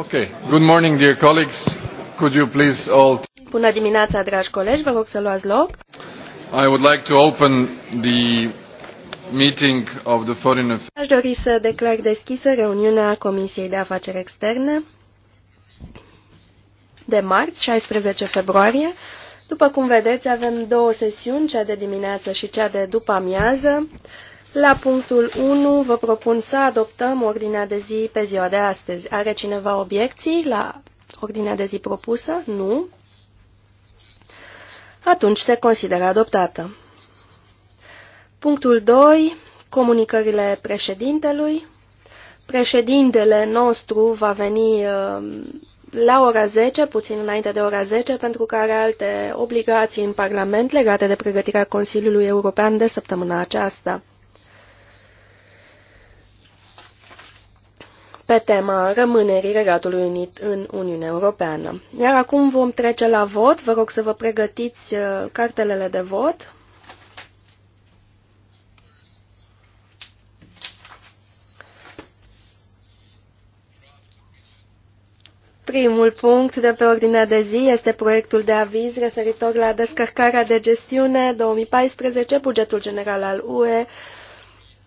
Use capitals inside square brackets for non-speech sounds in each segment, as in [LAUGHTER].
Okay. Good morning, dear colleagues. Could you please all... Bună dimineața, dragi colegi, vă rog să luați loc. I would like to open the meeting of the Foreign Affairs. Aș dori să declar deschisă reuniunea Comisiei de Afaceri Externe de marți, 16 februarie. După cum vedeți, avem două sesiuni, cea de dimineață și cea de după amiază. Uh, la punctul 1 vă propun să adoptăm ordinea de zi pe ziua de astăzi. Are cineva obiecții la ordinea de zi propusă? Nu? Atunci se consideră adoptată. Punctul 2. Comunicările președintelui. Președintele nostru va veni uh, la ora 10, puțin înainte de ora 10, pentru că are alte obligații în Parlament legate de pregătirea Consiliului European de săptămâna aceasta. pe tema rămânerii Regatului Unit în Uniunea Europeană. Iar acum vom trece la vot. Vă rog să vă pregătiți uh, cartelele de vot. Primul punct de pe ordinea de zi este proiectul de aviz referitor la descărcarea de gestiune 2014, bugetul general al UE,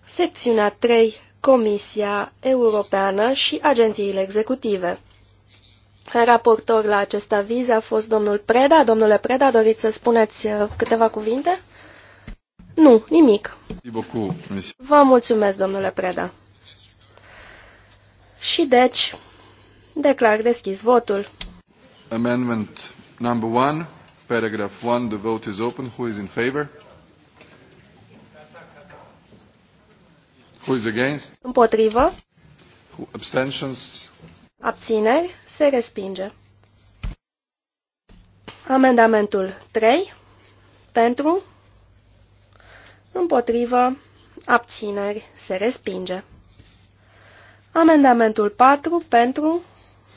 secțiunea 3, Comisia Europeană și agențiile executive. Raportor la acest aviz a fost domnul Preda. Domnule Preda, doriți să spuneți uh, câteva cuvinte? Nu, nimic. Vă mulțumesc, domnule Preda. Și deci, declar deschis votul. Amendment number one, paragraph one, the vote is open. Who is in favor? Who is against? Împotrivă. Who abstentions? Abțineri. Se respinge. Amendamentul 3. Pentru. Împotrivă. Abțineri. Se respinge. Amendamentul 4. Pentru.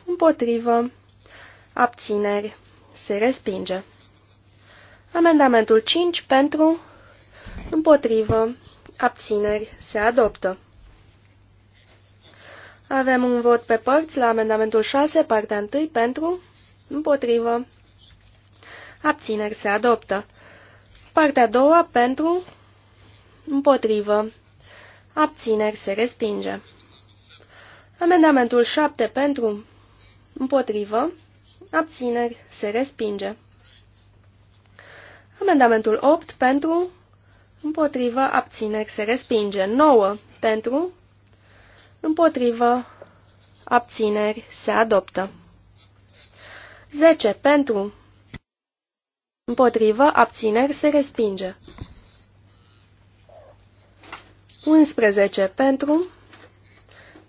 Împotrivă. Abțineri. Se respinge. Amendamentul 5. Pentru. Împotrivă abțineri, se adoptă. Avem un vot pe părți la amendamentul 6, partea 1, pentru, împotrivă, abțineri, se adoptă. Partea a doua, pentru, împotrivă, abțineri, se respinge. Amendamentul 7, pentru, împotrivă, abțineri, se respinge. Amendamentul 8, pentru, Împotrivă, abțineri, se respinge. 9. Pentru. Împotrivă, abțineri, se adoptă. 10. Pentru. Împotrivă, abțineri, se respinge. 11. Pentru.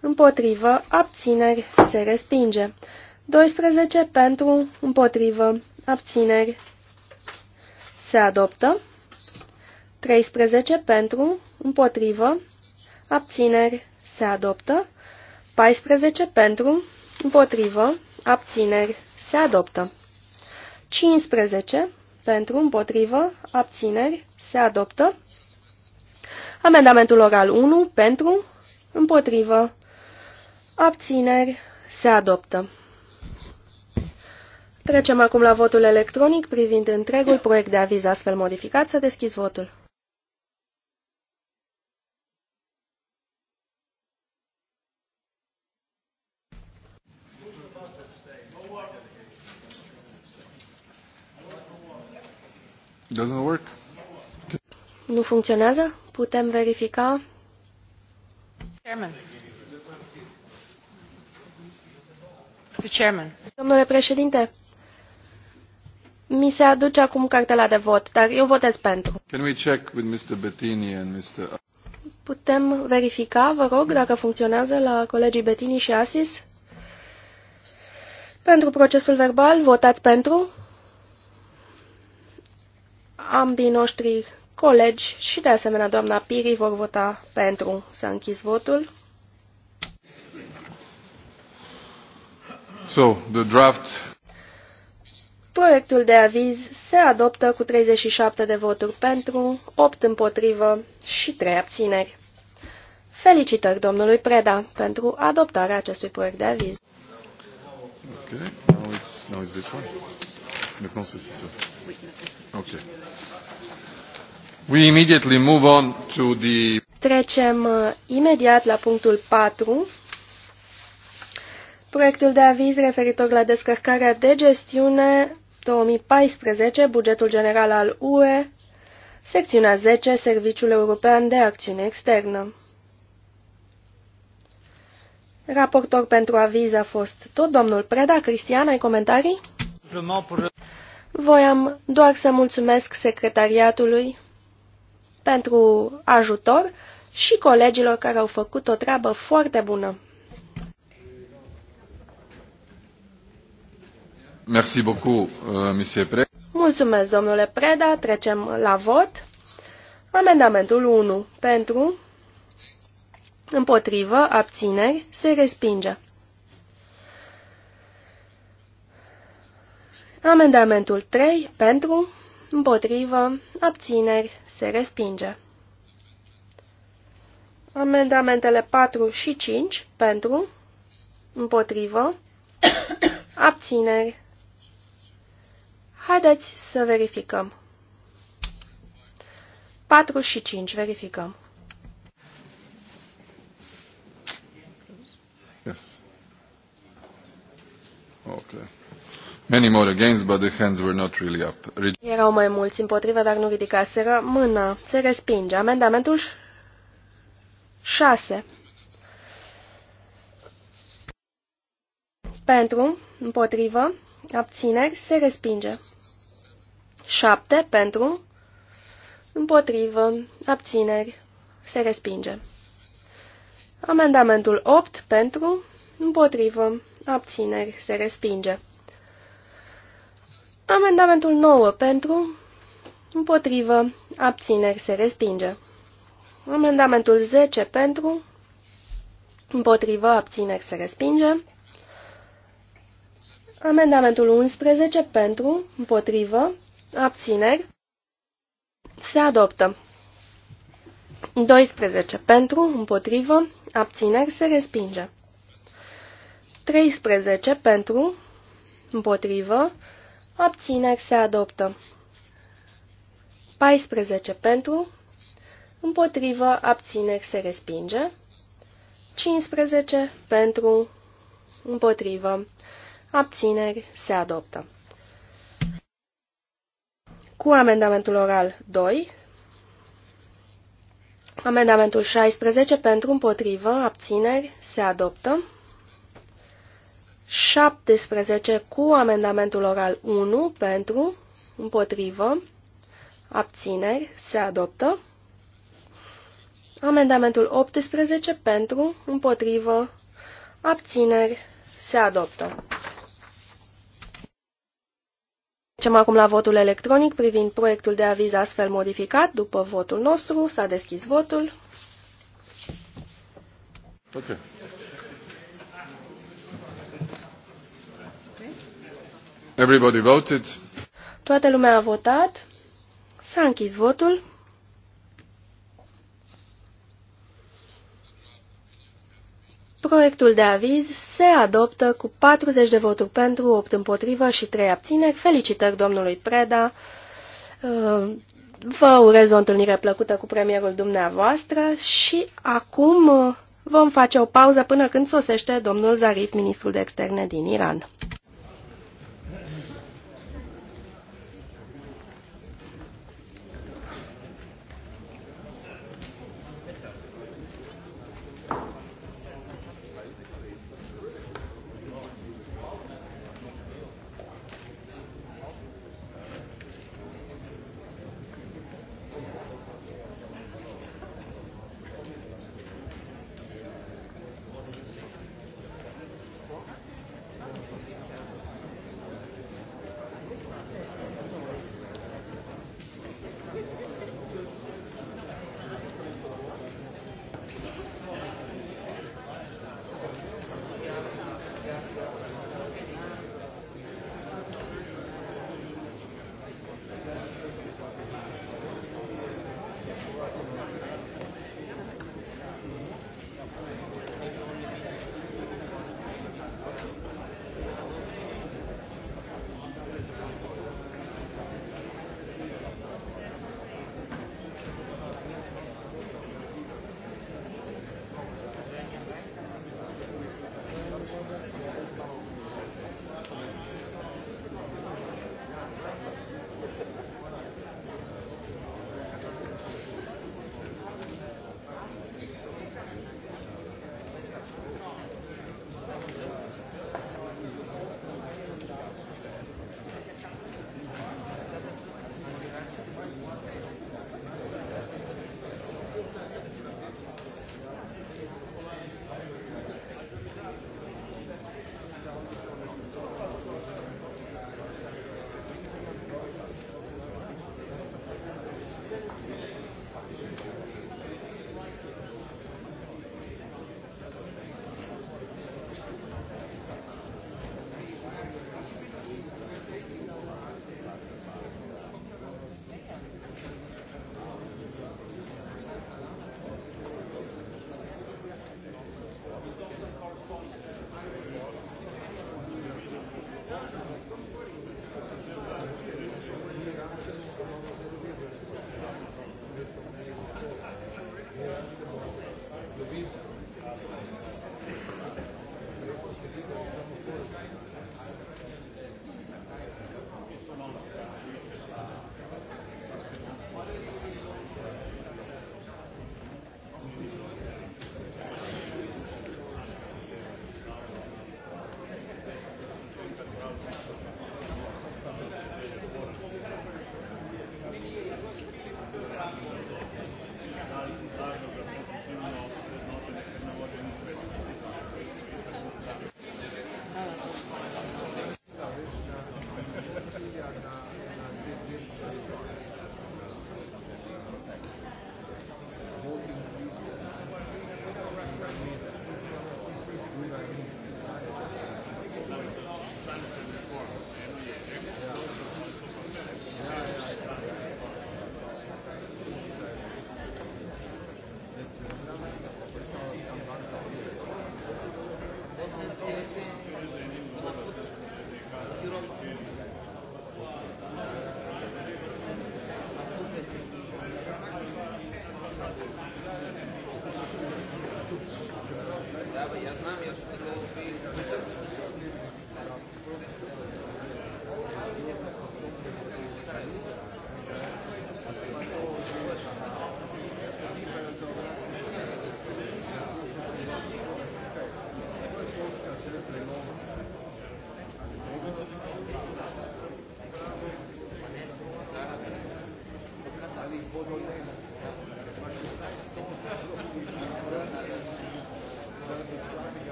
Împotrivă, abțineri, se respinge. 12. Pentru. Împotrivă, abțineri, se adoptă. 13 pentru, împotrivă, abțineri, se adoptă. 14 pentru, împotrivă, abțineri, se adoptă. 15 pentru, împotrivă, abțineri, se adoptă. Amendamentul oral 1 pentru, împotrivă, abțineri, se adoptă. Trecem acum la votul electronic privind întregul proiect de aviz astfel modificat. Să deschizi votul. Doesn't work. Nu funcționează? Putem verifica? Domnule președinte, mi se aduce acum cartela de vot, dar eu votez pentru. Can we check with Mr. Bettini and Mr. Putem verifica, vă rog, dacă funcționează la colegii Bettini și Asis? Pentru procesul verbal, votați pentru ambii noștri colegi și de asemenea doamna Piri vor vota pentru. să închis votul. So, the draft... Proiectul de aviz se adoptă cu 37 de voturi pentru, 8 împotrivă și 3 abțineri. Felicitări domnului Preda pentru adoptarea acestui proiect de aviz. Okay. Now it's, now it's this one. Trecem uh, imediat la punctul 4. Proiectul de aviz referitor la descărcarea de gestiune 2014, bugetul general al UE, secțiunea 10, Serviciul European de Acțiune Externă. Raportor pentru aviz a fost tot domnul Preda. Cristian, ai comentarii? Voiam doar să mulțumesc secretariatului pentru ajutor și colegilor care au făcut o treabă foarte bună. Merci beaucoup, euh, monsieur Pre. Mulțumesc, domnule Preda. Trecem la vot. Amendamentul 1 pentru, împotrivă, abțineri, se respinge. Amendamentul 3 pentru, împotrivă, abțineri, se respinge. Amendamentele 4 și 5 pentru, împotrivă, [COUGHS] abțineri. Haideți să verificăm. 4 și 5, verificăm. Yes. Okay. Many more against, but the hands were not really up. Erau mai mulți împotrivă, dar nu ridicaseră mâna. Se respinge. Amendamentul 6. Pentru, împotrivă, abțineri, se respinge. 7. Pentru, împotrivă, abțineri, se respinge. Amendamentul 8. Pentru, împotrivă, abțineri, se respinge. Amendamentul 9 pentru, împotrivă, abțineri se respinge. Amendamentul 10 pentru, împotrivă, abțineri se respinge. Amendamentul 11 pentru, împotrivă, abțineri se adoptă. 12 pentru, împotrivă, abțineri se respinge. 13 pentru, împotrivă, Abțineri se adoptă. 14 pentru, împotrivă, abțineri se respinge. 15 pentru, împotrivă, abțineri se adoptă. Cu amendamentul oral 2, amendamentul 16 pentru, împotrivă, abțineri se adoptă. 17 cu amendamentul oral 1 pentru, împotrivă, abțineri, se adoptă. Amendamentul 18 pentru, împotrivă, abțineri, se adoptă. Trecem acum la votul electronic privind proiectul de aviz astfel modificat. După votul nostru s-a deschis votul. Okay. Everybody voted. Toată lumea a votat. S-a închis votul. Proiectul de aviz se adoptă cu 40 de voturi pentru, 8 împotrivă și 3 abțineri. Felicitări domnului Preda. Uh, vă urez o întâlnire plăcută cu premierul dumneavoastră și acum uh, vom face o pauză până când sosește domnul Zarif, ministrul de externe din Iran.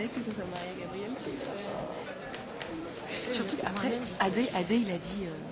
Adé qui se sont mariés, Gabriel Surtout après, Adé, Adé, il a dit... Euh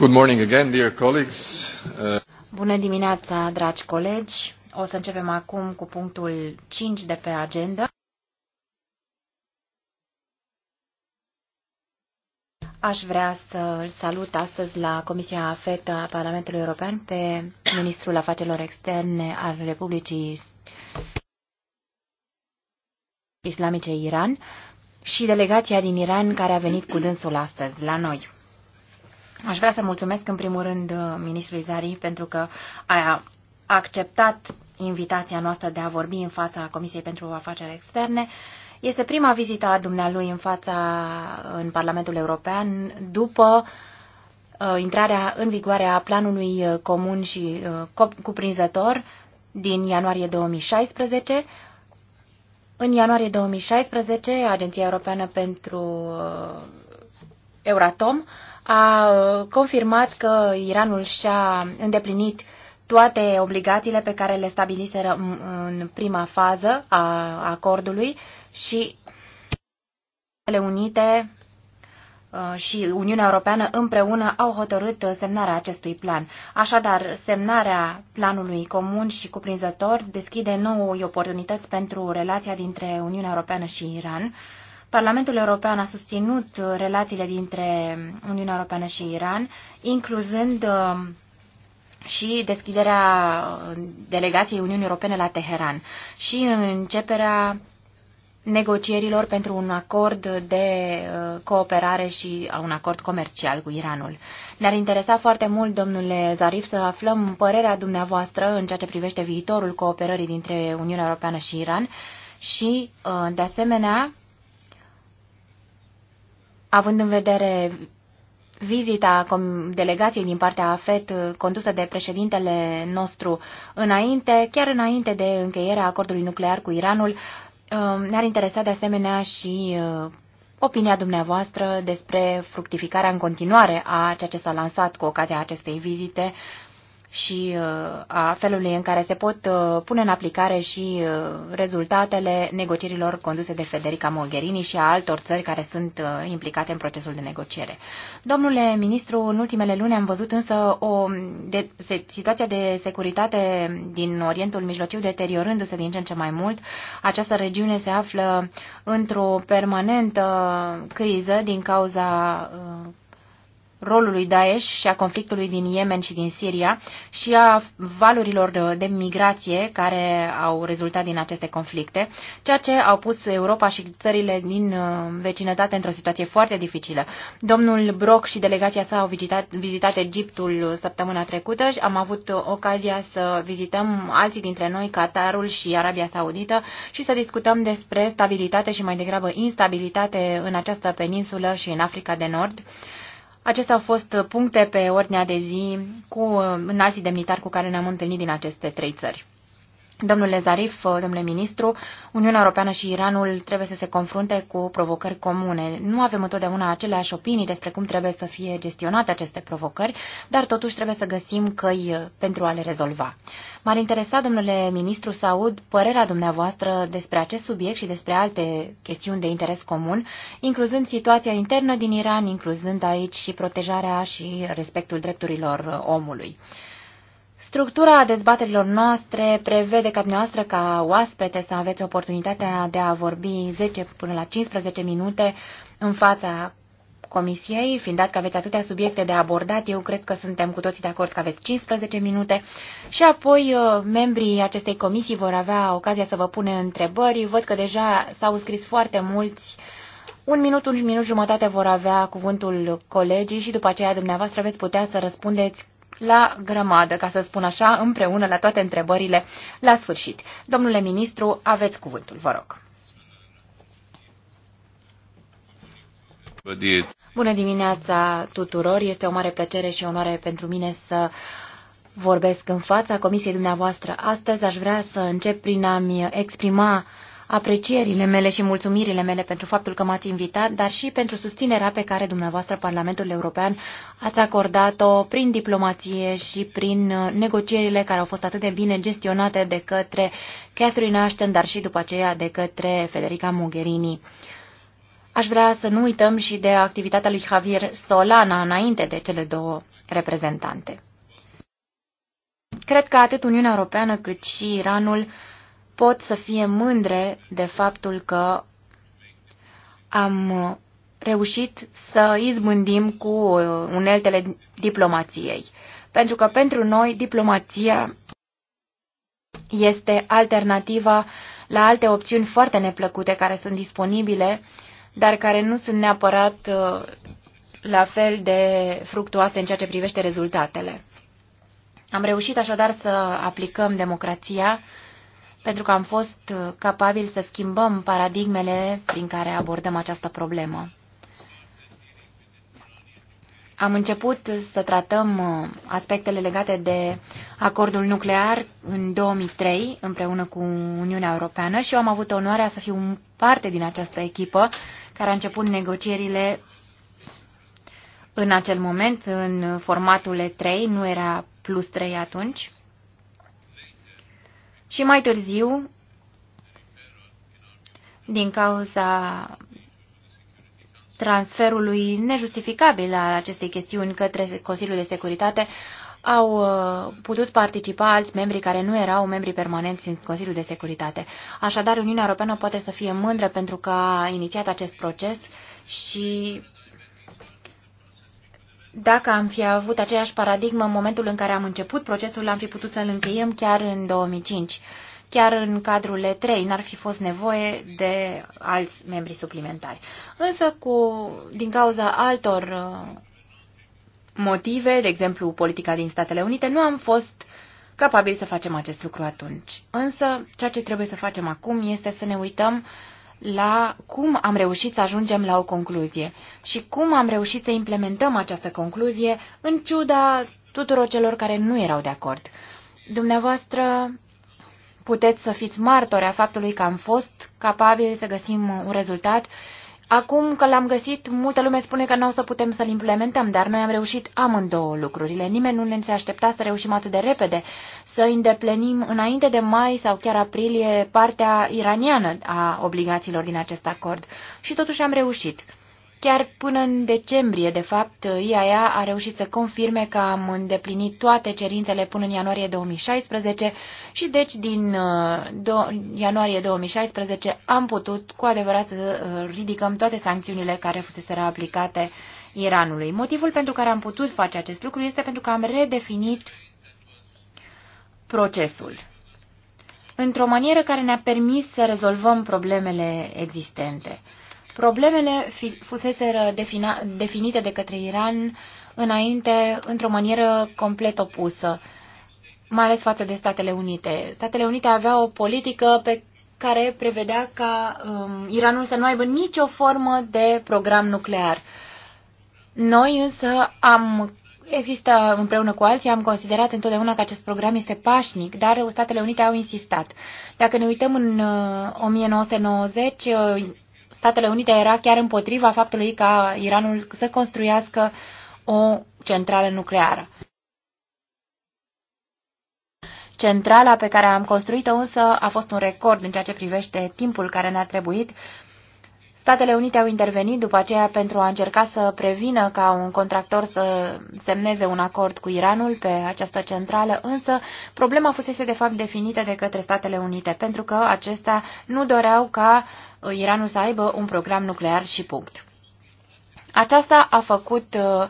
Good morning again, dear colleagues. Uh, Bună dimineața, dragi colegi. O să începem acum cu punctul 5 de pe agenda. Aș vrea să îl salut astăzi la Comisia Fetă a Parlamentului European pe Ministrul Afacerilor Externe al Republicii Islamice Iran și delegația din Iran care a venit cu dânsul astăzi la noi. Aș vrea să mulțumesc în primul rând ministrului Zari pentru că a acceptat invitația noastră de a vorbi în fața Comisiei pentru Afaceri Externe. Este prima vizită a dumnealui în fața în Parlamentul European după uh, intrarea în vigoare a planului uh, comun și uh, cuprinzător din ianuarie 2016. În ianuarie 2016, Agenția Europeană pentru uh, Euratom uh, a uh, confirmat că Iranul și-a îndeplinit toate obligațiile pe care le stabiliseră în prima fază a acordului și Statele Unite uh, și Uniunea Europeană împreună au hotărât semnarea acestui plan. Așadar, semnarea planului comun și cuprinzător deschide noi oportunități pentru relația dintre Uniunea Europeană și Iran Parlamentul European a susținut uh, relațiile dintre Uniunea Europeană și Iran, incluzând uh, și deschiderea uh, delegației Uniunii Europene la Teheran și începerea negocierilor pentru un acord de cooperare și un acord comercial cu Iranul. Ne-ar interesa foarte mult, domnule Zarif, să aflăm părerea dumneavoastră în ceea ce privește viitorul cooperării dintre Uniunea Europeană și Iran și, de asemenea, având în vedere vizita delegației din partea AFET uh, condusă de președintele nostru înainte, chiar înainte de încheierea acordului nuclear cu Iranul, uh, ne-ar interesa de asemenea și uh, opinia dumneavoastră despre fructificarea în continuare a ceea ce s-a lansat cu ocazia acestei vizite și uh, a felului în care se pot uh, pune în aplicare și uh, rezultatele negocierilor conduse de Federica Mogherini și a altor țări care sunt implicate în procesul de negociere. Domnule ministru, în ultimele luni am văzut însă o de, se, situația de securitate din Orientul Mijlociu deteriorându-se din ce în ce mai mult. Această regiune se află într-o permanentă criză din cauza rolului Daesh și a conflictului din Yemen și din Siria și a valurilor de migrație care au rezultat din aceste conflicte, ceea ce au pus Europa și țările din uh, vecinătate într-o situație foarte dificilă. Domnul Brock și delegația sa au vizitat, vizitat Egiptul săptămâna trecută și am avut ocazia să vizităm alții dintre noi, Qatarul și Arabia Saudită, și să discutăm despre stabilitate și mai degrabă instabilitate în această peninsulă și în Africa de Nord Acestea au fost puncte pe ordinea de zi cu uh, înalții demnitari cu care ne-am întâlnit din aceste trei țări. Domnule Zarif, domnule ministru, Uniunea Europeană și Iranul trebuie să se confrunte cu provocări comune. Nu avem întotdeauna aceleași opinii despre cum trebuie să fie gestionate aceste provocări, dar totuși trebuie să găsim căi pentru a le rezolva. M-ar interesa, domnule ministru, să aud părerea dumneavoastră despre acest subiect și despre alte chestiuni de interes comun, incluzând situația internă din Iran, incluzând aici și protejarea și respectul drepturilor omului. Structura dezbaterilor noastre prevede ca dumneavoastră, ca oaspete, să aveți oportunitatea de a vorbi 10 până la 15 minute în fața Comisiei, fiind dat că aveți atâtea subiecte de abordat, eu cred că suntem cu toții de acord că aveți 15 minute și apoi uh, membrii acestei comisii vor avea ocazia să vă pune întrebări. Văd că deja s-au scris foarte mulți. Un minut, un minut jumătate vor avea cuvântul colegii și după aceea dumneavoastră veți putea să răspundeți la grămadă, ca să spun așa, împreună la toate întrebările la sfârșit. Domnule ministru, aveți cuvântul, vă rog. Bună dimineața tuturor! Este o mare plăcere și onoare pentru mine să vorbesc în fața comisiei dumneavoastră. Astăzi aș vrea să încep prin a-mi exprima aprecierile mele și mulțumirile mele pentru faptul că m-ați invitat, dar și pentru susținerea pe care dumneavoastră Parlamentul European ați acordat-o prin diplomație și prin uh, negocierile care au fost atât de bine gestionate de către Catherine Ashton, dar și după aceea de către Federica Mogherini. Aș vrea să nu uităm și de activitatea lui Javier Solana înainte de cele două reprezentante. Cred că atât Uniunea Europeană cât și Iranul pot să fie mândre de faptul că am reușit să izbândim cu uneltele diplomației. Pentru că pentru noi diplomația este alternativa la alte opțiuni foarte neplăcute care sunt disponibile, dar care nu sunt neapărat uh, la fel de fructuoase în ceea ce privește rezultatele. Am reușit așadar să aplicăm democrația pentru că am fost capabili să schimbăm paradigmele prin care abordăm această problemă. Am început să tratăm uh, aspectele legate de acordul nuclear în 2003 împreună cu Uniunea Europeană și eu am avut onoarea să fiu parte din această echipă care a început negocierile în acel moment în formatul E3, nu era plus 3 atunci. Și mai târziu, din cauza transferului nejustificabil al acestei chestiuni către Consiliul de Securitate, au uh, putut participa alți membri care nu erau membri permanenți în Consiliul de Securitate. Așadar, Uniunea Europeană poate să fie mândră pentru că a inițiat acest proces și dacă am fi avut aceeași paradigmă în momentul în care am început procesul, am fi putut să-l încheiem chiar în 2005. Chiar în cadrul E3 n-ar fi fost nevoie de alți membri suplimentari. Însă, cu, din cauza altor uh, motive, de exemplu politica din Statele Unite, nu am fost capabili să facem acest lucru atunci. Însă, ceea ce trebuie să facem acum este să ne uităm uh, la cum am reușit să ajungem la o concluzie și cum am reușit să implementăm această concluzie în ciuda tuturor celor care nu erau de acord. Dumneavoastră puteți să fiți martori a faptului că am fost capabili să găsim un rezultat Acum că l-am găsit, multă lume spune că nu o să putem să-l implementăm, dar noi am reușit amândouă lucrurile. Nimeni nu ne se aștepta să reușim atât de repede să îndeplinim înainte de mai sau chiar aprilie partea iraniană a obligațiilor din acest acord. Și totuși am reușit. Chiar până în decembrie, de fapt, IAEA a reușit să confirme că am îndeplinit toate cerințele până în ianuarie 2016 și deci din uh, ianuarie 2016 am putut cu adevărat să uh, ridicăm toate sancțiunile care fusese aplicate Iranului. Motivul pentru care am putut face acest lucru este pentru că am redefinit procesul într-o manieră care ne-a permis să rezolvăm problemele existente. Problemele fuseseră definite de către Iran înainte într-o manieră complet opusă, mai ales față de Statele Unite. Statele Unite aveau o politică pe care prevedea ca um, Iranul să nu aibă nicio formă de program nuclear. Noi însă am există împreună cu alții, am considerat întotdeauna că acest program este pașnic, dar Statele Unite au insistat. Dacă ne uităm în 1990, uh, Statele Unite era chiar împotriva faptului ca Iranul să construiască o centrală nucleară. Centrala pe care am construit-o însă a fost un record în ceea ce privește timpul care ne-a trebuit. Statele Unite au intervenit după aceea pentru a încerca să prevină ca un contractor să semneze un acord cu Iranul pe această centrală, însă problema fusese de fapt definită de către Statele Unite, pentru că acestea nu doreau ca Iranul să aibă un program nuclear și punct. Aceasta a făcut uh,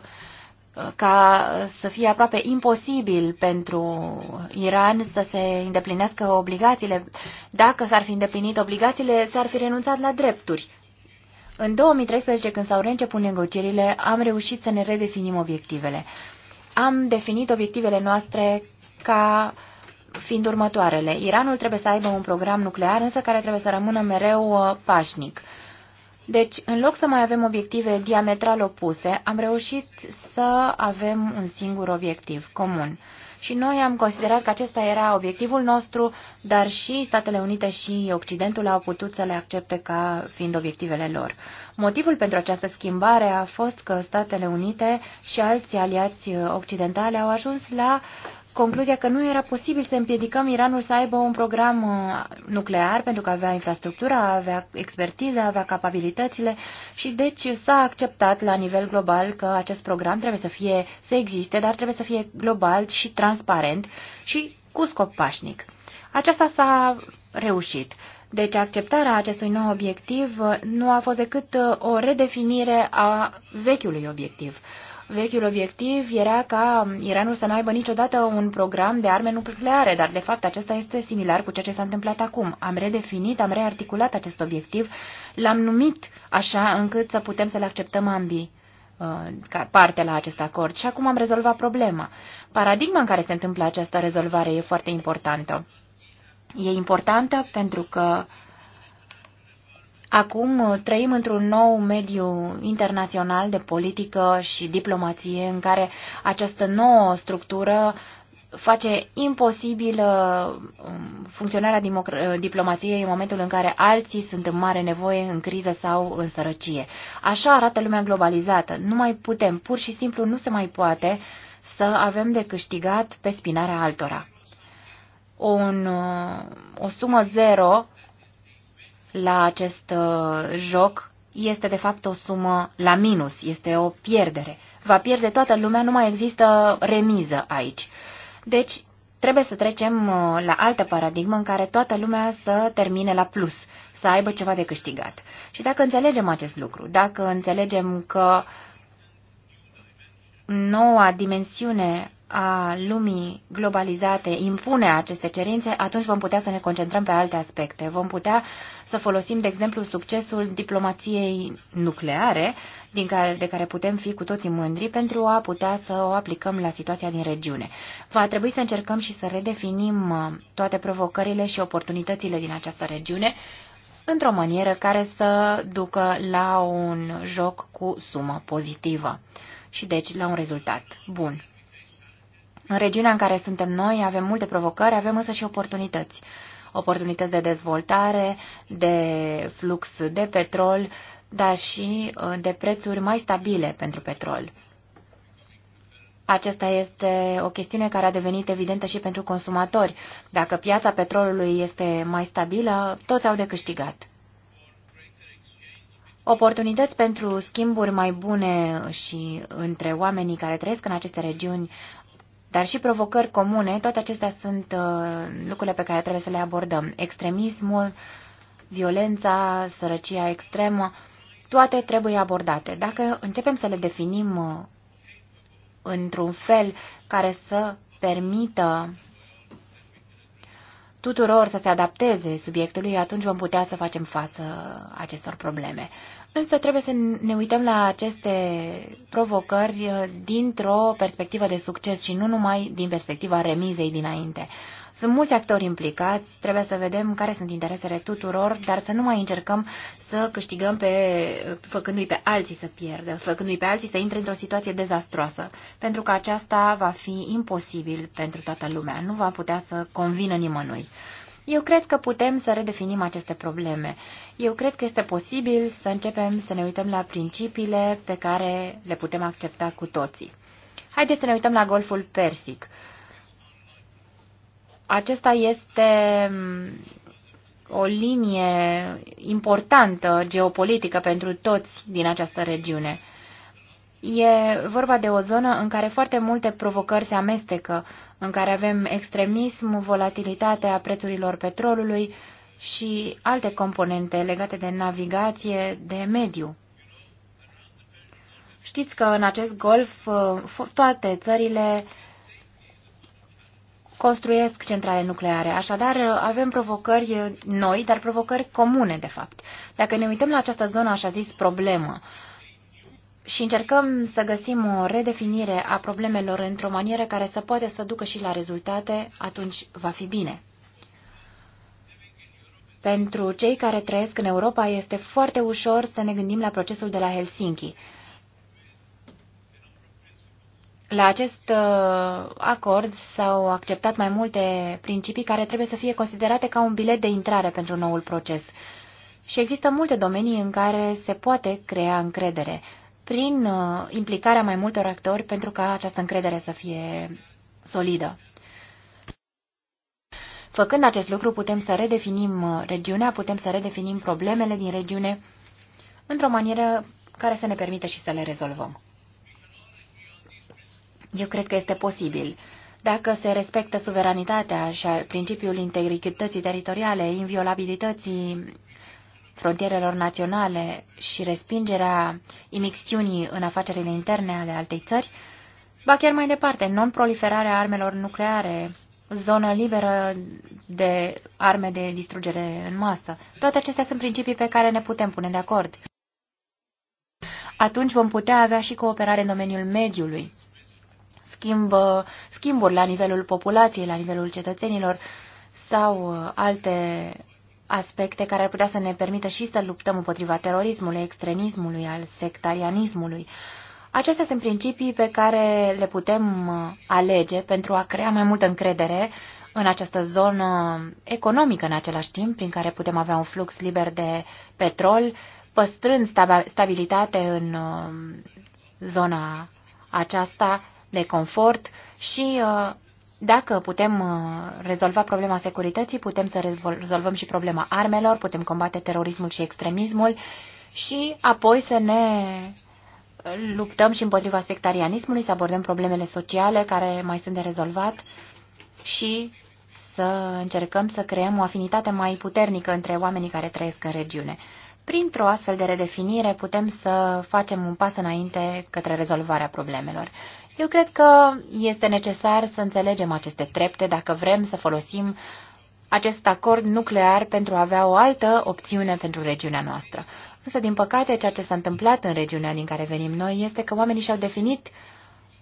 ca să fie aproape imposibil pentru Iran să se îndeplinească obligațiile. Dacă s-ar fi îndeplinit obligațiile, s-ar fi renunțat la drepturi. În 2013, când s-au reînceput negocierile, am reușit să ne redefinim obiectivele. Am definit obiectivele noastre ca uh, fiind următoarele. Iranul trebuie să aibă un program nuclear, însă care trebuie să rămână mereu uh, pașnic. Deci, în loc să mai avem obiective diametral opuse, am reușit să avem un singur obiectiv comun. Și noi am considerat că acesta era obiectivul nostru, dar și Statele Unite și Occidentul au putut să le accepte ca fiind obiectivele lor. Motivul pentru această schimbare a fost că Statele Unite și alții aliați uh, occidentale au ajuns la concluzia că nu era posibil să împiedicăm Iranul să aibă un program uh, nuclear pentru că avea infrastructura, avea expertiza, avea capabilitățile și deci s-a acceptat la nivel global că acest program trebuie să fie să existe, dar trebuie să fie global și transparent și cu scop pașnic. Aceasta s-a reușit. Deci acceptarea acestui nou obiectiv uh, nu a fost decât uh, o redefinire a vechiului obiectiv vechiul obiectiv era ca Iranul să nu aibă niciodată un program de arme nucleare, dar de fapt acesta este similar cu ceea ce s-a întâmplat acum. Am redefinit, am rearticulat acest obiectiv, l-am numit așa încât să putem să-l acceptăm ambii uh, ca parte la acest acord și acum am rezolvat problema. Paradigma în care se întâmplă această rezolvare e foarte importantă. E importantă pentru că uh, Acum uh, trăim într-un nou mediu internațional de politică și diplomație în care această nouă structură face imposibil uh, um, funcționarea uh, diplomației în momentul în care alții sunt în mare nevoie, în criză sau în sărăcie. Așa arată lumea globalizată. Nu mai putem, pur și simplu nu se mai poate să avem de câștigat pe spinarea altora. Un, o sumă zero la acest uh, joc este de fapt o sumă la minus, este o pierdere. Va pierde toată lumea, nu mai există remiză aici. Deci trebuie să trecem uh, la altă paradigmă în care toată lumea să termine la plus, să aibă ceva de câștigat. Și dacă înțelegem acest lucru, dacă înțelegem că noua dimensiune a lumii globalizate impune aceste cerințe, atunci vom putea să ne concentrăm pe alte aspecte. Vom putea să folosim, de exemplu, succesul diplomației nucleare, din care, de care putem fi cu toții mândri, pentru a putea să o aplicăm la situația din regiune. Va trebui să încercăm și să redefinim uh, toate provocările și oportunitățile din această regiune într-o manieră care să ducă la un joc cu sumă pozitivă și deci la un rezultat bun. În regiunea în care suntem noi avem multe provocări, avem însă și oportunități. Oportunități de dezvoltare, de flux de petrol, dar și uh, de prețuri mai stabile pentru petrol. Aceasta este o chestiune care a devenit evidentă și pentru consumatori. Dacă piața petrolului este mai stabilă, toți au de câștigat. Oportunități pentru schimburi mai bune și între oamenii care trăiesc în aceste regiuni dar și provocări comune, toate acestea sunt uh, lucrurile pe care trebuie să le abordăm. Extremismul, violența, sărăcia extremă, toate trebuie abordate. Dacă începem să le definim uh, într-un fel care să permită tuturor să se adapteze subiectului, atunci vom putea să facem față acestor probleme. Însă trebuie să ne uităm la aceste provocări dintr-o perspectivă de succes și nu numai din perspectiva remizei dinainte. Sunt mulți actori implicați, trebuie să vedem care sunt interesele tuturor, dar să nu mai încercăm să câștigăm pe, făcându-i pe alții să pierdă, făcându-i pe alții să intre într-o situație dezastroasă, pentru că aceasta va fi imposibil pentru toată lumea, nu va putea să convină nimănui. Eu cred că putem să redefinim aceste probleme. Eu cred că este posibil să începem să ne uităm la principiile pe care le putem accepta cu toții. Haideți să ne uităm la Golful Persic. Acesta este mm, o linie importantă geopolitică pentru toți din această regiune. E vorba de o zonă în care foarte multe provocări se amestecă, în care avem extremism, volatilitatea prețurilor petrolului și alte componente legate de navigație, de mediu. Știți că în acest golf uh, toate țările construiesc centrale nucleare. Așadar, uh, avem provocări uh, noi, dar provocări comune, de fapt. Dacă ne uităm la această zonă, așa zis, problemă, și încercăm să găsim o redefinire a problemelor într-o manieră care să poate să ducă și la rezultate, atunci va fi bine. Pentru cei care trăiesc în Europa este foarte ușor să ne gândim la procesul de la Helsinki. La acest uh, acord s-au acceptat mai multe principii care trebuie să fie considerate ca un bilet de intrare pentru noul proces. Și există multe domenii în care se poate crea încredere prin uh, implicarea mai multor actori pentru ca această încredere să fie solidă. Făcând acest lucru, putem să redefinim uh, regiunea, putem să redefinim problemele din regiune într-o manieră care să ne permită și să le rezolvăm. Eu cred că este posibil. Dacă se respectă suveranitatea și principiul integrității teritoriale, inviolabilității frontierelor naționale și respingerea imixtiunii în afacerile interne ale altei țări, ba chiar mai departe, non-proliferarea armelor nucleare, zonă liberă de arme de distrugere în masă. Toate acestea sunt principii pe care ne putem pune de acord. Atunci vom putea avea și cooperare în domeniul mediului, schimb, schimburi la nivelul populației, la nivelul cetățenilor sau uh, alte aspecte care ar putea să ne permită și să luptăm împotriva terorismului, extremismului, al sectarianismului. Acestea sunt principii pe care le putem uh, alege pentru a crea mai multă încredere în această zonă economică în același timp, prin care putem avea un flux liber de petrol, păstrând stabilitate în uh, zona aceasta de confort și uh, dacă putem uh, rezolva problema securității, putem să rezolvăm și problema armelor, putem combate terorismul și extremismul și apoi să ne uh, luptăm și împotriva sectarianismului, să abordăm problemele sociale care mai sunt de rezolvat și să încercăm să creăm o afinitate mai puternică între oamenii care trăiesc în regiune. Printr-o astfel de redefinire putem să facem un pas înainte către rezolvarea problemelor. Eu cred că este necesar să înțelegem aceste trepte dacă vrem să folosim acest acord nuclear pentru a avea o altă opțiune pentru regiunea noastră. Însă, din păcate, ceea ce s-a întâmplat în regiunea din care venim noi este că oamenii și-au definit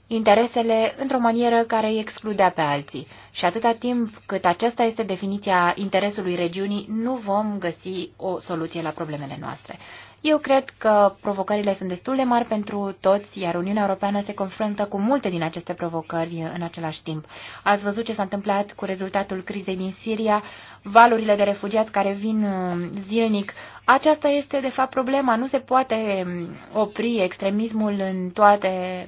interesele într-o manieră care îi excludea pe alții. Și atâta timp cât aceasta este definiția interesului regiunii, nu vom găsi o soluție la problemele noastre. Eu cred că provocările sunt destul de mari pentru toți, iar Uniunea Europeană se confruntă cu multe din aceste provocări în același timp. Ați văzut ce s-a întâmplat cu rezultatul crizei din Siria, valurile de refugiați care vin uh, zilnic. Aceasta este, de fapt, problema. Nu se poate um, opri extremismul în toate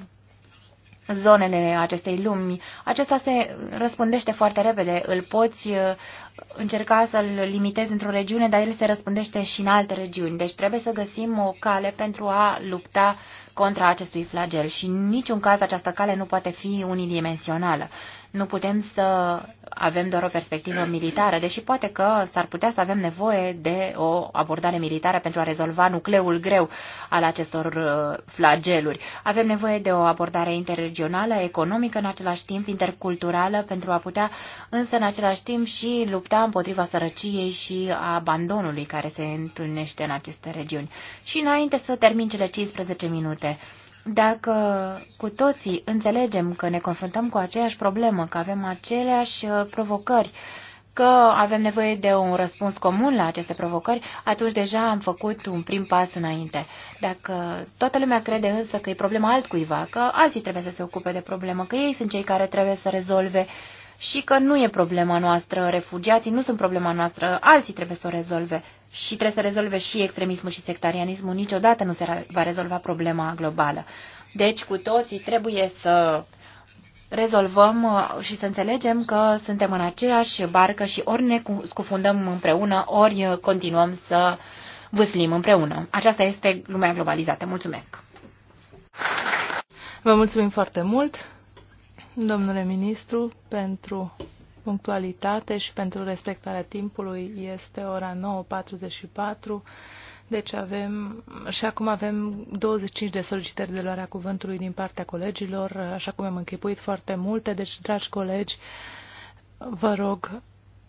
zonele acestei lumi. Acesta se uh, răspundește foarte repede. Îl poți uh, încerca să-l limiteze într-o regiune, dar el se răspândește și în alte regiuni. Deci trebuie să găsim o cale pentru a lupta contra acestui flagel și în niciun caz această cale nu poate fi unidimensională. Nu putem să avem doar o perspectivă militară, deși poate că s-ar putea să avem nevoie de o abordare militară pentru a rezolva nucleul greu al acestor uh, flageluri. Avem nevoie de o abordare interregională, economică, în același timp interculturală, pentru a putea însă în același timp și lupta împotriva sărăciei și a abandonului care se întâlnește în aceste regiuni. Și înainte să termin cele 15 minute, dacă cu toții înțelegem că ne confruntăm cu aceeași problemă, că avem aceleași uh, provocări, că avem nevoie de un răspuns comun la aceste provocări, atunci deja am făcut un prim pas înainte. Dacă toată lumea crede însă că e problema altcuiva, că alții trebuie să se ocupe de problemă, că ei sunt cei care trebuie să rezolve și că nu e problema noastră, refugiații nu sunt problema noastră, alții trebuie să o rezolve și trebuie să rezolve și extremismul și sectarianismul. Niciodată nu se va rezolva problema globală. Deci, cu toții trebuie să rezolvăm uh, și să înțelegem că suntem în aceeași barcă și ori ne scufundăm împreună, ori uh, continuăm să vâslim împreună. Aceasta este lumea globalizată. Mulțumesc! Vă mulțumim foarte mult, domnule ministru, pentru punctualitate și pentru respectarea timpului este ora 9.44, deci avem și acum avem 25 de solicitări de luarea cuvântului din partea colegilor, așa cum am închipuit foarte multe, deci, dragi colegi, vă rog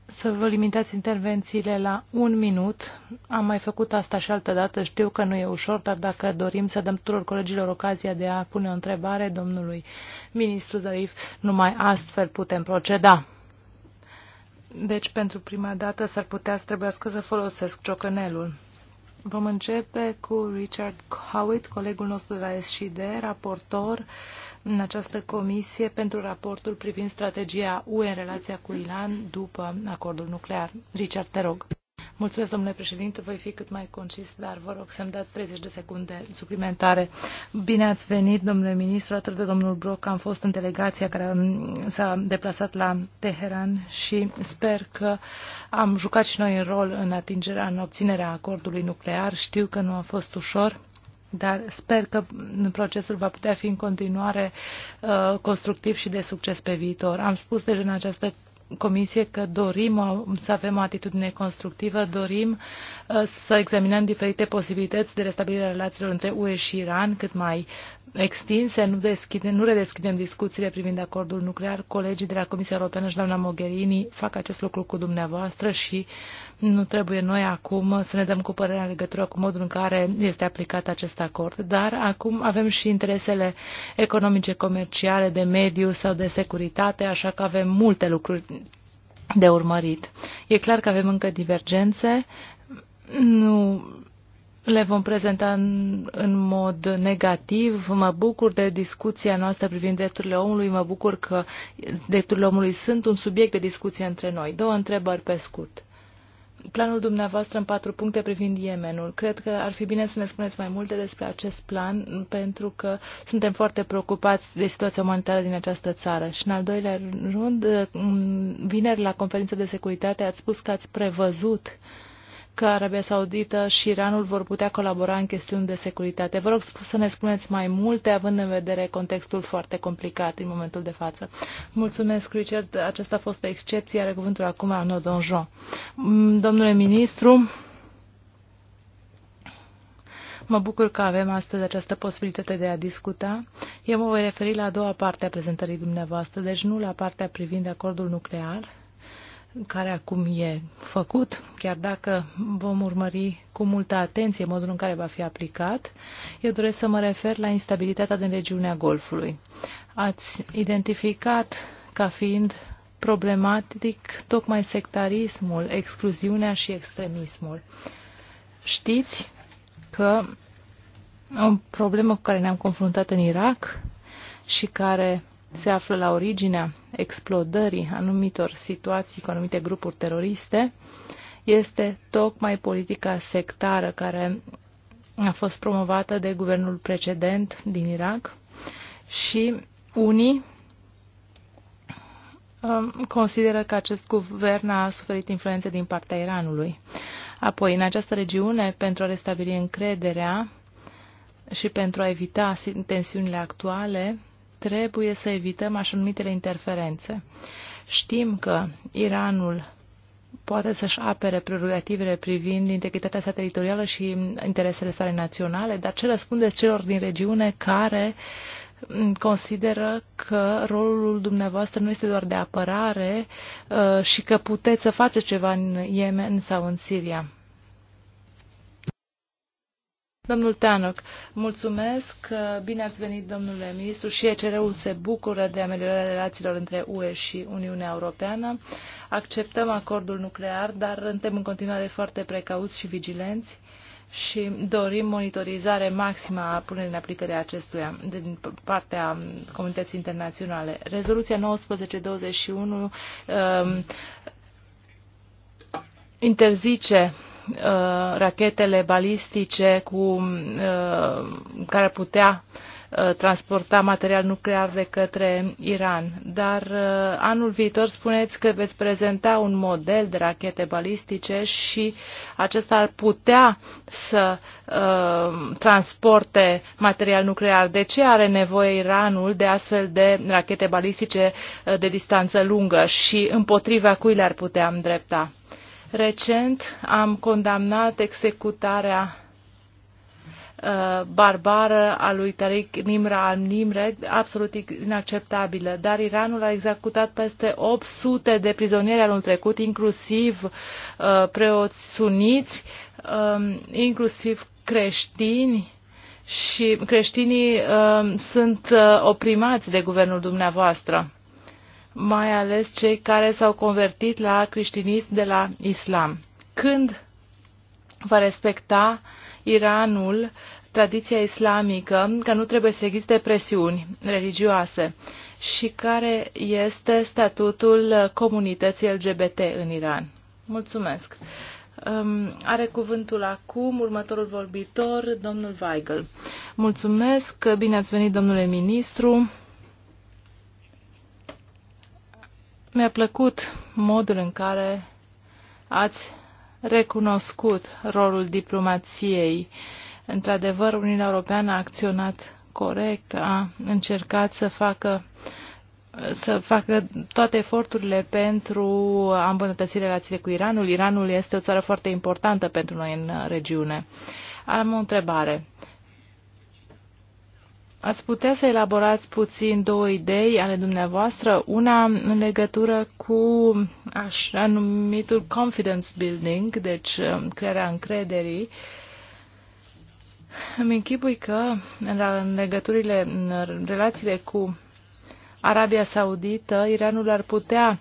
să vă limitați intervențiile la un minut. Am mai făcut asta și altă dată. Știu că nu e ușor, dar dacă dorim să dăm tuturor colegilor ocazia de a pune o întrebare domnului ministru Zarif, numai astfel putem proceda. Deci, pentru prima dată s-ar putea să trebuiască să folosesc ciocănelul. Vom începe cu Richard Howitt, colegul nostru de la SCD, raportor în această comisie pentru raportul privind strategia UE în relația cu Iran după acordul nuclear. Richard, te rog. Mulțumesc, domnule președinte, voi fi cât mai concis, dar vă rog să-mi dați 30 de secunde suplimentare. Bine ați venit, domnule ministru, atât de domnul Broc. Am fost în delegația care s-a deplasat la Teheran și sper că am jucat și noi un rol în atingerea, în obținerea acordului nuclear. Știu că nu a fost ușor dar sper că procesul va putea fi în continuare uh, constructiv și de succes pe viitor. Am spus deja în această Comisie că dorim să avem o atitudine constructivă, dorim uh, să examinăm diferite posibilități de restabilire a relațiilor între UE și Iran cât mai extinse. Nu, deschide, nu redeschidem discuțiile privind acordul nuclear. Colegii de la Comisia Europeană și doamna Mogherini fac acest lucru cu dumneavoastră și nu trebuie noi acum să ne dăm cu părerea în legătură cu modul în care este aplicat acest acord. Dar acum avem și interesele economice, comerciale, de mediu sau de securitate, așa că avem multe lucruri de urmărit. E clar că avem încă divergențe, nu le vom prezenta în, în mod negativ. Mă bucur de discuția noastră privind drepturile omului, mă bucur că drepturile omului sunt un subiect de discuție între noi. Două întrebări pe scurt planul dumneavoastră în patru puncte privind Yemenul. Cred că ar fi bine să ne spuneți mai multe despre acest plan, pentru că suntem foarte preocupați de situația umanitară din această țară. Și în al doilea rând, vineri la conferința de securitate ați spus că ați prevăzut uh, că Arabia Saudită și Iranul vor putea colabora în chestiuni de securitate. Vă rog să ne spuneți mai multe, având în vedere contextul foarte complicat în momentul de față. Mulțumesc, Richard. Aceasta a fost o excepție. Are cuvântul acum Arnaud Donjon. Mm, domnule ministru, Mă bucur că avem astăzi această posibilitate de a discuta. Eu mă voi referi la a doua parte a prezentării dumneavoastră, deci nu la partea privind acordul nuclear, care acum e făcut, chiar dacă vom urmări cu multă atenție modul în care va fi aplicat, eu doresc să mă refer la instabilitatea din regiunea Golfului. Ați identificat ca fiind problematic tocmai sectarismul, excluziunea și extremismul. Știți că o problemă cu care ne-am confruntat în Irak și care se află la originea explodării anumitor situații cu anumite grupuri teroriste este tocmai politica sectară care a fost promovată de guvernul precedent din Irak și unii um, consideră că acest guvern a suferit influențe din partea Iranului. Apoi, în această regiune, pentru a restabili încrederea și pentru a evita tensiunile actuale, trebuie să evităm așa numitele interferențe. Știm că Iranul poate să-și apere prerogativele privind integritatea sa teritorială și interesele sale naționale, dar ce răspundeți celor din regiune care mm, consideră că rolul dumneavoastră nu este doar de apărare uh, și că puteți să faceți ceva în Yemen sau în Siria? Domnul Tanoc, mulțumesc. Bine ați venit, domnule ministru. Și ECR-ul se bucură de ameliorarea relațiilor între UE și Uniunea Europeană. Acceptăm acordul nuclear, dar suntem în continuare foarte precauți și vigilenți și dorim monitorizare maximă a punerii în aplicare a acestuia din partea comunității internaționale. Rezoluția 1921 um, interzice Uh, rachetele balistice cu, uh, care putea uh, transporta material nuclear de către Iran. Dar uh, anul viitor spuneți că veți prezenta un model de rachete balistice și acesta ar putea să uh, transporte material nuclear. De ce are nevoie Iranul de astfel de rachete balistice uh, de distanță lungă și împotriva cui le-ar putea îndrepta? Recent am condamnat executarea uh, barbară a lui Tariq Nimra al-Nimre, absolut inacceptabilă. Dar Iranul a executat peste 800 de prizonieri anul trecut, inclusiv uh, preoți suniți, um, inclusiv creștini și creștinii um, sunt uh, oprimați de guvernul dumneavoastră mai ales cei care s-au convertit la creștinism de la islam. Când va respecta Iranul tradiția islamică că nu trebuie să existe presiuni religioase și care este statutul comunității LGBT în Iran. Mulțumesc. Um, are cuvântul acum următorul vorbitor, domnul Weigel. Mulțumesc, bine ați venit, domnule ministru. mi-a plăcut modul în care ați recunoscut rolul diplomației. Într-adevăr, Uniunea Europeană a acționat corect, a încercat să facă să facă toate eforturile pentru a îmbunătăți relațiile cu Iranul. Iranul este o țară foarte importantă pentru noi în regiune. Am o întrebare. Ați putea să elaborați puțin două idei ale dumneavoastră, una în legătură cu așa numitul confidence building, deci uh, crearea încrederii. Îmi închipui că în legăturile, în relațiile cu Arabia Saudită, Iranul ar putea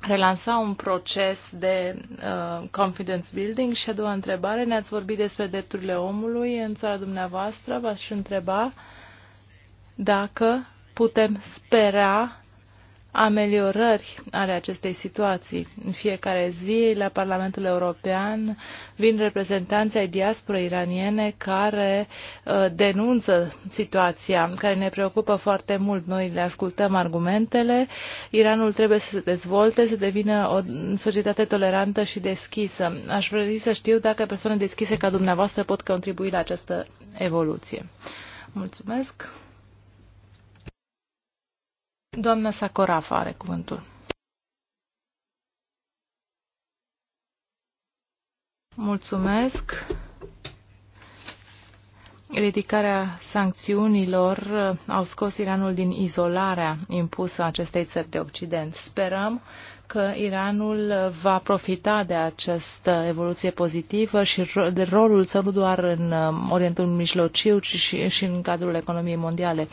relansa un proces de uh, confidence building. Și a doua întrebare, ne-ați vorbit despre drepturile omului în țara dumneavoastră, v-aș întreba uh, dacă putem spera ameliorări ale acestei situații. În fiecare zi, la Parlamentul European, vin reprezentanții ai diasporei iraniene care uh, denunță situația, care ne preocupă foarte mult. Noi le ascultăm argumentele. Iranul trebuie să se dezvolte, să devină o societate tolerantă și deschisă. Aș vrea să știu dacă persoane deschise ca dumneavoastră pot contribui la această evoluție. Mulțumesc! Doamna Sacorafa are cuvântul. Mulțumesc. Ridicarea sancțiunilor au scos Iranul din izolarea impusă acestei țări de Occident. Sperăm că Iranul va profita de această evoluție pozitivă și de rolul său nu doar în uh, Orientul Mijlociu, ci și, și în cadrul economiei mondiale.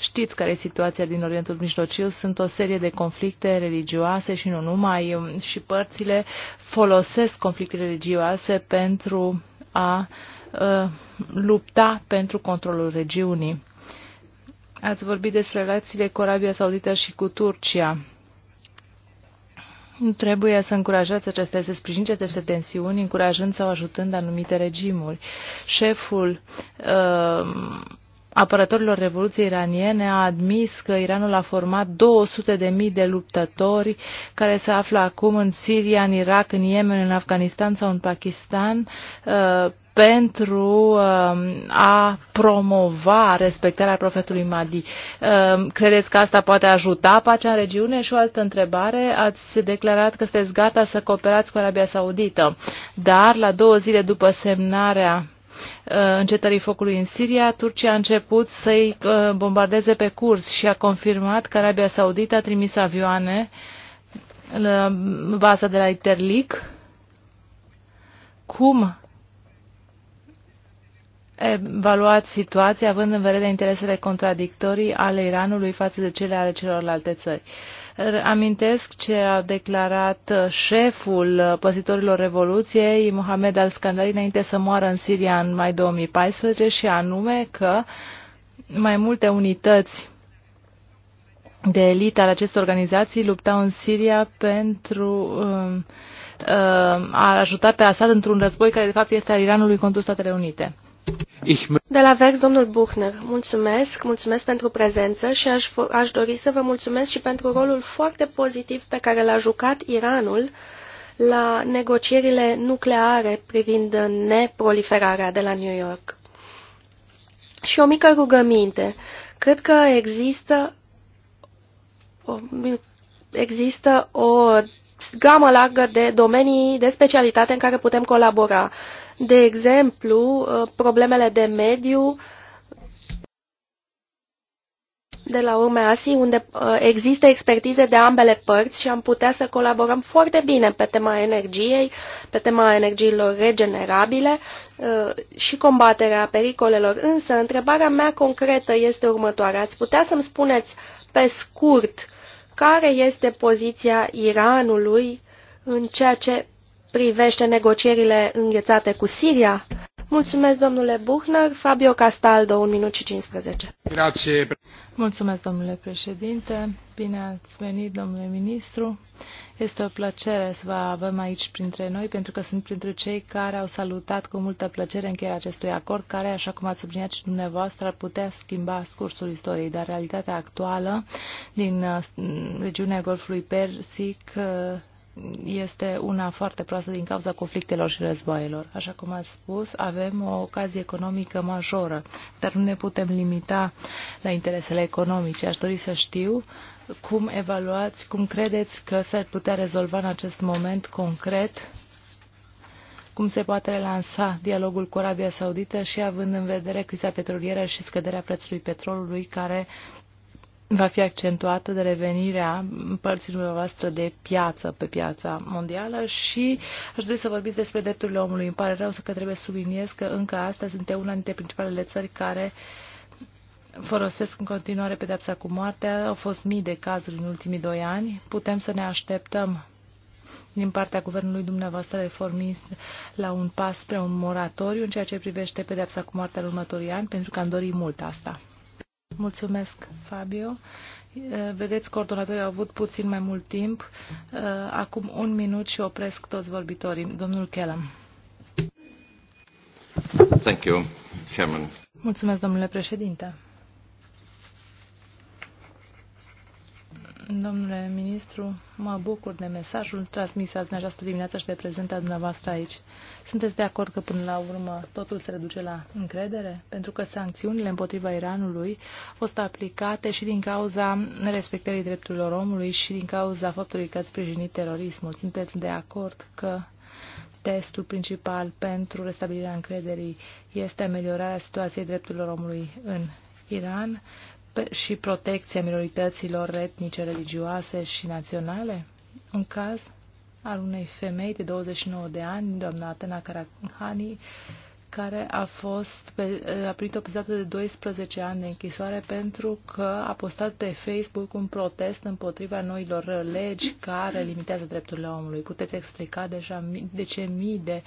Știți care e situația din Orientul Mijlociu. Sunt o serie de conflicte religioase și nu numai. Um, și părțile folosesc conflicte religioase pentru a uh, lupta pentru controlul regiunii. Ați vorbit despre relațiile cu Arabia Saudită și cu Turcia. Nu trebuie să încurajați aceste, să sprijinți aceste tensiuni, încurajând sau ajutând anumite regimuri. Șeful uh, apărătorilor Revoluției iraniene a admis că Iranul a format 200.000 de luptători care se află acum în Siria, în Irak, în Yemen, în Afganistan sau în Pakistan uh, pentru uh, a promova respectarea profetului Mahdi. Uh, credeți că asta poate ajuta pacea în regiune? Și o altă întrebare. Ați declarat că sunteți gata să cooperați cu Arabia Saudită, dar la două zile după semnarea Uh, încetării focului în Siria, Turcia a început să-i uh, bombardeze pe curs și a confirmat că Arabia Saudită a trimis avioane la baza de la Interlic. Cum evaluați situația având în vedere interesele contradictorii ale Iranului față de cele ale celorlalte țări? Amintesc ce a declarat șeful păzitorilor Revoluției, Mohamed al-Scandari, înainte să moară în Siria în mai 2014, și anume că mai multe unități de elită ale acestor organizații luptau în Siria pentru uh, a ajuta pe Assad într-un război care de fapt este al Iranului condus Statele Unite. De la Vers, domnul Buchner, mulțumesc, mulțumesc pentru prezență și aș, aș dori să vă mulțumesc și pentru rolul foarte pozitiv pe care l-a jucat Iranul la negocierile nucleare privind neproliferarea de la New York. Și o mică rugăminte. Cred că există o, există o gamă largă de domenii de specialitate în care putem colabora. De exemplu, problemele de mediu de la urmea ASI, unde uh, există expertize de ambele părți și am putea să colaborăm foarte bine pe tema energiei, pe tema energiilor regenerabile uh, și combaterea pericolelor. Însă, întrebarea mea concretă este următoarea. Ați putea să-mi spuneți pe scurt care este poziția Iranului în ceea ce privește negocierile înghețate cu Siria? Mulțumesc, domnule Buchner. Fabio Castaldo, 1 minut și 15. Grazie. Mulțumesc, domnule președinte. Bine ați venit, domnule ministru. Este o plăcere să vă avem aici printre noi, pentru că sunt printre cei care au salutat cu multă plăcere încheierea acestui acord, care, așa cum ați subliniat și dumneavoastră, ar putea schimba cursul istoriei, dar realitatea actuală din uh, regiunea Golfului Persic uh, este una foarte proastă din cauza conflictelor și războaielor. Așa cum ați spus, avem o ocazie economică majoră, dar nu ne putem limita la interesele economice. Aș dori să știu cum evaluați, cum credeți că s-ar putea rezolva în acest moment concret cum se poate relansa dialogul cu Arabia Saudită și având în vedere criza petrolieră și scăderea prețului petrolului care va fi accentuată de revenirea părții dumneavoastră de piață pe piața mondială și aș dori să vorbiți despre drepturile omului. Îmi pare rău să că trebuie subliniez că încă astăzi sunt una dintre principalele țări care folosesc în continuare pedepsa cu moartea. Au fost mii de cazuri în ultimii doi ani. Putem să ne așteptăm din partea guvernului dumneavoastră reformist la un pas spre un moratoriu în ceea ce privește pedepsa cu moartea în următorii ani, pentru că am dorit mult asta. Mulțumesc, Fabio. Eh, vedeți, coordonatorii au avut puțin mai mult timp. Eh, acum un minut și opresc toți vorbitorii. Domnul Kellam. Thank you, Chairman. Mulțumesc, domnule președinte. Domnule ministru, mă bucur de mesajul transmis azi în această dimineață și de prezența dumneavoastră aici. Sunteți de acord că până la urmă totul se reduce la încredere? Pentru că sancțiunile împotriva Iranului au fost aplicate și din cauza nerespectării drepturilor omului și din cauza faptului că ați sprijinit terorismul. Sunteți de acord că testul principal pentru restabilirea încrederii este ameliorarea situației drepturilor omului în Iran, și protecția minorităților etnice, religioase și naționale? Un caz al unei femei de 29 de ani, doamna Atena Karahani, care a fost pe, a primit o pedeapsă de 12 ani de închisoare pentru că a postat pe Facebook un protest împotriva noilor legi care limitează drepturile omului. Puteți explica deja de ce mii de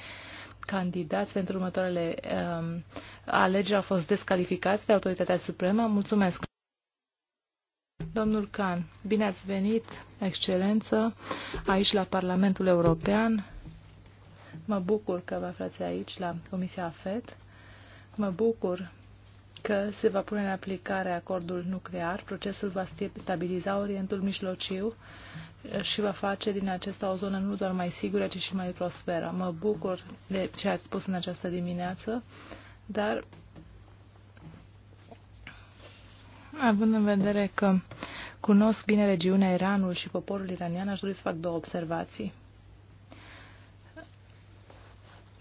candidați pentru următoarele um, alegeri au fost descalificați de Autoritatea Supremă? Mulțumesc! Domnul Can, bine ați venit, excelență, aici la Parlamentul European. Mă bucur că vă aflați aici la Comisia Fed. Mă bucur că se va pune în aplicare acordul nuclear, procesul va stabiliza Orientul Mijlociu și va face din acesta o zonă nu doar mai sigură, ci și mai prosperă. Mă bucur de ce ați spus în această dimineață, dar Având în vedere că cunosc bine regiunea Iranul și poporul iranian, aș dori să fac două observații.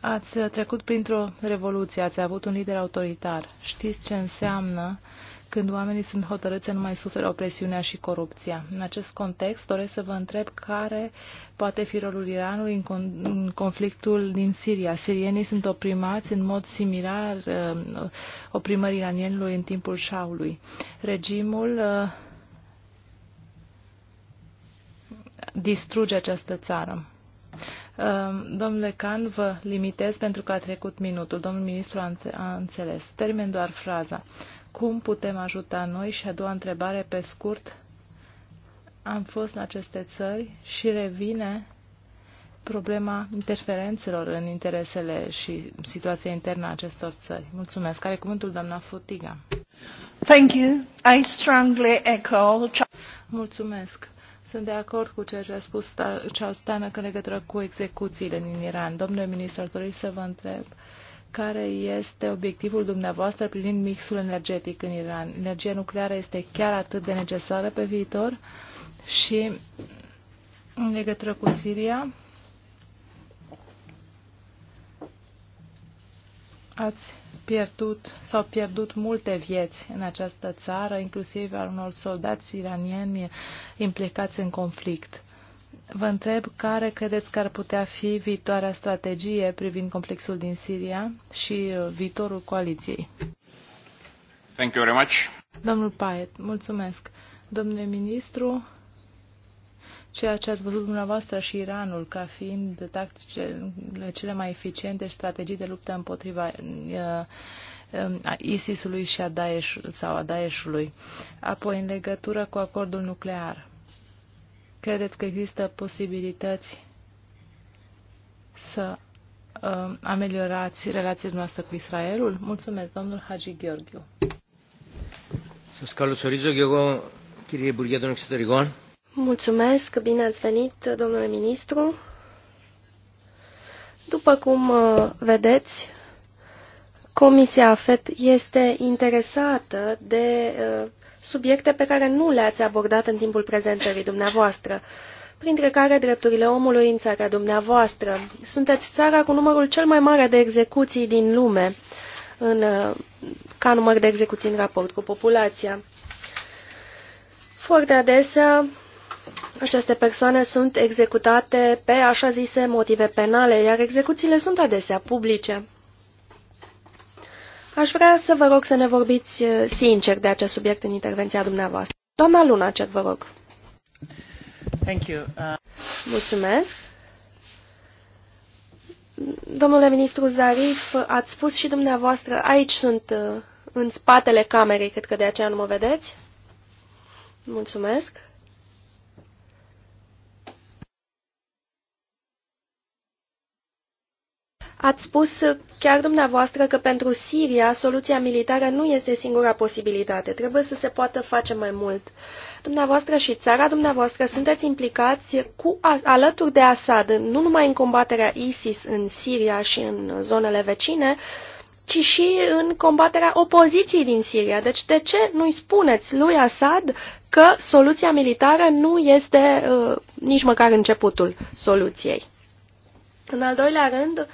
Ați trecut printr-o revoluție, ați avut un lider autoritar. Știți ce înseamnă uh, când oamenii sunt hotărâți să nu mai suferă opresiunea și corupția. În acest context, doresc să vă întreb care poate fi rolul Iranului în, con- în conflictul din Siria. Sirienii sunt oprimați în mod similar uh, oprimării iranienilor în timpul șaului. Regimul uh, distruge această țară. Uh, domnule Can, vă limitez pentru că a trecut minutul. Domnul ministru a înțeles. Termin doar fraza. Cum putem ajuta noi? Și a doua întrebare, pe scurt, am fost în aceste țări și revine problema interferențelor în interesele și situația internă a acestor țări. Mulțumesc. Care cuvântul doamna Futiga? Thank you. I strongly echo. Mulțumesc. Sunt de acord cu ceea ce a spus Charles Tanăk în legătură cu execuțiile din Iran. Domnule ministru, aș dori să vă întreb uh, care este obiectivul dumneavoastră privind mixul energetic în Iran. Energia nucleară este chiar atât de necesară pe viitor și în legătură cu Siria ați pierdut sau pierdut multe vieți în această țară, inclusiv al unor soldați iranieni implicați în conflict. Vă întreb care credeți că ar putea fi viitoarea strategie privind conflictul din Siria și uh, viitorul coaliției. Thank you very much. Domnul Paet, mulțumesc. Domnule ministru, ceea ce ați văzut dumneavoastră și Iranul ca fiind tacticile cele mai eficiente strategii de luptă împotriva uh, uh, ISIS-ului și a Daesh, sau a Daesh-ului. Apoi, în legătură cu acordul nuclear. Credeți că există posibilități să uh, ameliorați relațiile noastre cu Israelul? Mulțumesc, domnul Hagi Gheorghiu. Mulțumesc, bine ați venit, domnule ministru. După cum uh, vedeți, Comisia AFET este interesată de uh, subiecte pe care nu le-ați abordat în timpul prezentării dumneavoastră, printre care drepturile omului în țara dumneavoastră. Sunteți țara cu numărul cel mai mare de execuții din lume, în, ca număr de execuții în raport cu populația. Foarte adesea, aceste persoane sunt executate pe așa zise motive penale, iar execuțiile sunt adesea publice. Aș vrea să vă rog să ne vorbiți eh, sincer de acest subiect în intervenția dumneavoastră. Doamna ce vă rog. Thank you. Uh... Mulțumesc. Domnule ministru Zarif, ați spus și dumneavoastră, aici sunt eh, în spatele camerei, cred că de aceea nu mă vedeți. Mulțumesc. Ați spus uh, chiar dumneavoastră că pentru Siria soluția militară nu este singura posibilitate. Trebuie să se poată face mai mult. Dumneavoastră și țara dumneavoastră sunteți implicați cu, alături de Assad, nu numai în combaterea ISIS în Siria și în zonele vecine, ci și în combaterea opoziției din Siria. Deci de ce nu-i spuneți lui Assad că soluția militară nu este uh, nici măcar începutul soluției? În al doilea rând, uh,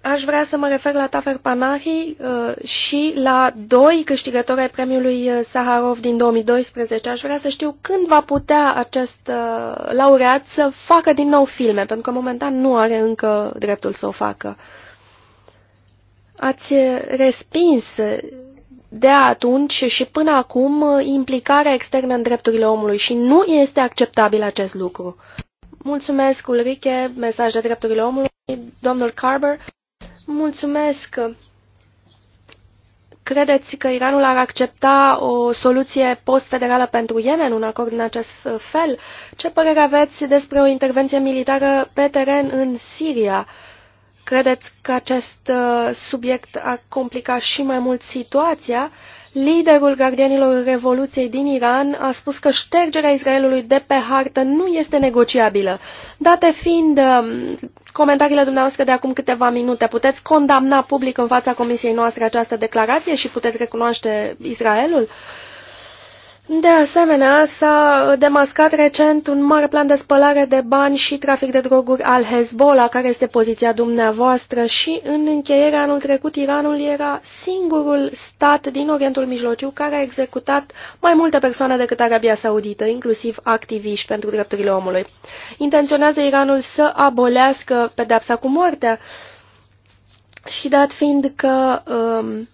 Aș vrea să mă refer la Tafer Panahi uh, și la doi câștigători ai premiului uh, Saharov din 2012. Aș vrea să știu când va putea acest uh, laureat să facă din nou filme, pentru că momentan nu are încă dreptul să o facă. Ați respins de atunci și până acum implicarea externă în drepturile omului și nu este acceptabil acest lucru. Mulțumesc, Ulrike, mesaj de drepturile omului, domnul Carber. Mulțumesc. Credeți că Iranul ar accepta o soluție post-federală pentru Yemen, un acord în acest fel? Ce părere aveți despre o intervenție militară pe teren în Siria? Credeți că acest uh, subiect ar complica și mai mult situația? Liderul gardianilor Revoluției din Iran a spus că ștergerea Israelului de pe hartă nu este negociabilă. Date fiind um, comentariile dumneavoastră de acum câteva minute, puteți condamna public în fața comisiei noastre această declarație și puteți recunoaște Israelul? Uh, de asemenea, s-a demascat recent un mare plan de spălare de bani și trafic de droguri al Hezbollah, care este poziția dumneavoastră și în încheiere anul trecut Iranul era singurul stat din Orientul Mijlociu care a executat mai multe persoane decât Arabia Saudită, inclusiv activiști pentru drepturile omului. Intenționează Iranul să abolească pedepsa cu moartea și dat fiind că... Um,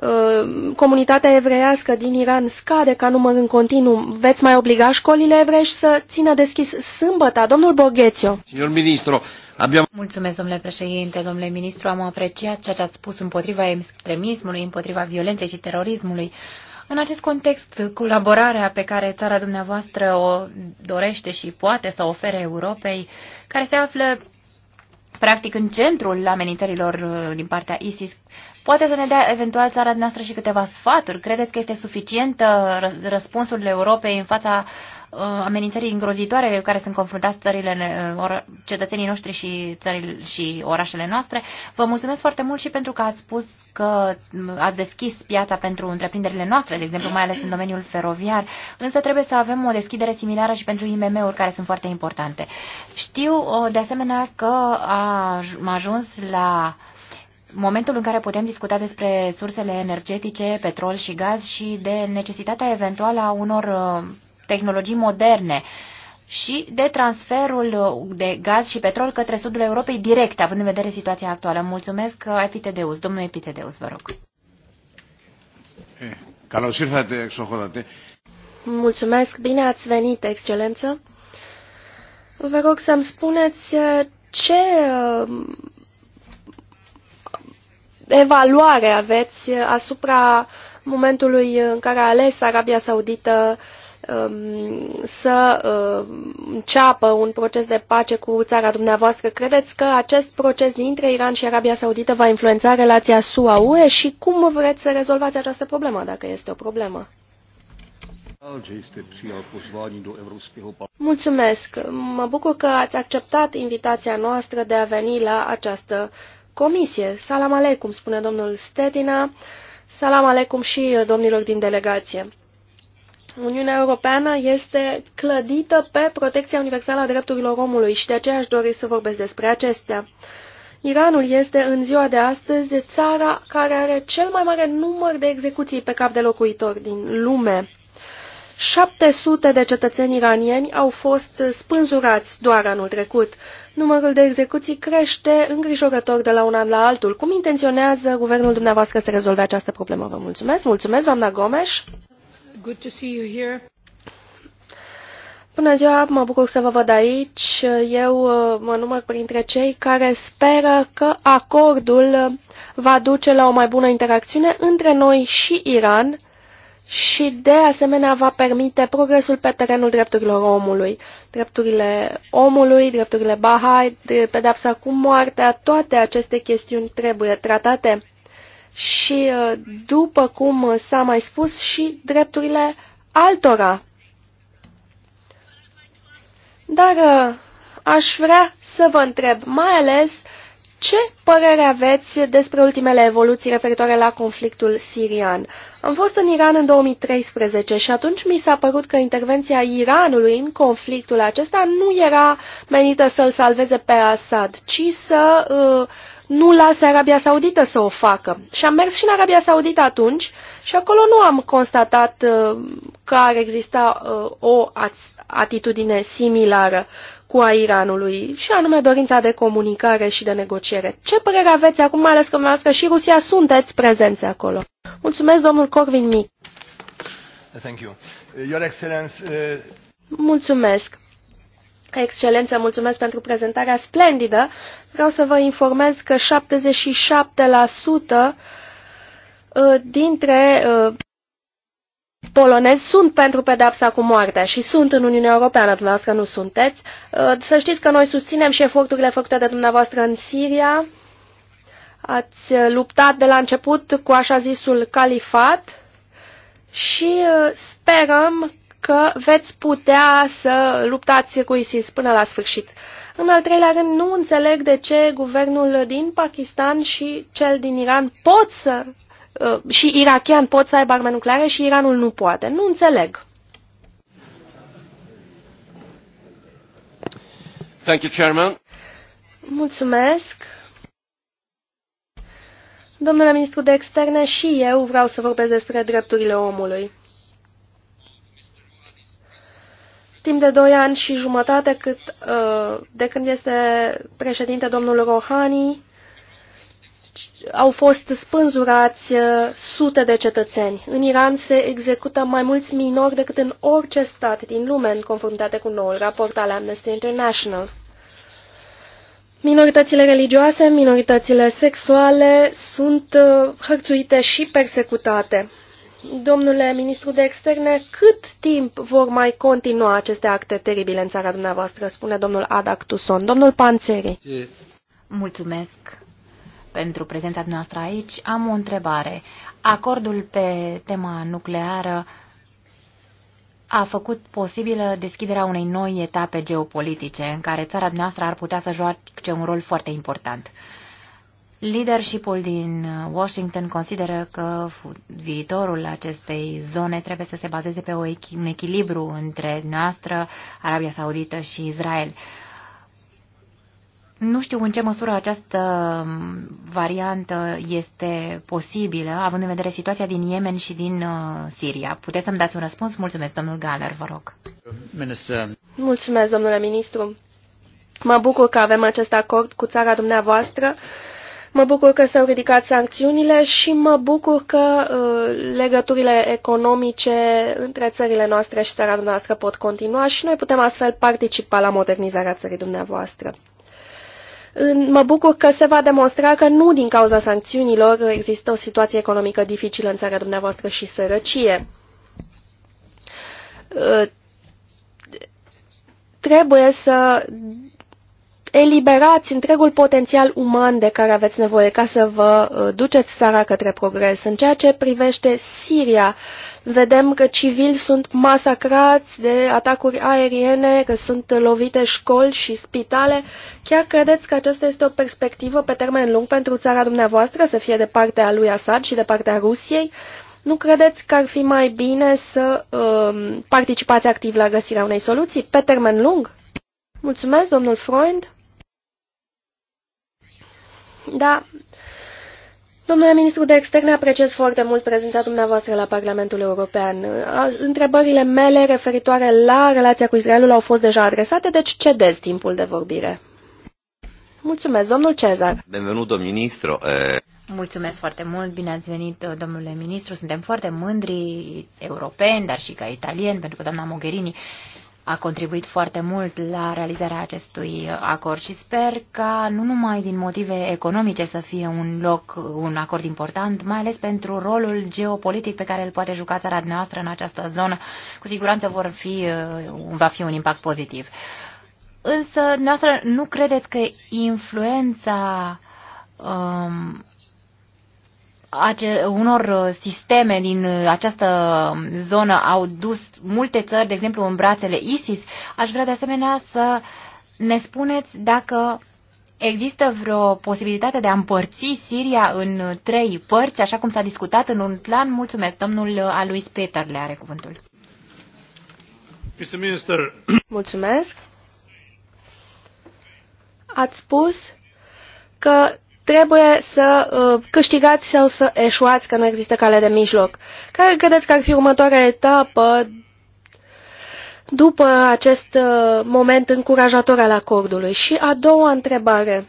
Uh, comunitatea evreiască din Iran scade ca număr în continuu, veți mai obliga școlile evrești să țină deschis sâmbăta? Domnul Borghețiu. Domnul ministru, abia... Mulțumesc, domnule președinte, domnule ministru, am apreciat ceea ce ați spus împotriva extremismului, împotriva violenței și terorismului. În acest context, colaborarea pe care țara dumneavoastră o dorește și poate să ofere Europei, care se află practic în centrul amenințărilor uh, din partea ISIS, Poate să ne dea eventual țara noastră și câteva sfaturi. Credeți că este suficient uh, răspunsul Europei în fața uh, amenințării îngrozitoare cu care sunt confruntați țările, uh, cetățenii noștri și, țările, și orașele noastre. Vă mulțumesc foarte mult și pentru că ați spus că ați deschis piața pentru întreprinderile noastre, de exemplu, mai ales în domeniul feroviar, însă trebuie să avem o deschidere similară și pentru IMM-uri care sunt foarte importante. Știu de asemenea că am ajuns la momentul în care putem discuta despre sursele energetice, petrol și gaz și de necesitatea eventuală a unor uh, tehnologii moderne și de transferul uh, de gaz și petrol către sudul Europei direct, având în vedere situația actuală. Mulțumesc, uh, Epitedeus. Domnul Epitedeus, vă rog. Eh, Mulțumesc, bine ați venit, excelență. Vă rog să-mi spuneți ce evaluare aveți asupra momentului în care a ales Arabia Saudită um, să um, înceapă un proces de pace cu țara dumneavoastră. Credeți că acest proces dintre Iran și Arabia Saudită va influența relația SUA-UE și cum vreți să rezolvați această problemă, dacă este o problemă? Mulțumesc! Mă bucur că ați acceptat invitația noastră de a veni la această comisie. Salam alecum, spune domnul Stetina, salam alecum și uh, domnilor din delegație. Uniunea Europeană este clădită pe protecția universală a drepturilor omului și de aceea aș dori să vorbesc despre acestea. Iranul este în ziua de astăzi țara care are cel mai mare număr de execuții pe cap de locuitor din lume. 700 de cetățeni iranieni au fost spânzurați doar anul trecut. Numărul de execuții crește îngrijorător de la un an la altul. Cum intenționează guvernul dumneavoastră să rezolve această problemă? Vă mulțumesc. Mulțumesc, doamna Gomes. Good to see you here. Bună ziua, mă bucur să vă văd aici. Eu uh, mă număr printre cei care speră că acordul uh, va duce la o mai bună interacțiune între noi și Iran și de asemenea va permite progresul pe terenul drepturilor omului. Drepturile omului, drepturile Bahai, pedepsa cu moartea, toate aceste chestiuni trebuie tratate. Și uh, după cum s-a mai spus și drepturile altora. Dar uh, aș vrea să vă întreb, mai ales uh, ce părere aveți despre ultimele evoluții referitoare la conflictul sirian? Am fost în Iran în 2013 și atunci mi s-a părut că intervenția Iranului în conflictul acesta nu era menită să-l salveze pe Assad, ci să uh, nu lase Arabia Saudită să o facă. Și am mers și în Arabia Saudită atunci și acolo nu am constatat uh, că ar exista uh, o atitudine similară cu a Iranului, și anume dorința de comunicare și de negociere. Ce părere aveți acum, mai ales că noastră și Rusia sunteți prezenți acolo? Mulțumesc, domnul Corvin Mic. Thank you. Your Excellence, uh... Mulțumesc. Excelență, mulțumesc pentru prezentarea splendidă. Vreau să vă informez că 77% uh, dintre uh, polonezi sunt pentru pedapsa cu moartea și sunt în Uniunea Europeană, dumneavoastră nu sunteți. Uh, să știți că noi susținem și eforturile făcute de dumneavoastră în Siria. Ați luptat de la început cu așa zisul califat și uh, sperăm că veți putea să luptați cu ISIS până la sfârșit. În al treilea rând, nu înțeleg de ce guvernul din Pakistan și cel din Iran pot să Uh, și irachian pot să aibă arme nucleare și Iranul nu poate. Nu înțeleg. Thank you, Chairman. Mulțumesc. Domnule ministru de externe, și eu vreau să vorbesc despre drepturile omului. Timp de doi ani și jumătate cât, uh, de când este președinte domnul Rohani, deci, au fost spânzurați uh, sute de cetățeni. În Iran se execută mai mulți minori decât în orice stat din lume, în conformitate cu noul raport al Amnesty International. Minoritățile religioase, minoritățile sexuale sunt uh, hărțuite și persecutate. Domnule ministru de externe, cât timp vor mai continua aceste acte teribile în țara dumneavoastră, spune domnul Adactuson, Domnul Panțeri. Mulțumesc pentru prezența noastră aici. Am o întrebare. Acordul pe tema nucleară a făcut posibilă deschiderea unei noi etape geopolitice în care țara noastră ar putea să joace un rol foarte important. Leadershipul din Washington consideră că viitorul acestei zone trebuie să se bazeze pe un echilibru între noastră, Arabia Saudită și Israel. Uh, nu știu în ce măsură această um, variantă este posibilă, având în vedere situația din Yemen și din uh, Siria. Puteți să-mi dați un răspuns? Mulțumesc, domnul Galer, vă rog. Mulțumesc, domnule ministru. Mă bucur că avem acest acord cu țara dumneavoastră. Mă bucur că s-au ridicat sancțiunile și mă bucur că uh, legăturile economice între țările noastre și țara noastră pot continua și noi putem astfel participa la modernizarea țării dumneavoastră. Mă bucur că se va demonstra că nu din cauza sancțiunilor există o situație economică dificilă în țara dumneavoastră și sărăcie. Uh, trebuie să eliberați întregul potențial uman de care aveți nevoie ca să vă uh, duceți țara către progres. În ceea ce privește Siria, Vedem că civili sunt masacrați de atacuri aeriene, că sunt lovite școli și spitale. Chiar credeți că aceasta este o perspectivă pe termen lung pentru țara dumneavoastră să fie de partea lui Assad și de partea Rusiei? Nu credeți că ar fi mai bine să um, participați activ la găsirea unei soluții pe termen lung? Mulțumesc, domnul Freund. Da, Domnule ministru de externe, apreciez foarte mult prezența dumneavoastră la Parlamentul European. Întrebările mele referitoare la relația cu Israelul au fost deja adresate, deci cedez timpul de vorbire. Mulțumesc, domnul Cezar. domnul ministru. Mulțumesc foarte mult, bine ați venit, domnule ministru. Suntem foarte mândri, europeni, dar și ca italieni, pentru că doamna Mogherini a contribuit foarte mult la realizarea acestui acord și sper ca nu numai din motive economice să fie un loc, un acord important, mai ales pentru rolul geopolitic pe care îl poate juca țara noastră în această zonă, cu siguranță vor fi, uh, va fi un impact pozitiv. Însă, noastră, nu credeți că influența um, unor uh, sisteme din uh, această zonă au dus multe țări, de exemplu, în brațele ISIS. Aș vrea de asemenea să ne spuneți dacă există vreo posibilitate de a împărți Siria în uh, trei părți, așa cum s-a discutat în un plan. Mulțumesc. Domnul Alois Peter le are cuvântul. Mulțumesc. Ați spus că trebuie să uh, câștigați sau să eșuați, că nu există cale de mijloc. Care credeți că ar fi următoarea etapă după acest uh, moment încurajator al acordului? Și a doua întrebare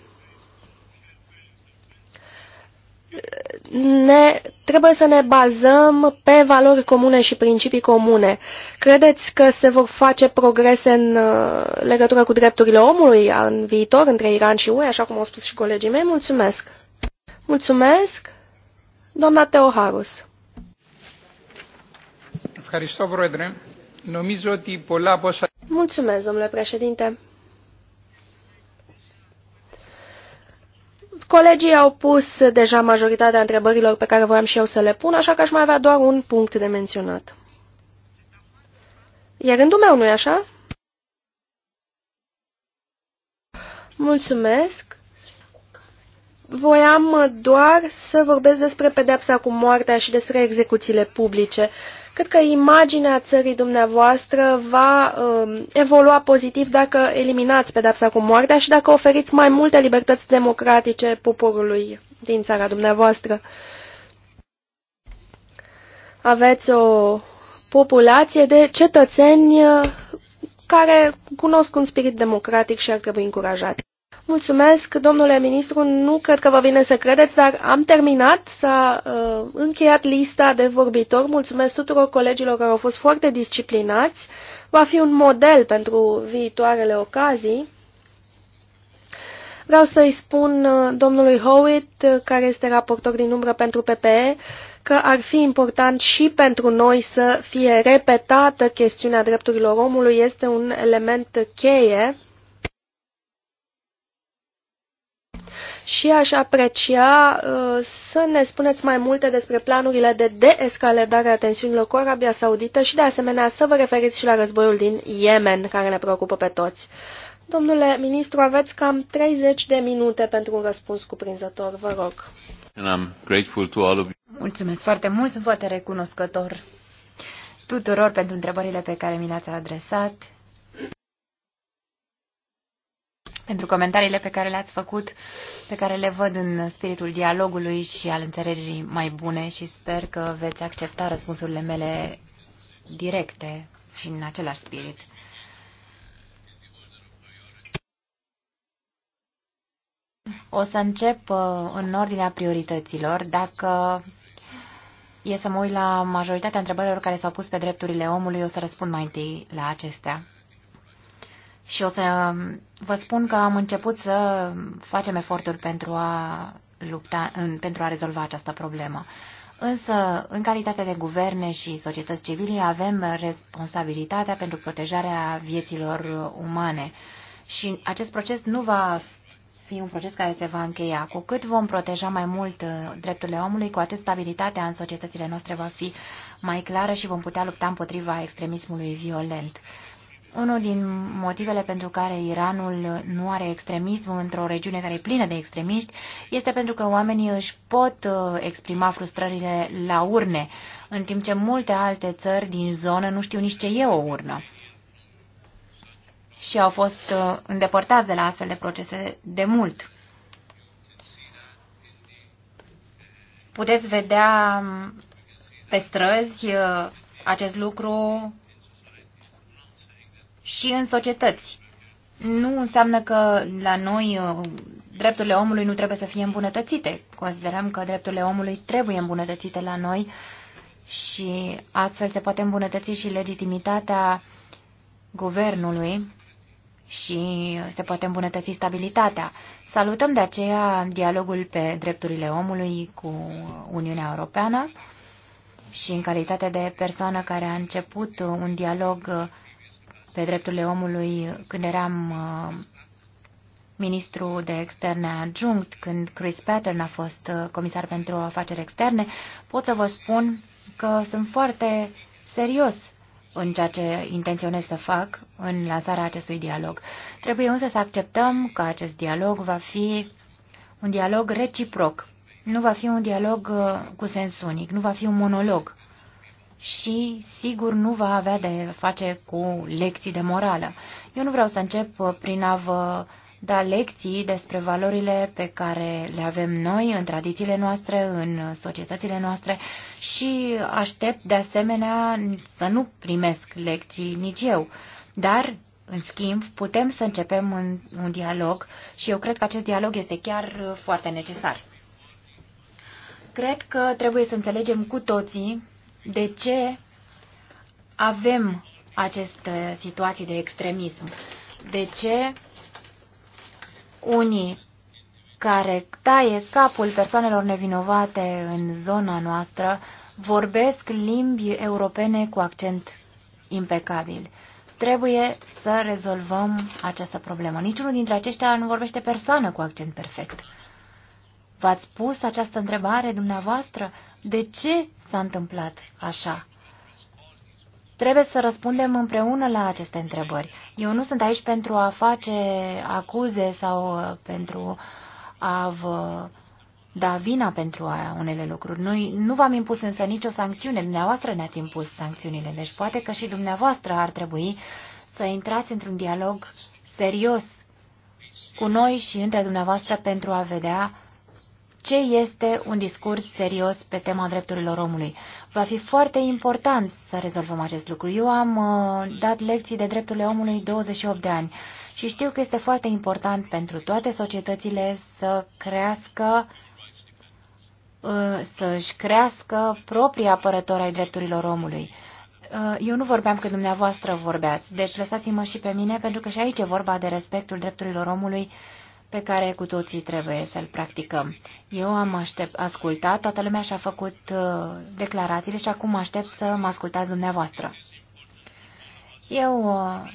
ne, trebuie să ne bazăm pe valori comune și principii comune. Credeți că se vor face progrese în uh, legătură cu drepturile omului în viitor între Iran și UE, așa cum au spus și colegii mei? Mulțumesc! Mulțumesc, doamna Teoharus. Mulțumesc, domnule președinte. Colegii au pus deja majoritatea întrebărilor pe care voiam și eu să le pun, așa că aș mai avea doar un punct de menționat. E rândul meu, nu-i așa? Mulțumesc. Voiam doar să vorbesc despre pedepsa cu moartea și despre execuțiile publice. Uh, Cred că imaginea țării dumneavoastră va uh, evolua pozitiv dacă eliminați pedepsa cu moartea și dacă oferiți mai multe libertăți democratice poporului din țara dumneavoastră. Aveți o populație de cetățeni uh, care cunosc un spirit democratic și ar trebui încurajat. Mulțumesc, domnule ministru. Nu cred că vă vine să credeți, dar am terminat, s-a uh, încheiat lista de vorbitori. Mulțumesc tuturor colegilor care au fost foarte disciplinați. Va fi un model pentru viitoarele ocazii. Vreau să-i spun uh, domnului Howitt, uh, care este raportor din umbră pentru PPE, că ar fi important și pentru noi să fie repetată chestiunea drepturilor omului. Este un element cheie și aș aprecia uh, să ne spuneți mai multe despre planurile de deescaladare a tensiunilor cu Arabia Saudită și de asemenea să vă referiți și la războiul din Yemen, care ne preocupă pe toți. Domnule ministru, aveți cam 30 de minute pentru un răspuns cuprinzător, vă rog. Mulțumesc foarte mult, sunt foarte recunoscător tuturor pentru întrebările pe care mi le-ați adresat pentru comentariile pe care le-ați făcut, pe care le văd în spiritul dialogului și al înțelegerii mai bune și sper că veți accepta răspunsurile mele directe și în același spirit. O să încep uh, în ordinea priorităților. Dacă e să mă uit la majoritatea întrebărilor care s-au pus pe drepturile omului, o să răspund mai întâi la acestea. Și o să um, vă spun că am început să facem eforturi pentru a lupta, pentru a rezolva această problemă. Însă, în calitate de guverne și societăți civile, avem responsabilitatea pentru protejarea vieților umane. Și acest proces nu va fi un proces care se va încheia. Cu cât vom proteja mai mult uh, drepturile omului, cu atât stabilitatea în societățile noastre va fi mai clară și vom putea lupta împotriva extremismului violent. Unul din motivele pentru care Iranul nu are extremism într-o regiune care e plină de extremiști este pentru că oamenii își pot uh, exprima frustrările la urne, în timp ce multe alte țări din zonă nu știu nici ce e o urnă și au fost uh, îndepărtați de la astfel de procese de mult. Puteți vedea um, pe străzi uh, acest lucru și în societăți. Nu înseamnă că la noi uh, drepturile omului nu trebuie să fie îmbunătățite. Considerăm că drepturile omului trebuie îmbunătățite la noi și astfel se poate îmbunătăți și legitimitatea guvernului și se poate îmbunătăți stabilitatea. Salutăm de aceea dialogul pe drepturile omului cu Uniunea Europeană și în calitate de persoană care a început un dialog pe drepturile omului când eram uh, ministru de externe adjunct, când Chris Pattern a fost uh, comisar pentru afaceri externe, pot să vă spun că sunt foarte serios în ceea ce intenționez să fac în lansarea acestui dialog. Trebuie însă să acceptăm că acest dialog va fi un dialog reciproc. Nu va fi un dialog uh, cu sens unic, nu va fi un monolog și sigur nu va avea de face cu lecții de morală. Eu nu vreau să încep prin a vă da lecții despre valorile pe care le avem noi în tradițiile noastre, în societățile noastre și aștept de asemenea să nu primesc lecții nici eu. Dar, în schimb, putem să începem un, un dialog și eu cred că acest dialog este chiar foarte necesar. Cred că trebuie să înțelegem cu toții de ce avem aceste situații de extremism, de ce unii care taie capul persoanelor nevinovate în zona noastră vorbesc limbi europene cu accent impecabil. Trebuie să rezolvăm această problemă. Niciunul dintre aceștia nu vorbește persoană cu accent perfect. V-ați pus această întrebare dumneavoastră? De ce s-a întâmplat așa? Trebuie să răspundem împreună la aceste întrebări. Eu nu sunt aici pentru a face acuze sau uh, pentru a vă da vina pentru unele lucruri. Noi nu v-am impus însă nicio sancțiune, dumneavoastră ne-ați impus sancțiunile, deci poate că și dumneavoastră ar trebui să intrați într-un dialog serios cu noi și între dumneavoastră pentru a vedea ce este un discurs serios pe tema drepturilor omului. Va fi foarte important să rezolvăm acest lucru. Eu am uh, dat lecții de drepturile omului 28 de ani și știu că este foarte important pentru toate societățile să crească uh, să-și crească proprii apărători ai drepturilor omului. Uh, eu nu vorbeam că dumneavoastră vorbeați, deci lăsați-mă și pe mine, pentru că și aici e vorba de respectul drepturilor omului pe care cu toții trebuie să-l practicăm. Eu am aștept, ascultat, toată lumea și-a făcut uh, declarațiile și acum aștept să mă ascultați dumneavoastră. Eu uh,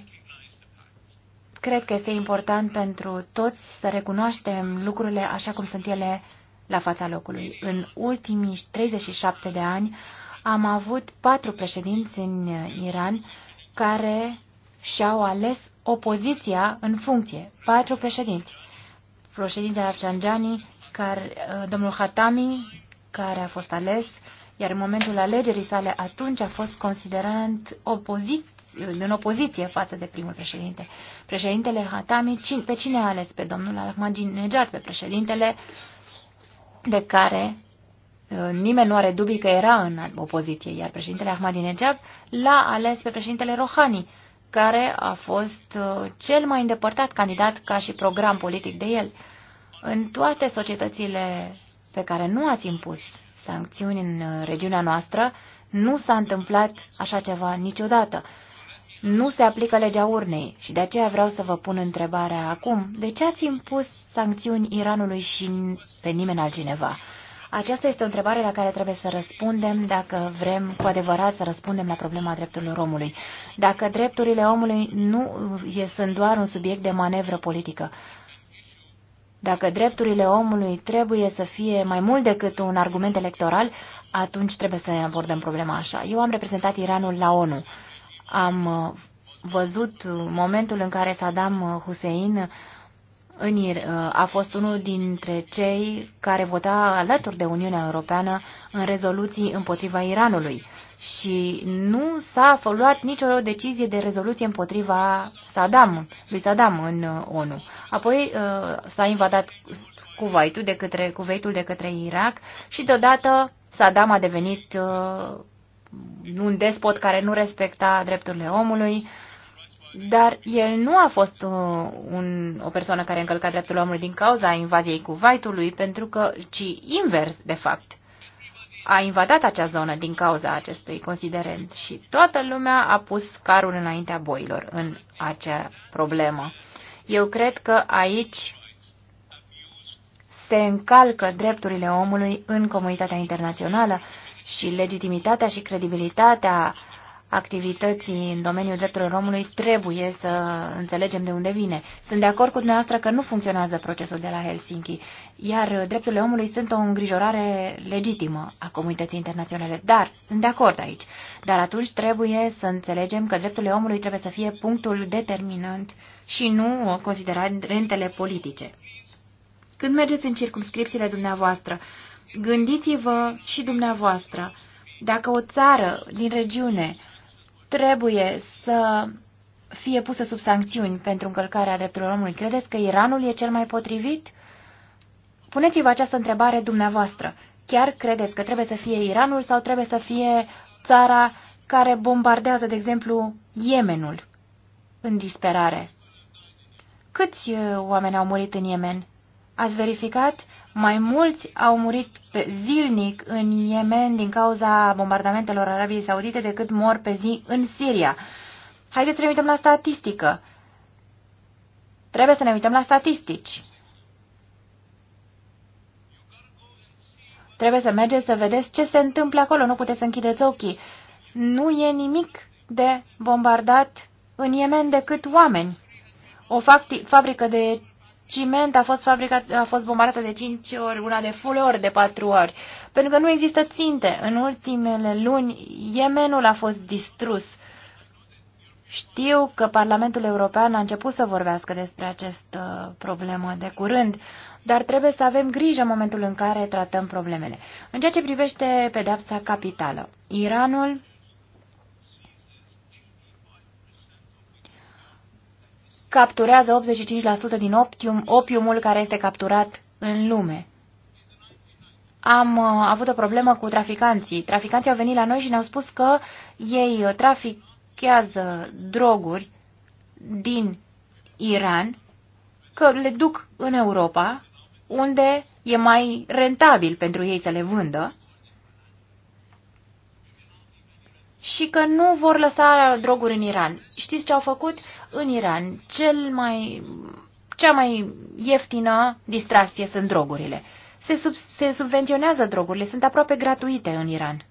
cred că este important pentru toți să recunoaștem lucrurile așa cum sunt ele la fața locului. În ultimii 37 de ani am avut patru președinți în Iran care și-au ales opoziția în funcție. Patru președinți președintele Afganjani, care, uh, domnul Hatami, care a fost ales, iar în momentul alegerii sale atunci a fost considerat opozit, în opoziție față de primul președinte. Președintele Hatami, pe cine a ales? Pe domnul Ahmadinejad, pe președintele de care uh, nimeni nu are dubii că era în opoziție, iar președintele Ahmadinejad l-a ales pe președintele Rohani, care a fost uh, cel mai îndepărtat candidat ca și program politic de el. În toate societățile pe care nu ați impus sancțiuni în uh, regiunea noastră, nu s-a întâmplat așa ceva niciodată. Nu se aplică legea urnei și de aceea vreau să vă pun întrebarea acum. De ce ați impus sancțiuni Iranului și pe nimeni altcineva? Aceasta este o întrebare la care trebuie să răspundem dacă vrem cu adevărat să răspundem la problema drepturilor omului. Dacă drepturile omului nu sunt doar un subiect de manevră politică, dacă drepturile omului trebuie să fie mai mult decât un argument electoral, atunci trebuie să abordăm problema așa. Eu am reprezentat Iranul la ONU. Am uh, văzut momentul în care Saddam Hussein în, uh, a fost unul dintre cei care vota alături de Uniunea Europeană în rezoluții împotriva Iranului și nu s-a luat nicio decizie de rezoluție împotriva Saddam, lui Saddam în uh, ONU. Apoi uh, s-a invadat Kuwaitul de către, Kuwaitul de către Irak și deodată Saddam a devenit un despot care nu respecta drepturile omului dar el nu a fost uh, un, o persoană care a încălcat dreptul omului din cauza invaziei Kuwaitului, pentru că, ci invers, de fapt, a invadat acea zonă din cauza acestui considerent și toată lumea a pus carul înaintea boilor în acea problemă. Eu cred că aici se încalcă drepturile omului în comunitatea internațională și legitimitatea și credibilitatea uh, activității în domeniul drepturilor omului, trebuie să înțelegem de unde vine. Sunt de acord cu dumneavoastră că nu funcționează procesul de la Helsinki, iar drepturile omului sunt o îngrijorare legitimă a comunității internaționale. Dar, sunt de acord aici, dar atunci trebuie să înțelegem că drepturile omului trebuie să fie punctul determinant și nu considerentele politice. Când mergeți în circumscripțiile dumneavoastră, gândiți-vă și dumneavoastră dacă o țară din regiune trebuie să fie pusă sub sancțiuni pentru încălcarea drepturilor omului. Credeți că Iranul e cel mai potrivit? Puneți-vă această întrebare dumneavoastră. Chiar credeți că trebuie să fie Iranul sau trebuie să fie țara care bombardează, de exemplu, Yemenul în disperare? Câți uh, oameni au murit în Yemen? Ați verificat? Mai mulți au murit pe zilnic în Yemen din cauza bombardamentelor Arabiei Saudite decât mor pe zi în Siria. Haideți să ne uităm la statistică. Trebuie să ne uităm la statistici. Trebuie să mergeți să vedeți ce se întâmplă acolo. Nu puteți să închideți ochii. Nu e nimic de bombardat în Yemen decât oameni. O fabrică de ciment a fost, fabricat, a fost bombardată de 5 ori, una de ori, de 4 ori, pentru că nu există ținte. În ultimele luni, Yemenul a fost distrus. Știu că Parlamentul European a început să vorbească despre această problemă de curând, dar trebuie să avem grijă în momentul în care tratăm problemele. În ceea ce privește pedepsa capitală, Iranul capturează 85% din optium, opiumul care este capturat în lume. Am uh, avut o problemă cu traficanții. Traficanții au venit la noi și ne-au spus că ei uh, trafichează droguri din Iran, că le duc în Europa, unde e mai rentabil pentru ei să le vândă și că nu vor lăsa droguri în Iran. Știți ce au făcut? în Iran cel mai, cea mai ieftină distracție sunt drogurile. Se, sub, se subvenționează drogurile, sunt aproape gratuite în Iran.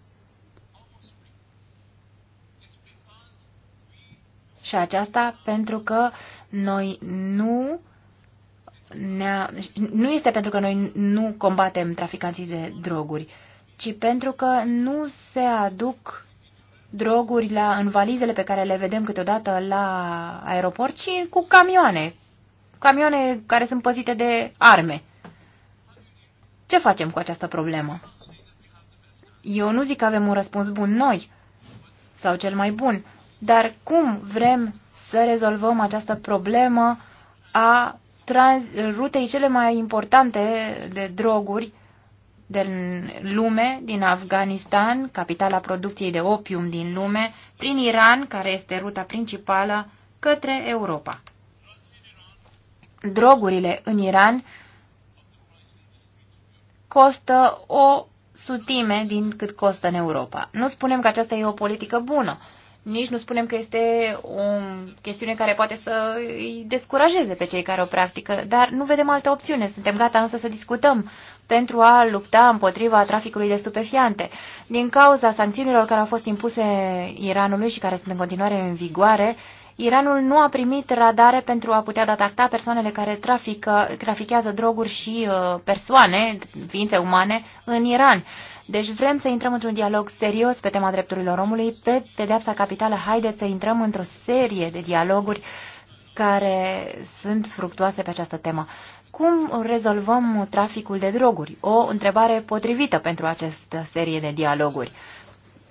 Și aceasta pentru că noi nu nu este pentru că noi nu combatem traficanții de droguri, ci pentru că nu se aduc droguri la, în valizele pe care le vedem câteodată la aeroport, ci cu camioane. Camioane care sunt păzite de arme. Ce facem cu această problemă? Eu nu zic că avem un răspuns bun noi, sau cel mai bun, dar cum vrem să rezolvăm această problemă a rutei cele mai importante de droguri din lume, din Afganistan, capitala producției de opium din lume, prin Iran, care este ruta principală, către Europa. Drogurile în Iran costă o sutime din cât costă în Europa. Nu spunem că aceasta e o politică bună, nici nu spunem că este o chestiune care poate să îi descurajeze pe cei care o practică, dar nu vedem altă opțiune. Suntem gata însă să discutăm pentru a lupta împotriva traficului de stupefiante. Din cauza sancțiunilor care au fost impuse Iranului și care sunt în continuare în vigoare, Iranul nu a primit radare pentru a putea detecta persoanele care trafică, trafichează droguri și uh, persoane, ființe umane, în Iran. Deci vrem să intrăm într-un dialog serios pe tema drepturilor omului, pe pedeapsa capitală. Haideți să intrăm într-o serie de dialoguri care sunt fructuoase pe această temă. Cum rezolvăm traficul de droguri? O întrebare potrivită pentru această serie de dialoguri.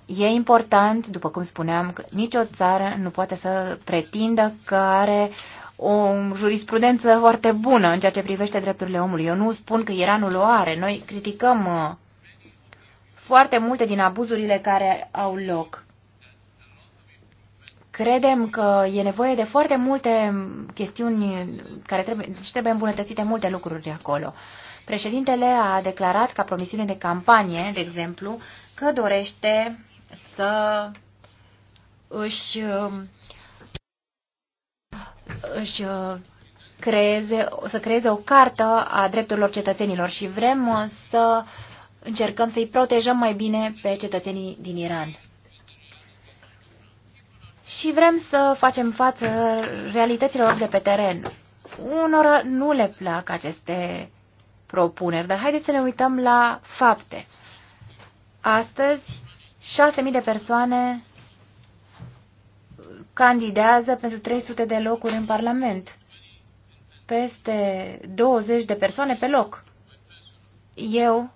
E important, după cum spuneam, că nicio țară nu poate să pretindă că are o jurisprudență foarte bună în ceea ce privește drepturile omului. Eu nu spun că Iranul o are. Noi criticăm uh, foarte multe din abuzurile care au loc. Credem că e nevoie de foarte multe chestiuni care trebuie, deci trebuie îmbunătățite multe lucruri acolo. Președintele a declarat ca promisiune de campanie, de exemplu, că dorește să își, își creeze, să creeze o cartă a drepturilor cetățenilor și vrem să încercăm să-i protejăm mai bine pe cetățenii din Iran. Și vrem să facem față realităților de pe teren. Unor nu le plac aceste propuneri, dar haideți să ne uităm la fapte. Astăzi, 6.000 de persoane candidează pentru 300 de locuri în Parlament. Peste 20 de persoane pe loc. Eu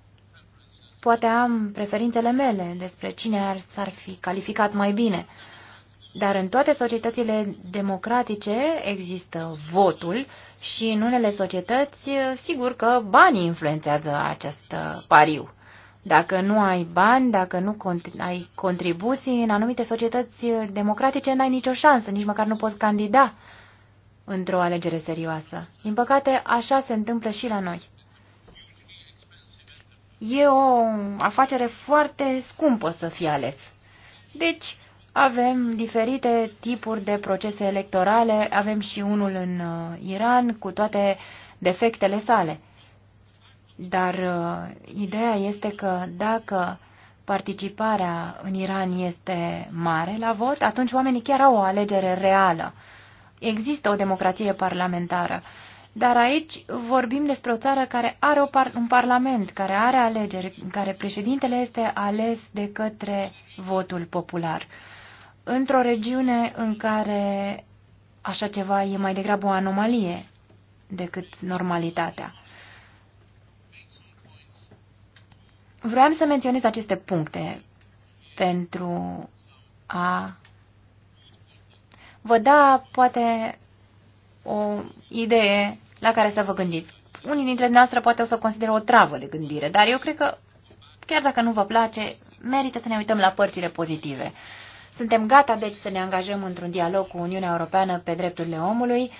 Poate am preferințele mele despre cine ar, s-ar fi calificat mai bine. Dar în toate societățile democratice există votul și în unele societăți, sigur că banii influențează acest pariu. Dacă nu ai bani, dacă nu ai contribuții, în anumite societăți democratice n-ai nicio șansă, nici măcar nu poți candida într-o alegere serioasă. Din păcate, așa se întâmplă și la noi e o afacere foarte scumpă să fie ales. Deci, avem diferite tipuri de procese electorale, avem și unul în uh, Iran cu toate defectele sale. Dar uh, ideea este că dacă participarea în Iran este mare la vot, atunci oamenii chiar au o alegere reală. Există o democrație parlamentară dar aici vorbim despre o țară care are o par un parlament, care are alegeri, în care președintele este ales de către votul popular. Într-o regiune în care așa ceva e mai degrabă o anomalie decât normalitatea. Vreau să menționez aceste puncte pentru a vă da poate o idee la care să vă gândiți. Unii dintre noastre poate o să consideră o travă de gândire, dar eu cred că, chiar dacă nu vă place, merită să ne uităm la părțile pozitive. Suntem gata, deci, să ne angajăm într-un dialog cu Uniunea Europeană pe drepturile omului,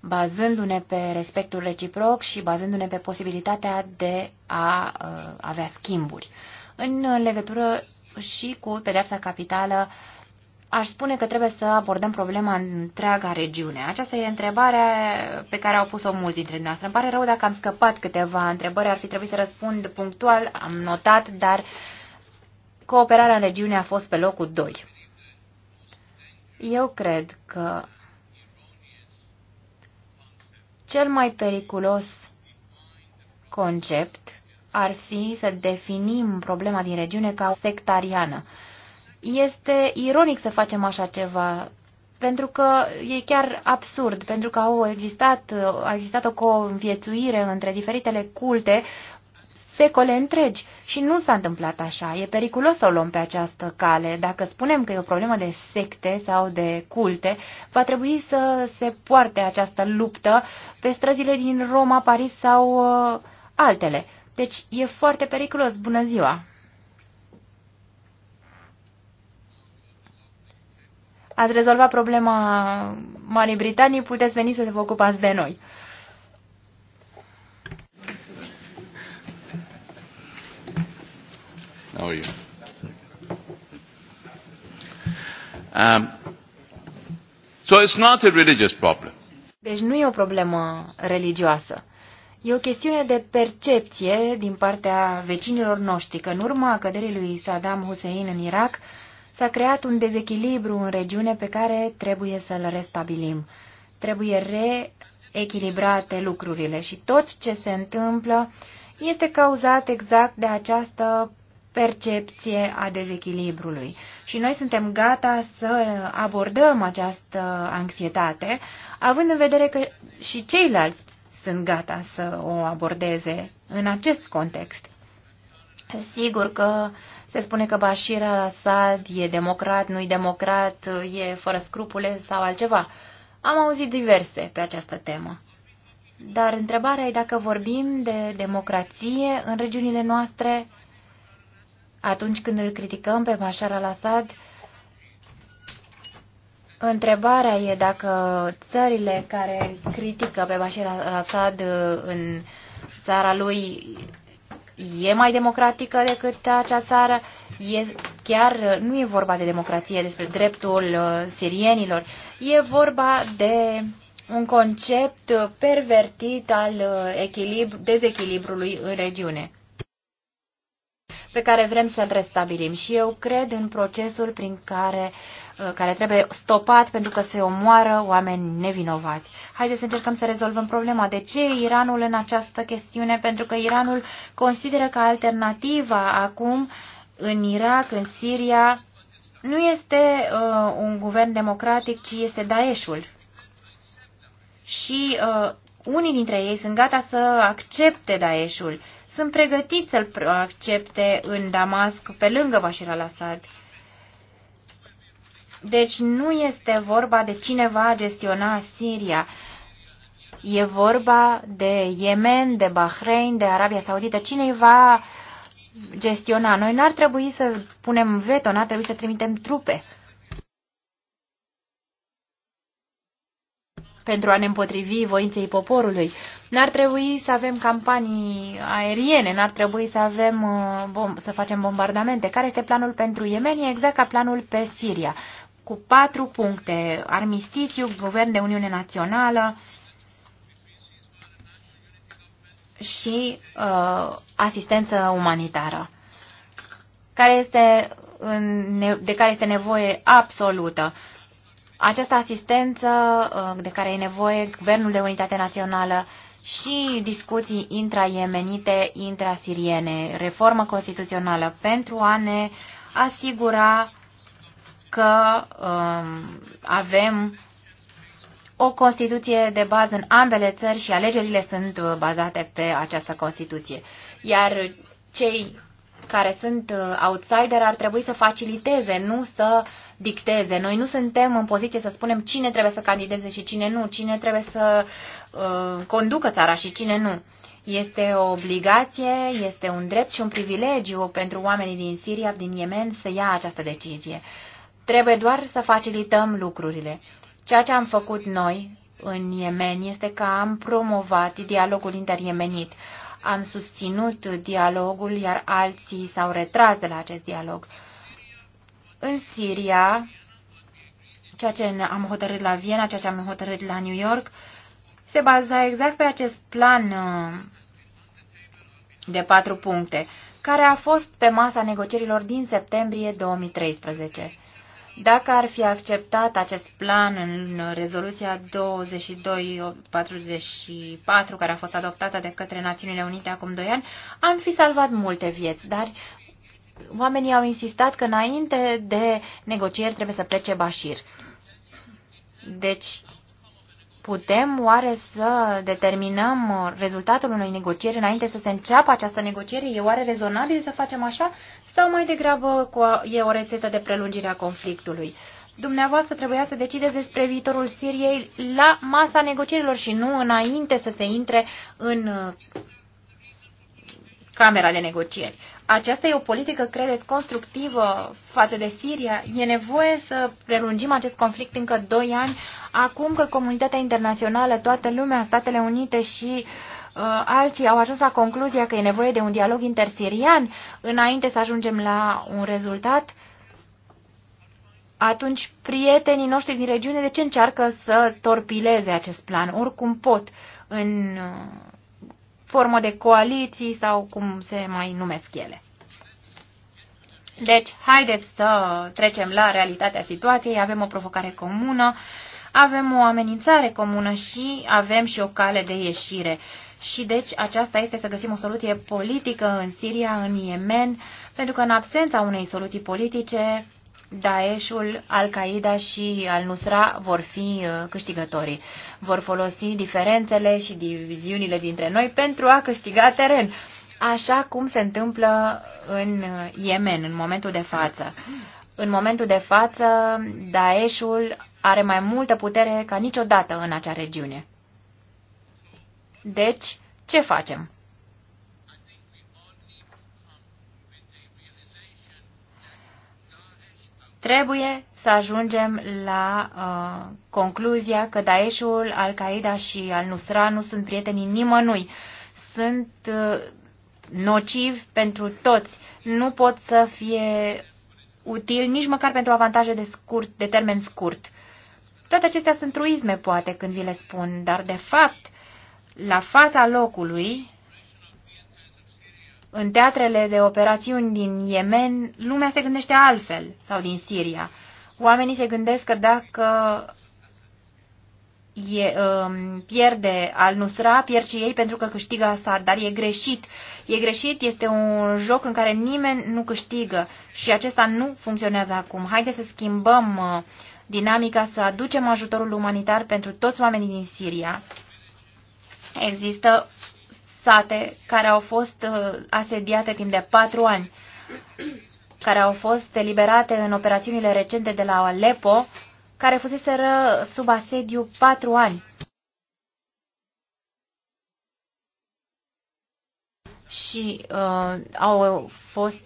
bazându-ne pe respectul reciproc și bazându-ne pe posibilitatea de a uh, avea schimburi. În legătură și cu pedepsa capitală, uh, Aș spune că trebuie să abordăm problema în întreaga regiune. Aceasta e întrebarea pe care au pus-o mulți dintre noastre. Îmi pare rău dacă am scăpat câteva întrebări, ar fi trebuit să răspund punctual, am notat, dar cooperarea în regiune a fost pe locul 2. Eu cred că cel mai periculos concept ar fi să definim problema din regiune ca sectariană. Este ironic să facem așa ceva, pentru că e chiar absurd, pentru că au existat, a existat o conviețuire între diferitele culte secole întregi și nu s-a întâmplat așa. E periculos să o luăm pe această cale. Dacă spunem că e o problemă de secte sau de culte, va trebui să se poarte această luptă pe străzile din Roma, Paris sau uh, altele. Deci e foarte periculos. Bună ziua! ați rezolvat problema Marii Britanii, puteți veni să vă ocupați de noi. How are you? Um, so it's not a religious problem. Deci nu e o problemă religioasă. E o chestiune de percepție din partea vecinilor noștri că în urma căderii lui Saddam Hussein în Irak, S-a creat un dezechilibru în regiune pe care trebuie să-l restabilim. Trebuie reechilibrate lucrurile și tot ce se întâmplă este cauzat exact de această percepție a dezechilibrului. Și noi suntem gata să abordăm această anxietate, având în vedere că și ceilalți sunt gata să o abordeze în acest context. Sigur că uh, se spune că Bashir al-Assad e democrat, nu-i democrat, e fără scrupule sau altceva. Am auzit diverse pe această temă. Dar întrebarea e dacă vorbim de democrație în regiunile noastre, atunci când îl criticăm pe Bashar al-Assad, întrebarea e dacă țările care critică pe Bashar al-Assad în țara lui e mai democratică decât acea țară, e, chiar nu e vorba de democrație, despre dreptul uh, sirienilor, e vorba de un concept pervertit al uh, echilibru, dezechilibrului în regiune pe care vrem să-l restabilim. Și eu cred în procesul prin care Uh, care trebuie stopat pentru că se omoară oameni nevinovați. Haideți să încercăm să rezolvăm problema. De ce Iranul în această chestiune? Pentru că Iranul consideră că alternativa acum în Irak, în Siria, nu este uh, un guvern democratic, ci este Daeshul. Și uh, unii dintre ei sunt gata să accepte Daeshul. Sunt pregătiți să-l accepte în Damasc, pe lângă Bashar al-Assad. Deci nu este vorba de cine va gestiona Siria. E vorba de Yemen, de Bahrain, de Arabia Saudită. Cine îi va gestiona? Noi n-ar trebui să punem veto, n-ar trebui să trimitem trupe. pentru a ne împotrivi voinței poporului. N-ar trebui să avem campanii aeriene, n-ar trebui să, avem, uh, bom, să facem bombardamente. Care este planul pentru Yemen? E exact ca planul pe Siria cu patru puncte. Armistițiu, guvern de Uniune Națională și uh, asistență umanitară, care este în, de care este nevoie absolută. Această asistență uh, de care e nevoie Guvernul de Unitate Națională și discuții intra-iemenite, intra-siriene, reformă constituțională pentru a ne asigura că um, avem o Constituție de bază în ambele țări și alegerile sunt uh, bazate pe această Constituție. Iar cei care sunt uh, outsider ar trebui să faciliteze, nu să dicteze. Noi nu suntem în poziție să spunem cine trebuie să candideze și cine nu, cine trebuie să uh, conducă țara și cine nu. Este o obligație, este un drept și un privilegiu pentru oamenii din Siria, din Yemen, să ia această decizie. Uh, Trebuie doar să facilităm lucrurile. Ceea ce am făcut noi în Yemen este că am promovat dialogul interiemenit. Am susținut dialogul, iar alții s-au retras de la acest dialog. În Siria, ceea ce am hotărât la Viena, ceea ce am hotărât la New York, se baza exact pe acest plan uh, de patru puncte, care a fost pe masa negocierilor din septembrie 2013. Dacă ar fi acceptat acest plan în rezoluția 2244, care a fost adoptată de către Națiunile Unite acum 2 ani, am fi salvat multe vieți, dar oamenii au insistat că înainte de negocieri trebuie să plece Bashir. Deci, putem oare să determinăm rezultatul unei negocieri înainte să se înceapă această negociere? E oare rezonabil să facem așa? sau mai degrabă cu e o rețetă de prelungire a conflictului? Dumneavoastră trebuia să decideți despre viitorul Siriei la masa negocierilor și nu înainte să se intre în uh, camera de negocieri. Aceasta e o politică, credeți, constructivă față de Siria? E nevoie să prelungim acest conflict încă 2 ani, acum că comunitatea internațională, toată lumea, Statele Unite și Uh, alții au ajuns la concluzia că e nevoie de un dialog intersirian înainte să ajungem la un rezultat, atunci prietenii noștri din regiune de ce încearcă să torpileze acest plan, oricum pot, în uh, formă de coaliții sau cum se mai numesc ele. Deci, haideți să trecem la realitatea situației, avem o provocare comună, avem o amenințare comună și avem și o cale de ieșire și deci aceasta este să găsim o soluție politică în Siria, în Yemen, pentru că în absența unei soluții politice, Daeshul, Al-Qaeda și Al-Nusra vor fi uh, câștigătorii. Vor folosi diferențele și diviziunile dintre noi pentru a câștiga teren, așa cum se întâmplă în uh, Yemen în momentul de față. În momentul de față, Daeshul are mai multă putere ca niciodată în acea regiune. Deci, ce facem? Trebuie să ajungem la uh, concluzia că Daeshul, Al-Qaeda și Al-Nusra nu sunt prietenii nimănui. Sunt uh, nocivi pentru toți. Nu pot să fie util nici măcar pentru avantaje de, scurt, de termen scurt. Toate acestea sunt truisme, poate, când vi le spun, dar, de fapt, la fața locului, în teatrele de operațiuni din Yemen, lumea se gândește altfel, sau din Siria. Oamenii se gândesc că dacă e, um, pierde al-Nusra, pierd și ei pentru că câștigă Assad, dar e greșit. E greșit, este un joc în care nimeni nu câștigă și acesta nu funcționează acum. Haideți să schimbăm uh, dinamica, să aducem ajutorul umanitar pentru toți oamenii din Siria Există sate care au fost uh, asediate timp de patru ani, care au fost eliberate în operațiunile recente de la Aleppo, care fuseseră sub asediu patru ani. Și uh, au fost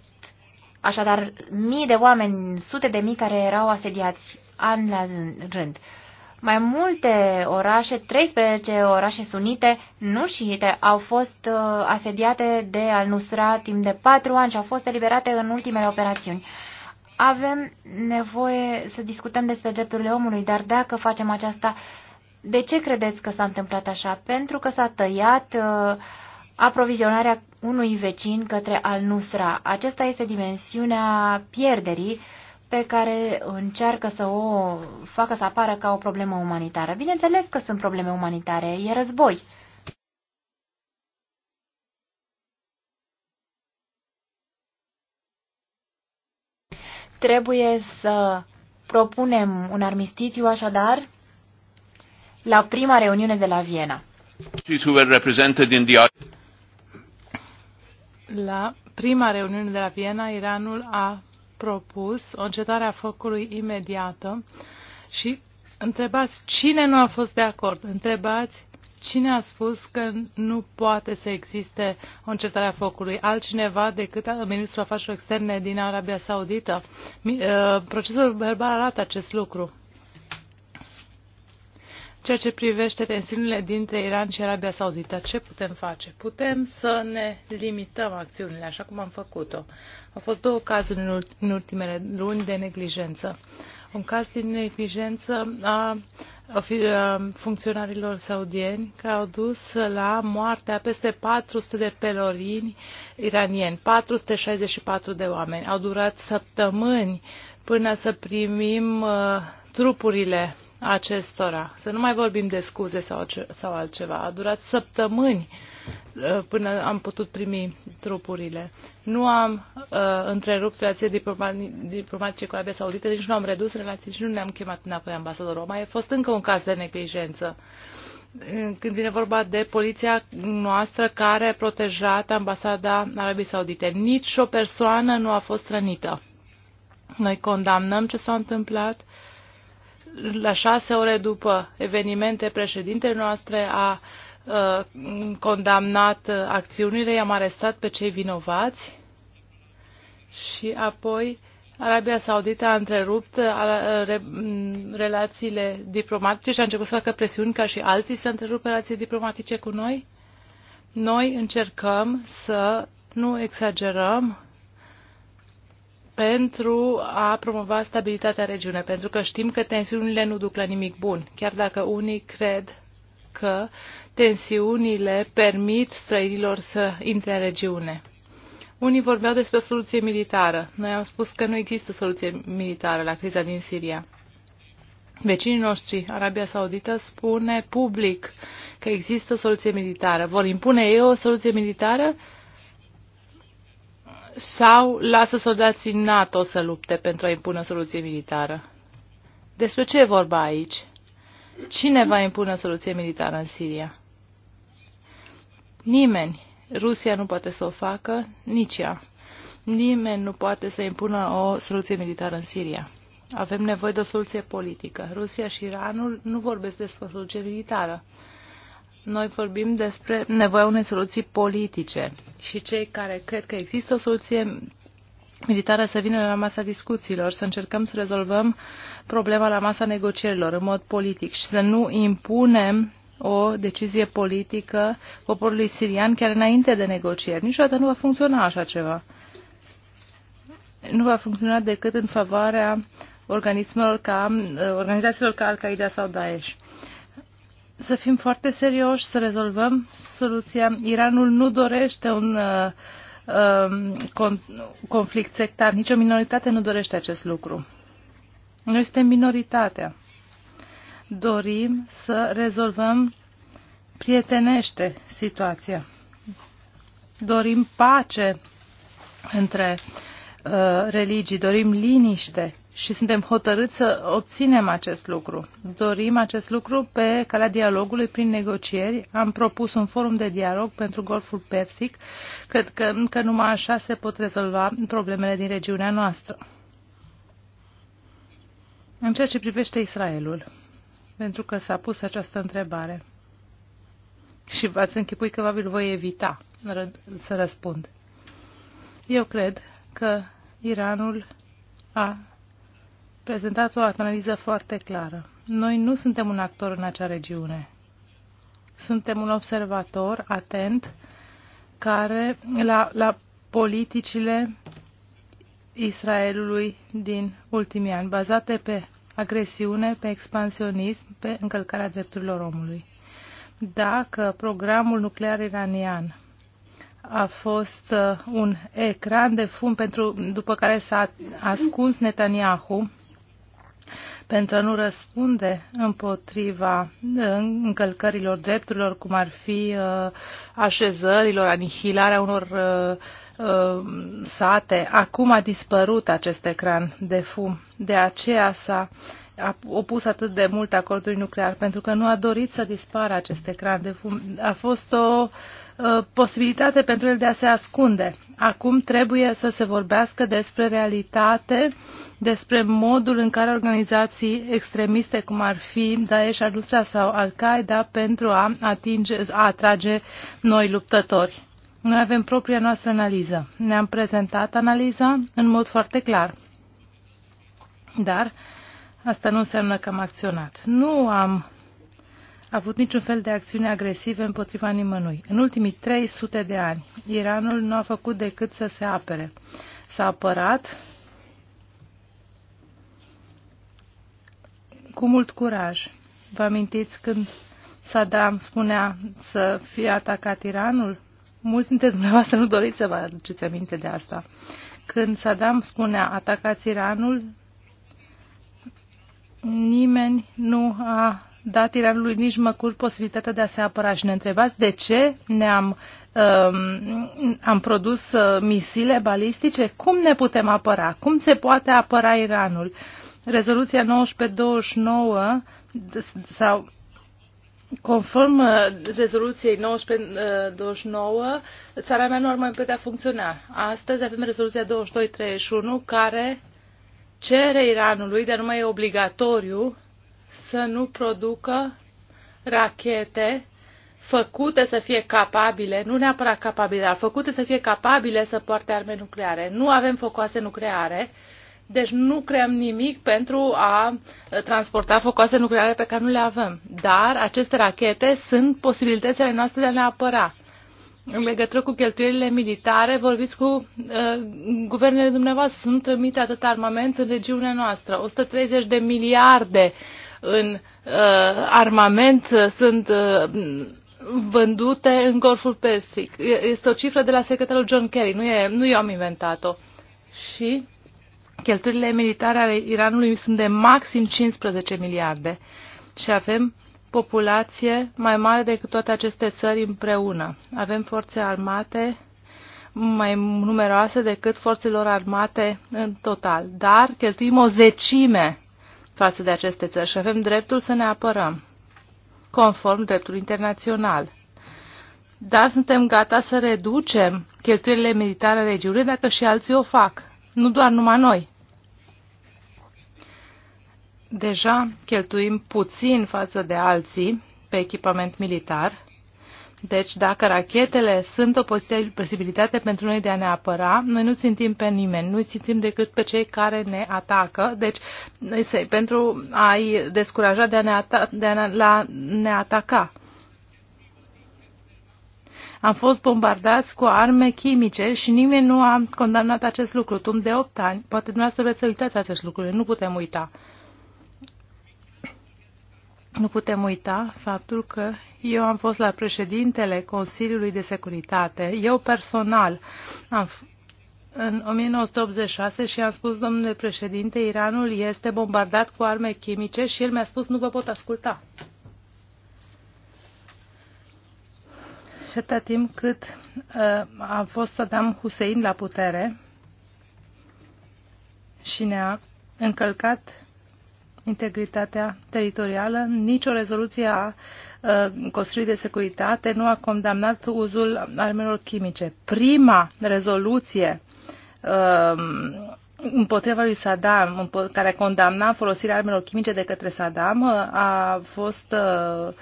așadar mii de oameni, sute de mii care erau asediați an la rând. Uh, mai multe orașe, 13 orașe sunite nu șiite, au fost uh, asediate de al-Nusra timp de patru ani și au fost eliberate în ultimele operațiuni. Avem nevoie să discutăm despre drepturile omului, dar dacă facem aceasta, de ce credeți că s-a întâmplat așa? Pentru că s-a tăiat uh, aprovizionarea unui vecin către al-Nusra. Acesta este dimensiunea pierderii uh, pe care încearcă să o facă să apară ca o problemă umanitară. Bineînțeles că sunt probleme umanitare, e război. Trebuie să propunem un armistițiu așadar la prima reuniune de la Viena. La prima reuniune de la Viena, Iranul a propus o încetare a focului imediată și întrebați cine nu a fost de acord, întrebați cine a spus că nu poate să existe o încetare a focului, altcineva decât ministrul afacerilor externe din Arabia Saudită. Uh, procesul verbal arată acest lucru ceea ce privește tensiunile dintre Iran și Arabia Saudită, ce putem face? Putem să ne limităm acțiunile, așa cum am făcut-o. Au fost două cazuri în ultimele luni de neglijență. Un caz din neglijență a funcționarilor saudieni care au dus la moartea peste 400 de pelorini iranieni, 464 de oameni. Au durat săptămâni până să primim uh, trupurile acestora. Să nu mai vorbim de scuze sau, sau altceva. A durat săptămâni uh, până am putut primi trupurile. Nu am uh, întrerupt relații diplomatice cu Arabia Saudită, nici deci nu am redus relații, nici nu ne-am chemat înapoi ambasadorul. Mai a fost încă un caz de neglijență. Uh, când vine vorba de poliția noastră care a protejat ambasada Arabiei Saudite, nici o persoană nu a fost rănită. Noi condamnăm ce s-a întâmplat la șase ore după evenimente, președintele noastre a uh, condamnat acțiunile, i-am arestat pe cei vinovați și apoi Arabia Saudită a întrerupt uh, uh, mm, relațiile diplomatice și a început să facă presiuni ca și alții să întrerupă relații diplomatice cu noi. Noi încercăm să nu exagerăm pentru a promova stabilitatea regiune, pentru că știm că tensiunile nu duc la nimic bun, chiar dacă unii cred că tensiunile permit străinilor să intre în regiune. Unii vorbeau despre o soluție militară. Noi am spus că nu există soluție militară la criza din Siria. Vecinii noștri, Arabia Saudită, spune public că există soluție militară. Vor impune ei o soluție militară? sau lasă soldații NATO să lupte pentru a impune o soluție militară? Despre ce e vorba aici? Cine va impune o soluție militară în Siria? Nimeni. Rusia nu poate să o facă, nici ea. Nimeni nu poate să impună o soluție militară în Siria. Avem nevoie de o soluție politică. Rusia și Iranul nu vorbesc despre o soluție militară. Noi vorbim despre nevoia unei soluții politice și cei care cred că există o soluție militară să vină la masa discuțiilor, să încercăm să rezolvăm problema la masa negocierilor în mod politic și să nu impunem o decizie politică poporului sirian chiar înainte de negocieri. Niciodată nu va funcționa așa ceva. Nu va funcționa decât în favoarea organismelor ca, organizațiilor ca Al-Qaeda sau Daesh să fim foarte serioși, să rezolvăm soluția. Iranul nu dorește un uh, um, conflict sectar, nicio minoritate nu dorește acest lucru. Noi suntem minoritatea. Dorim să rezolvăm prietenește situația. Dorim pace între uh, religii, dorim liniște și suntem hotărâți să obținem acest lucru. Dorim acest lucru pe calea dialogului prin negocieri. Am propus un forum de dialog pentru Golful Persic. Cred că încă numai așa se pot rezolva problemele din regiunea noastră. În ceea ce privește Israelul, pentru că s-a pus această întrebare și v-ați închipui că probabil voi evita să răspund. Eu cred că Iranul a prezentat o analiză foarte clară. Noi nu suntem un actor în acea regiune. Suntem un observator atent care la, la politicile Israelului din ultimii ani, bazate pe agresiune, pe expansionism, pe încălcarea drepturilor omului. Dacă programul nuclear iranian a fost uh, un ecran de fum pentru, după care s-a ascuns Netanyahu, pentru a nu răspunde împotriva uh, încălcărilor drepturilor, cum ar fi uh, așezărilor, anihilarea unor uh, sate. Acum a dispărut acest ecran de fum. De aceea s-a uh, a opus atât de mult acordului nuclear, pentru că nu a dorit să dispară acest ecran de fum. A fost o uh, posibilitate pentru el de a se ascunde. Acum trebuie să se vorbească despre realitate, despre modul în care organizații extremiste, cum ar fi Daesh, al-Nusra sau Al-Qaeda, pentru a, atinge, a atrage noi luptători. Noi avem propria noastră analiză. Ne-am prezentat analiza în mod foarte clar. Dar uh, asta nu înseamnă că am acționat. Nu am avut niciun fel de acțiune agresive împotriva nimănui. În ultimii 300 de ani, Iranul nu a făcut decât să se apere. S-a apărat cu mult curaj. Vă amintiți când Saddam spunea să fie atacat Iranul? Mulți dintre dumneavoastră nu doriți să vă aduceți aminte de asta. Când Saddam spunea atacați Iranul, nimeni nu a dat Iranului nici măcar posibilitatea de a se apăra. Și ne întrebați de ce ne-am uh, am produs uh, misile balistice? Cum ne putem apăra? Cum se poate apăra Iranul? Rezoluția 1929 sau Conform uh, rezoluției 1929, țara mea nu ar mai putea funcționa. Astăzi avem rezoluția 2231 care cere Iranului, dar nu mai e obligatoriu, să nu producă rachete făcute să fie capabile, nu neapărat capabile, dar făcute să fie capabile să poarte arme nucleare. Nu avem focoase nucleare, deci nu creăm nimic pentru a transporta focoase nucleare pe care nu le avem. Dar aceste rachete sunt posibilitățile noastre de a ne apăra în legătură cu cheltuielile militare, vorbiți cu uh, guvernele dumneavoastră, să nu trimite atât armament în regiunea noastră. 130 de miliarde în uh, armament sunt uh, vândute în Golful Persic. Este o cifră de la secretarul John Kerry, nu, e, nu eu am inventat-o. Și cheltuielile militare ale Iranului sunt de maxim 15 miliarde. Și avem populație mai mare decât toate aceste țări împreună. Avem forțe armate mai numeroase decât forțelor armate în total, dar cheltuim o zecime față de aceste țări și avem dreptul să ne apărăm, conform dreptului internațional. Dar suntem gata să reducem cheltuielile militare în regiune dacă și alții o fac, nu doar numai noi deja cheltuim puțin față de alții pe echipament militar. Deci, dacă rachetele sunt o posibilitate pentru noi de a ne apăra, noi nu țintim pe nimeni, nu țintim decât pe cei care ne atacă. Deci, pentru a-i descuraja de a, ne, ata- de a ne, la ne ataca. Am fost bombardați cu arme chimice și nimeni nu a condamnat acest lucru. Tum de 8 ani, poate dumneavoastră vreți să uitați acest lucru, nu putem uita. Nu putem uita faptul că eu am fost la președintele Consiliului de Securitate. Eu personal am în 1986 și am spus, domnule președinte, Iranul este bombardat cu arme chimice și el mi-a spus, nu vă pot asculta. Și atâta timp cât uh, a fost Saddam Hussein la putere și ne-a încălcat integritatea teritorială, nicio rezoluție a uh, Consiliului de Securitate nu a condamnat uzul armelor chimice. Prima rezoluție um, împotriva lui Saddam, care condamna folosirea armelor chimice de către Saddam, uh, a fost uh,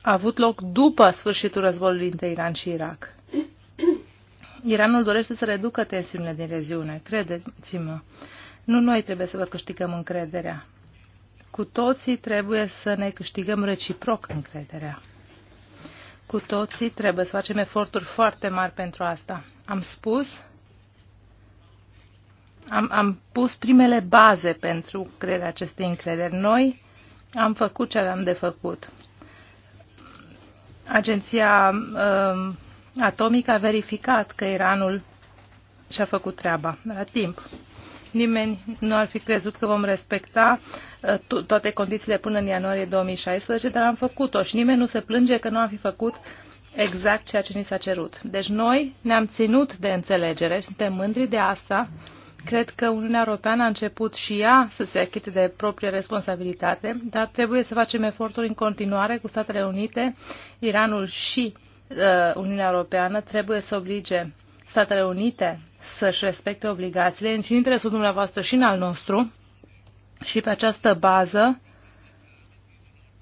a avut loc după sfârșitul războiului dintre Iran și Irak. Iranul dorește să reducă tensiunile din regiune, credeți-mă. Uh, nu noi trebuie să vă câștigăm încrederea. Cu toții trebuie să ne câștigăm reciproc încrederea. Cu toții trebuie să facem eforturi foarte mari pentru asta. Am spus, am, am pus primele baze pentru crearea acestei încrederi. Noi am făcut ce aveam de făcut. Agenția uh, atomică a verificat că Iranul și-a făcut treaba la timp. Nimeni nu ar fi crezut că vom respecta uh, toate condițiile până în ianuarie 2016, dar am făcut-o și nimeni nu se plânge că nu am fi făcut exact ceea ce ni s-a cerut. Deci noi ne-am ținut de înțelegere și suntem mândri de asta. Cred că Uniunea Europeană a început și ea să se achite de propria responsabilitate, dar trebuie să facem eforturi în continuare cu Statele Unite, Iranul și uh, Uniunea Europeană. Trebuie să oblige Statele Unite să-și respecte obligațiile în sub dumneavoastră și în al nostru și pe această bază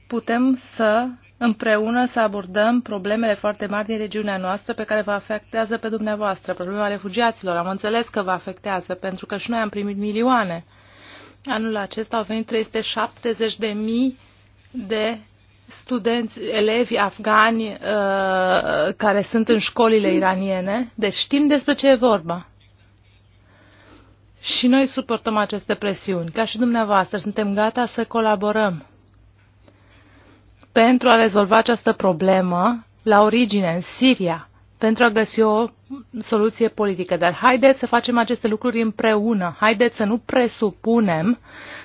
putem să împreună să abordăm problemele foarte mari din regiunea noastră pe care vă afectează pe dumneavoastră, problema refugiaților. Am înțeles că vă afectează pentru că și noi am primit milioane. Anul acesta au venit 370.000 de mii de studenți, elevi afgani uh, care sunt în școlile iraniene. Deci știm despre ce e vorba. Și noi suportăm aceste presiuni. Ca și dumneavoastră, suntem gata să colaborăm pentru a rezolva această problemă la origine, în Siria, pentru a găsi o soluție politică. Dar haideți să facem aceste lucruri împreună. Haideți să nu presupunem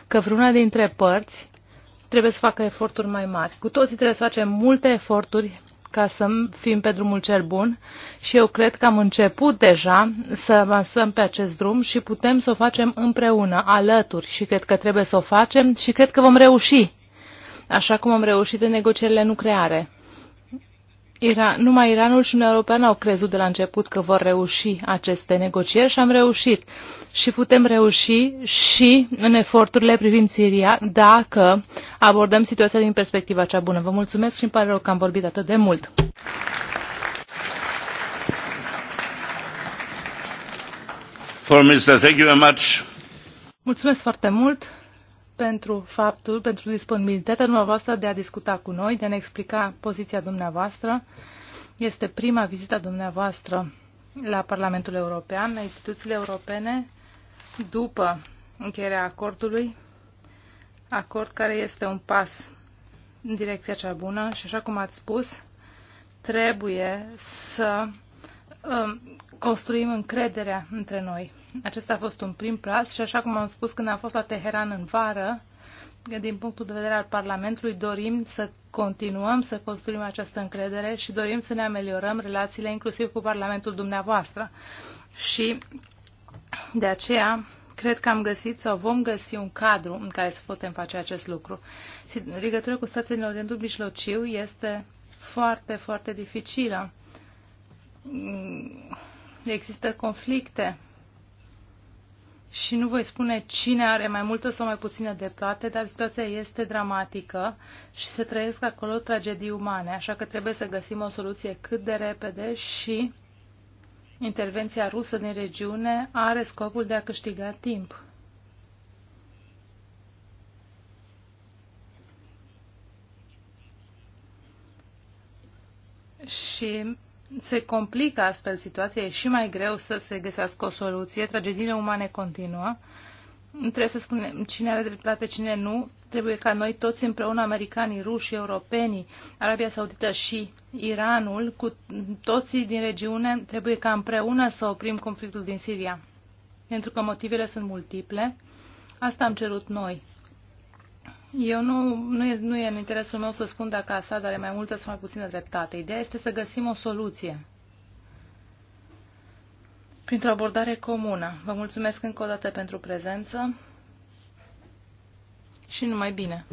că vreuna dintre părți trebuie să facă eforturi mai mari. Cu toții trebuie să facem multe eforturi ca să fim pe drumul cel bun și eu cred că am început deja să avansăm pe acest drum și putem să o facem împreună, alături și cred că trebuie să o facem și cred că vom reuși, așa cum am reușit în negocierile nucleare numai Iranul și Uniunea Europeană au crezut de la început că vor reuși aceste negocieri și am reușit. Și putem reuși și în eforturile privind Siria dacă abordăm situația din perspectiva cea bună. Vă mulțumesc și îmi pare rău că am vorbit atât de mult. Mulțumesc foarte mult pentru faptul, pentru disponibilitatea dumneavoastră de a discuta cu noi, de a ne explica poziția dumneavoastră. Este prima vizită dumneavoastră la Parlamentul European, la instituțiile europene, după încheierea acordului, acord care este un pas în direcția cea bună și, așa cum ați spus, trebuie să um, construim încrederea între noi. Acesta a fost un prim pas și așa cum am spus când am fost la Teheran în vară, din punctul de vedere al Parlamentului, dorim să continuăm să construim această încredere și dorim să ne ameliorăm relațiile inclusiv cu Parlamentul dumneavoastră. Și de aceea cred că am găsit sau vom găsi un cadru în care să putem face acest lucru. Legătura cu stația din Orientul Mijlociu este foarte, foarte dificilă. Există conflicte și nu voi spune cine are mai multă sau mai puțină dreptate, dar situația este dramatică și se trăiesc acolo tragedii umane, așa că trebuie să găsim o soluție cât de repede și intervenția rusă din regiune are scopul de a câștiga timp. Și se complică astfel situația, e și mai greu să se găsească o soluție, tragediile umane continuă. Trebuie să spunem cine are dreptate, cine nu. Trebuie ca noi toți împreună, americanii, rușii, europenii, Arabia Saudită și Iranul, cu toții din regiune, trebuie ca împreună să oprim conflictul din Siria. Pentru că motivele sunt multiple. Asta am cerut noi eu nu, nu, e, nu e în interesul meu să spun dacă Assad are mai multă sau mai puțină dreptate. Ideea este să găsim o soluție printr-o abordare comună. Vă mulțumesc încă o dată pentru prezență și numai bine!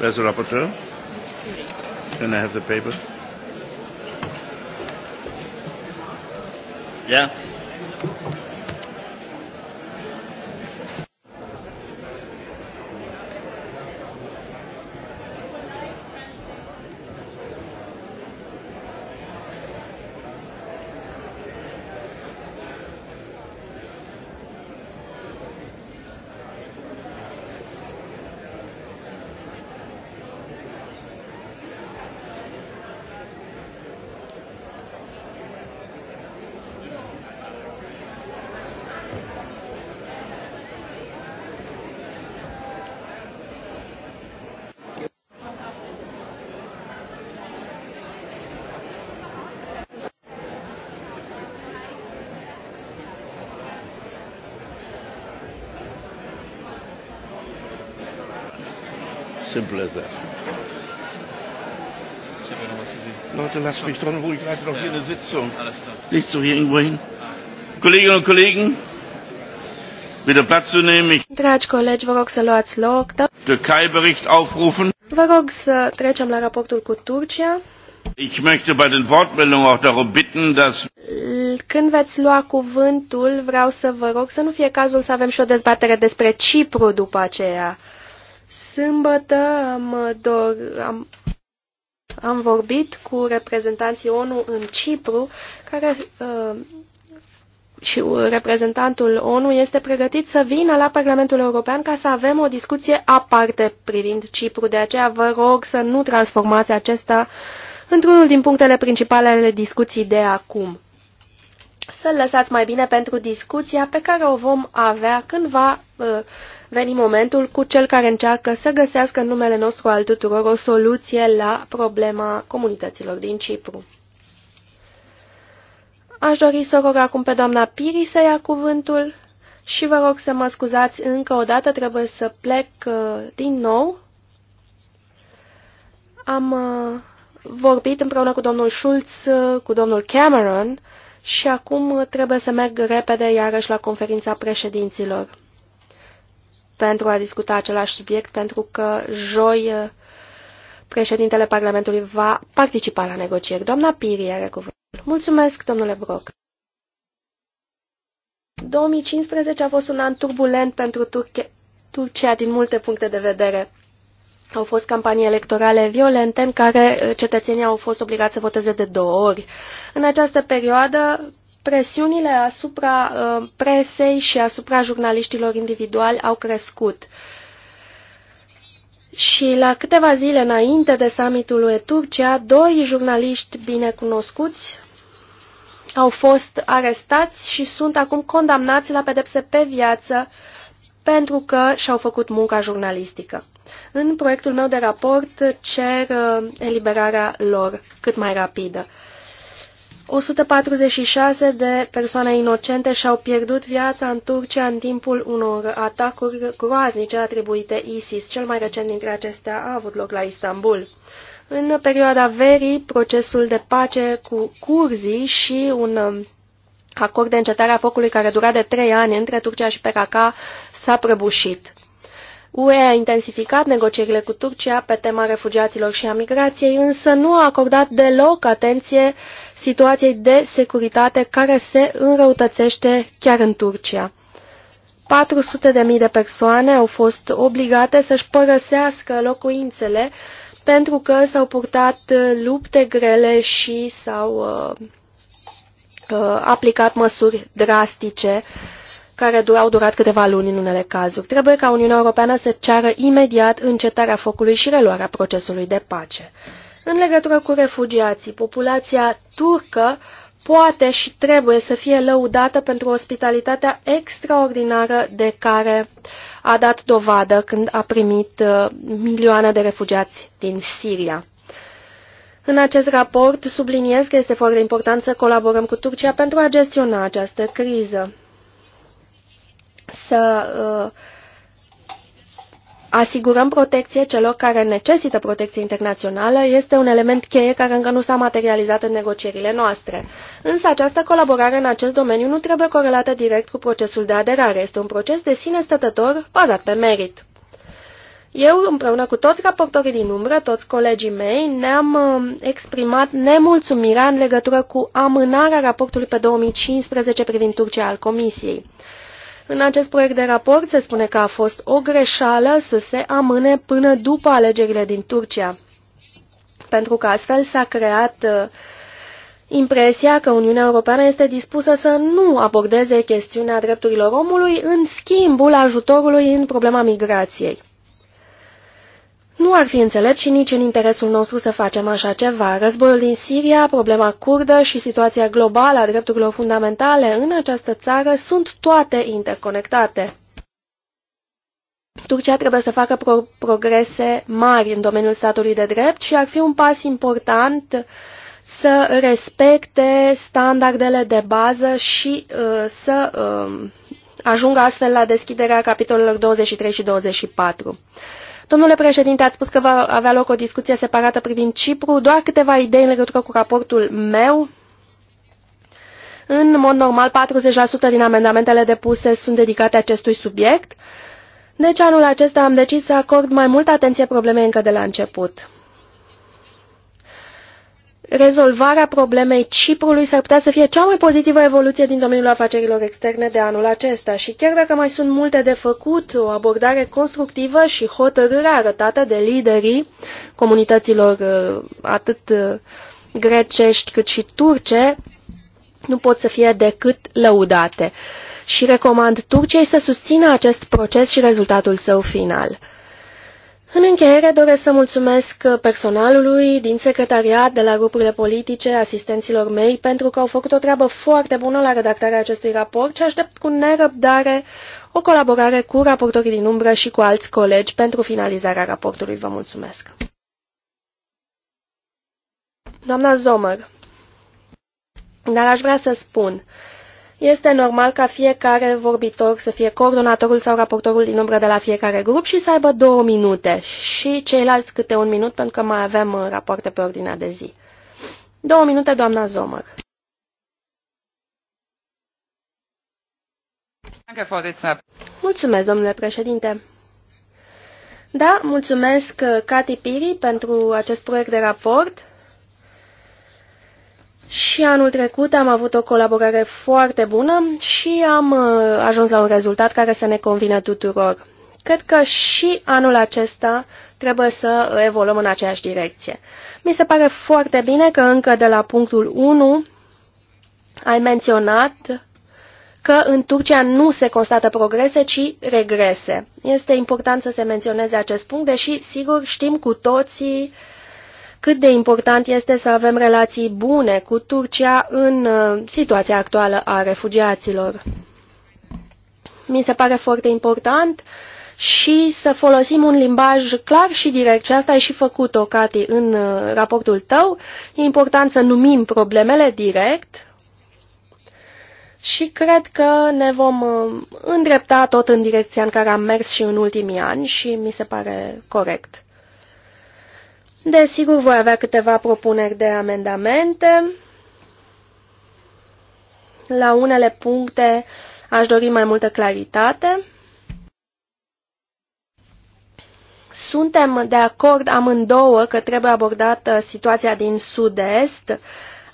There's a rapporteur. Can I have the paper? Yeah. Bläser. Ich habe ja noch was gesehen. Leute, lasst mich doch in ich leite doch ja. hier eine Sitzung. Alles klar. Nicht so hier irgendwo hin. Kolleginnen und Kollegen, wieder Platz zu nehmen. Dragi colegi, vă rog să luați loc. Da? Türkei-Bericht aufrufen. Vă rog să trecem la raportul cu Turcia. Ich möchte bei den Wortmeldungen auch darum bitten, dass când veți lua cuvântul, vreau să vă rog să nu fie cazul să avem și o dezbatere despre Cipru după aceea. Sâmbătă am, dor, am, am vorbit cu reprezentanții ONU în Cipru, care uh, și uh, reprezentantul ONU este pregătit să vină la Parlamentul European ca să avem o discuție aparte privind Cipru. De aceea vă rog să nu transformați acesta într-unul din punctele principale ale discuției de acum. Să-l lăsați mai bine pentru discuția pe care o vom avea când va uh, veni momentul cu cel care încearcă să găsească în numele nostru al tuturor o soluție la problema comunităților din Cipru. Aș dori să rog acum pe doamna Piri să ia cuvântul și vă rog să mă scuzați încă o dată, trebuie să plec uh, din nou. Am uh, vorbit împreună cu domnul Schulz, uh, cu domnul Cameron și acum trebuie să merg repede iarăși la conferința președinților pentru a discuta același subiect, pentru că joi uh, președintele Parlamentului va participa la negocieri. Doamna Piri are cuvântul. Mulțumesc, domnule Broc. 2015 a fost un an turbulent pentru Turche Turcia din multe puncte de vedere. Au fost campanii electorale violente în care uh, cetățenii au fost obligați să voteze de două ori. În această perioadă, presiunile asupra uh, presei și asupra jurnaliștilor individuali au crescut. Și la câteva zile înainte de summitul UE Turcia, doi jurnaliști binecunoscuți au fost arestați și sunt acum condamnați la pedepse pe viață pentru că și-au făcut munca jurnalistică. În proiectul meu de raport cer uh, eliberarea lor cât mai rapidă. 146 de persoane inocente și-au pierdut viața în Turcia în timpul unor atacuri groaznice atribuite ISIS. Cel mai recent dintre acestea a avut loc la Istanbul. În perioada verii, procesul de pace cu curzii și un um, acord de încetare a focului care dura de trei ani între Turcia și PKK s-a prăbușit. UE a intensificat negocierile cu Turcia pe tema refugiaților și a migrației, însă nu a acordat deloc atenție situației de securitate care se înrăutățește chiar în Turcia. 400.000 de, de persoane au fost obligate să-și părăsească locuințele pentru că s-au purtat uh, lupte grele și s-au uh, uh, aplicat măsuri drastice care au durat câteva luni în unele cazuri. Trebuie ca Uniunea Europeană să ceară imediat încetarea focului și reluarea procesului de pace. În legătură cu refugiații, populația turcă poate și trebuie să fie lăudată pentru ospitalitatea extraordinară de care a dat dovadă când a primit uh, milioane de refugiați din Siria. În acest raport subliniez că este foarte important să colaborăm cu Turcia pentru a gestiona această criză. Să uh, asigurăm protecție celor care necesită protecție internațională este un element cheie care încă nu s-a materializat în negocierile noastre. Însă această colaborare în acest domeniu nu trebuie corelată direct cu procesul de aderare. Este un proces de sine stătător bazat pe merit. Eu, împreună cu toți raportorii din umbră, toți colegii mei, ne-am uh, exprimat nemulțumirea în legătură cu amânarea raportului pe 2015 privind Turcia al Comisiei. În acest proiect de raport se spune că a fost o greșeală să se amâne până după alegerile din Turcia, pentru că astfel s-a creat uh, impresia că Uniunea Europeană este dispusă să nu abordeze chestiunea drepturilor omului în schimbul ajutorului în problema migrației. Nu ar fi înțelept și nici în interesul nostru să facem așa ceva. Războiul din Siria, problema curdă și situația globală a drepturilor fundamentale în această țară sunt toate interconectate. Turcia trebuie să facă pro progrese mari în domeniul statului de drept și ar fi un pas important să respecte standardele de bază și uh, să uh, ajungă astfel la deschiderea capitolelor 23 și 24. Domnule președinte, ați spus că va avea loc o discuție separată privind Cipru. Doar câteva idei în legătură cu raportul meu. În mod normal, 40% din amendamentele depuse sunt dedicate acestui subiect. Deci anul acesta am decis să acord mai multă atenție problemei încă de la început rezolvarea problemei Ciprului s-ar putea să fie cea mai pozitivă evoluție din domeniul afacerilor externe de anul acesta și chiar dacă mai sunt multe de făcut, o abordare constructivă și hotărârea arătată de liderii comunităților uh, atât uh, grecești cât și turce nu pot să fie decât lăudate. Și recomand Turciei să susțină acest proces și rezultatul său final. În încheiere doresc să mulțumesc personalului din secretariat de la grupurile politice, asistenților mei, pentru că au făcut o treabă foarte bună la redactarea acestui raport și aștept cu nerăbdare o colaborare cu raportorii din umbră și cu alți colegi pentru finalizarea raportului. Vă mulțumesc! Doamna Zomăr, dar aș vrea să spun este normal ca fiecare vorbitor să fie coordonatorul sau raportorul din umbră de la fiecare grup și să aibă două minute și ceilalți câte un minut pentru că mai avem uh, rapoarte pe ordinea de zi. Două minute, doamna Zomăr. Mulțumesc, domnule președinte. Da, mulțumesc uh, Cati Piri pentru acest proiect de raport. Și anul trecut am avut o colaborare foarte bună și am uh, ajuns la un rezultat care să ne convină tuturor. Cred că și anul acesta trebuie să evoluăm în aceeași direcție. Mi se pare foarte bine că încă de la punctul 1 ai menționat că în Turcia nu se constată progrese, ci regrese. Este important să se menționeze acest punct, deși, sigur, știm cu toții uh, cât de important este să avem relații bune cu Turcia în uh, situația actuală a refugiaților. Mi se pare foarte important și să folosim un limbaj clar și direct și asta ai și făcut-o, Cati, în uh, raportul tău. E important să numim problemele direct și cred că ne vom uh, îndrepta tot în direcția în care am mers și în ultimii ani și mi se pare corect. Desigur, voi avea câteva propuneri de amendamente. La unele puncte aș dori mai multă claritate. Suntem de acord amândouă că trebuie abordată situația din sud-est,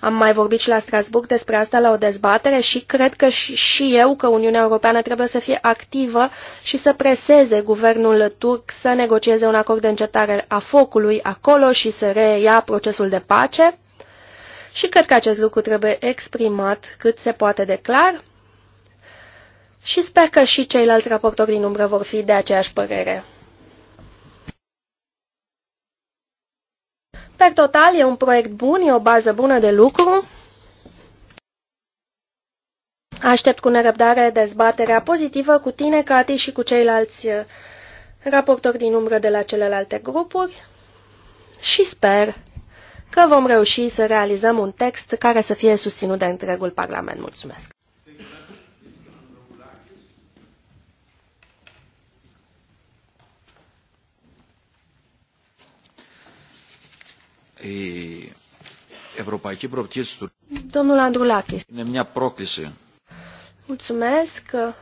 am mai vorbit și la Strasburg despre asta la o dezbatere și cred că și, și eu că Uniunea Europeană trebuie să fie activă și să preseze guvernul turc să negocieze un acord de încetare a focului acolo și să reia procesul de pace. Și cred că acest lucru trebuie exprimat cât se poate de clar. Și sper că și ceilalți raportori din umbră vor fi de aceeași părere. Per total, e un proiect bun, e o bază bună de lucru. Aștept cu nerăbdare dezbaterea pozitivă cu tine, Cati, și cu ceilalți uh, raportori din umbră de la celelalte grupuri și sper că vom reuși să realizăm un text care să fie susținut de întregul Parlament. Mulțumesc! ευρωπαϊκή προοπτική της Τουρκίας Domnul Andrulakis. είναι μια πρόκληση. Mulțumesc.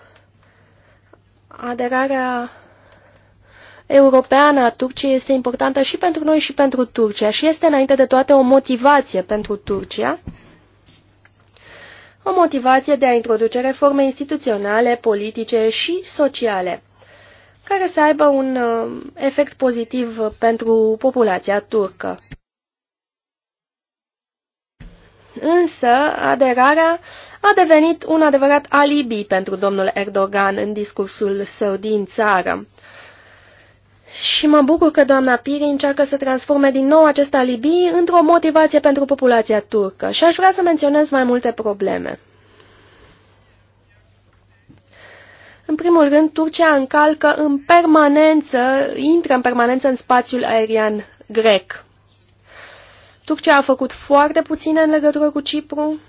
Aderarea europeană a Turciei este importantă și pentru noi și pentru Turcia și este înainte de toate o motivație pentru Turcia, o motivație de a introduce reforme instituționale, politice și sociale, care să aibă un uh, efect pozitiv pentru populația turcă. Însă, aderarea a devenit un adevărat alibi pentru domnul Erdogan în discursul său din țară. Și mă bucur că doamna Piri încearcă să transforme din nou acest alibi într-o motivație pentru populația turcă și aș vrea să menționez mai multe probleme. În primul rând, Turcia încalcă în permanență, intră în permanență în spațiul aerian grec. Turcia a făcut foarte puține în legătură cu Cipru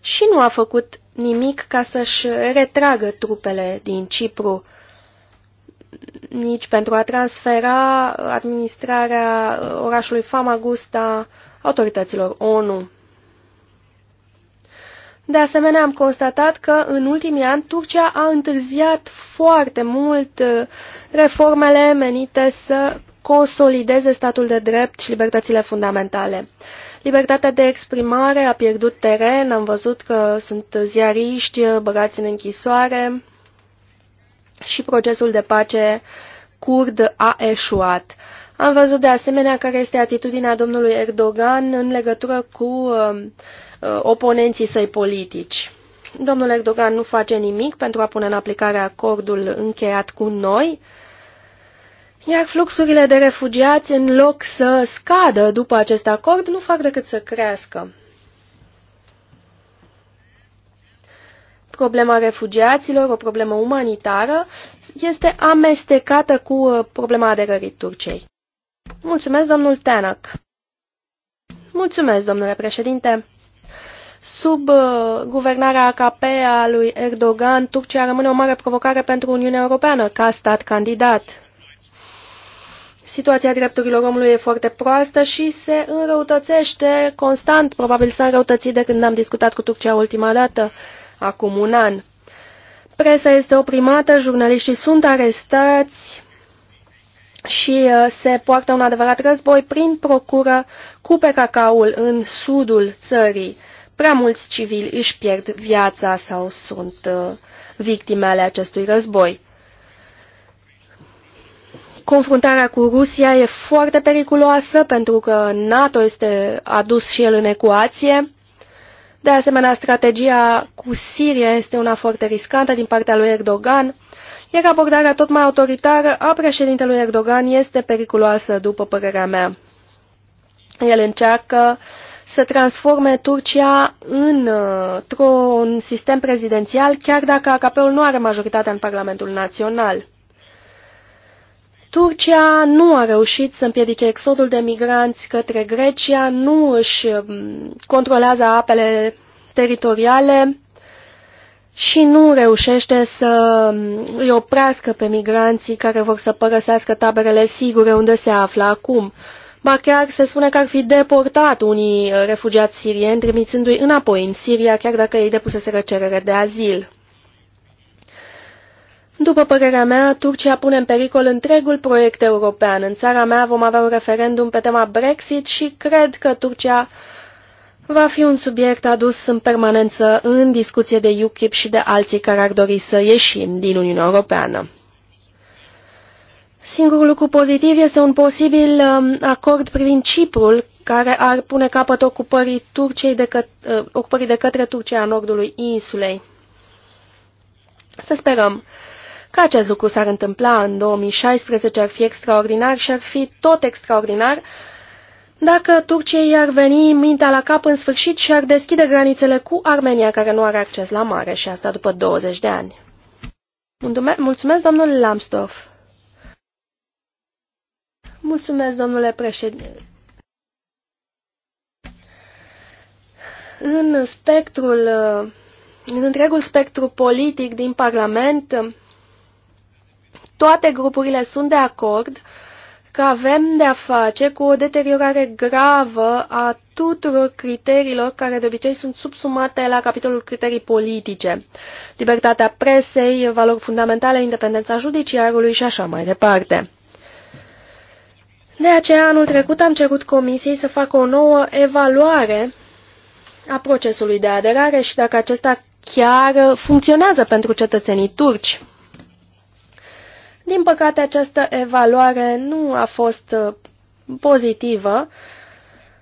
și nu a făcut nimic ca să-și retragă trupele din Cipru, nici pentru a transfera administrarea orașului Famagusta autorităților ONU. De asemenea, am constatat că în ultimii ani Turcia a întârziat foarte mult uh, reformele menite să consolideze statul de drept și libertățile fundamentale. Libertatea de exprimare a pierdut teren, am văzut că sunt ziariști uh, băgați în închisoare și procesul de pace curd a eșuat. Am văzut de asemenea care este atitudinea domnului Erdogan în legătură cu uh, Uh, oponenții săi politici. Domnul Erdogan nu face nimic pentru a pune în aplicare acordul încheiat cu noi, iar fluxurile de refugiați, în loc să scadă după acest acord, nu fac decât să crească. Problema refugiaților, o problemă umanitară, este amestecată cu uh, problema aderării Turciei. Mulțumesc, domnul Tanak. Mulțumesc, domnule președinte. Sub uh, guvernarea AKP a lui Erdogan, Turcia rămâne o mare provocare pentru Uniunea Europeană ca stat candidat. Situația drepturilor omului e foarte proastă și se înrăutățește constant. Probabil s-a înrăutățit de când am discutat cu Turcia ultima dată, acum un an. Presa este oprimată, jurnaliștii sunt arestați și uh, se poartă un adevărat război prin procură cu PKK-ul în sudul țării prea mulți civili își pierd viața sau sunt uh, victime ale acestui război. Confruntarea cu Rusia e foarte periculoasă pentru că NATO este adus și el în ecuație. De asemenea, strategia cu Siria este una foarte riscantă din partea lui Erdogan, iar abordarea tot mai autoritară a președintelui Erdogan este periculoasă, după părerea mea. El încearcă uh, să transforme Turcia într-un sistem prezidențial, chiar dacă AKP-ul nu are majoritatea în Parlamentul Național. Turcia nu a reușit să împiedice exodul de migranți către Grecia, nu își um, controlează apele teritoriale și nu reușește să um, îi oprească pe migranții care vor să părăsească taberele sigure unde se află acum. Ba chiar se spune că ar fi deportat unii uh, refugiați sirieni, trimițându-i înapoi în Siria, chiar dacă ei depuseseră cerere de azil. După părerea mea, Turcia pune în pericol întregul proiect european. În țara mea vom avea un referendum pe tema Brexit și cred că Turcia va fi un subiect adus în permanență în discuție de UKIP și de alții care ar dori să ieșim din Uniunea Europeană. Singurul lucru pozitiv este un posibil um, acord privind Ciprul, care ar pune capăt ocupării, Turciei de căt, uh, ocupării de către Turcia a nordului insulei. Să sperăm că acest lucru s-ar întâmpla în 2016, ar fi extraordinar și ar fi tot extraordinar dacă Turciei ar veni mintea la cap în sfârșit și ar deschide granițele cu Armenia, care nu are acces la mare, și asta după 20 de ani. Mulțumesc, domnul Lamstov. Mulțumesc, domnule președinte. În spectrul, în întregul spectru politic din Parlament, toate grupurile sunt de acord că avem de-a face cu o deteriorare gravă a tuturor criteriilor care de obicei sunt subsumate la capitolul criterii politice, libertatea presei, valori fundamentale, independența judiciarului și așa mai departe. De aceea, anul trecut am cerut Comisiei să facă o nouă evaluare a procesului de aderare și dacă acesta chiar funcționează pentru cetățenii turci. Din păcate, această evaluare nu a fost uh, pozitivă,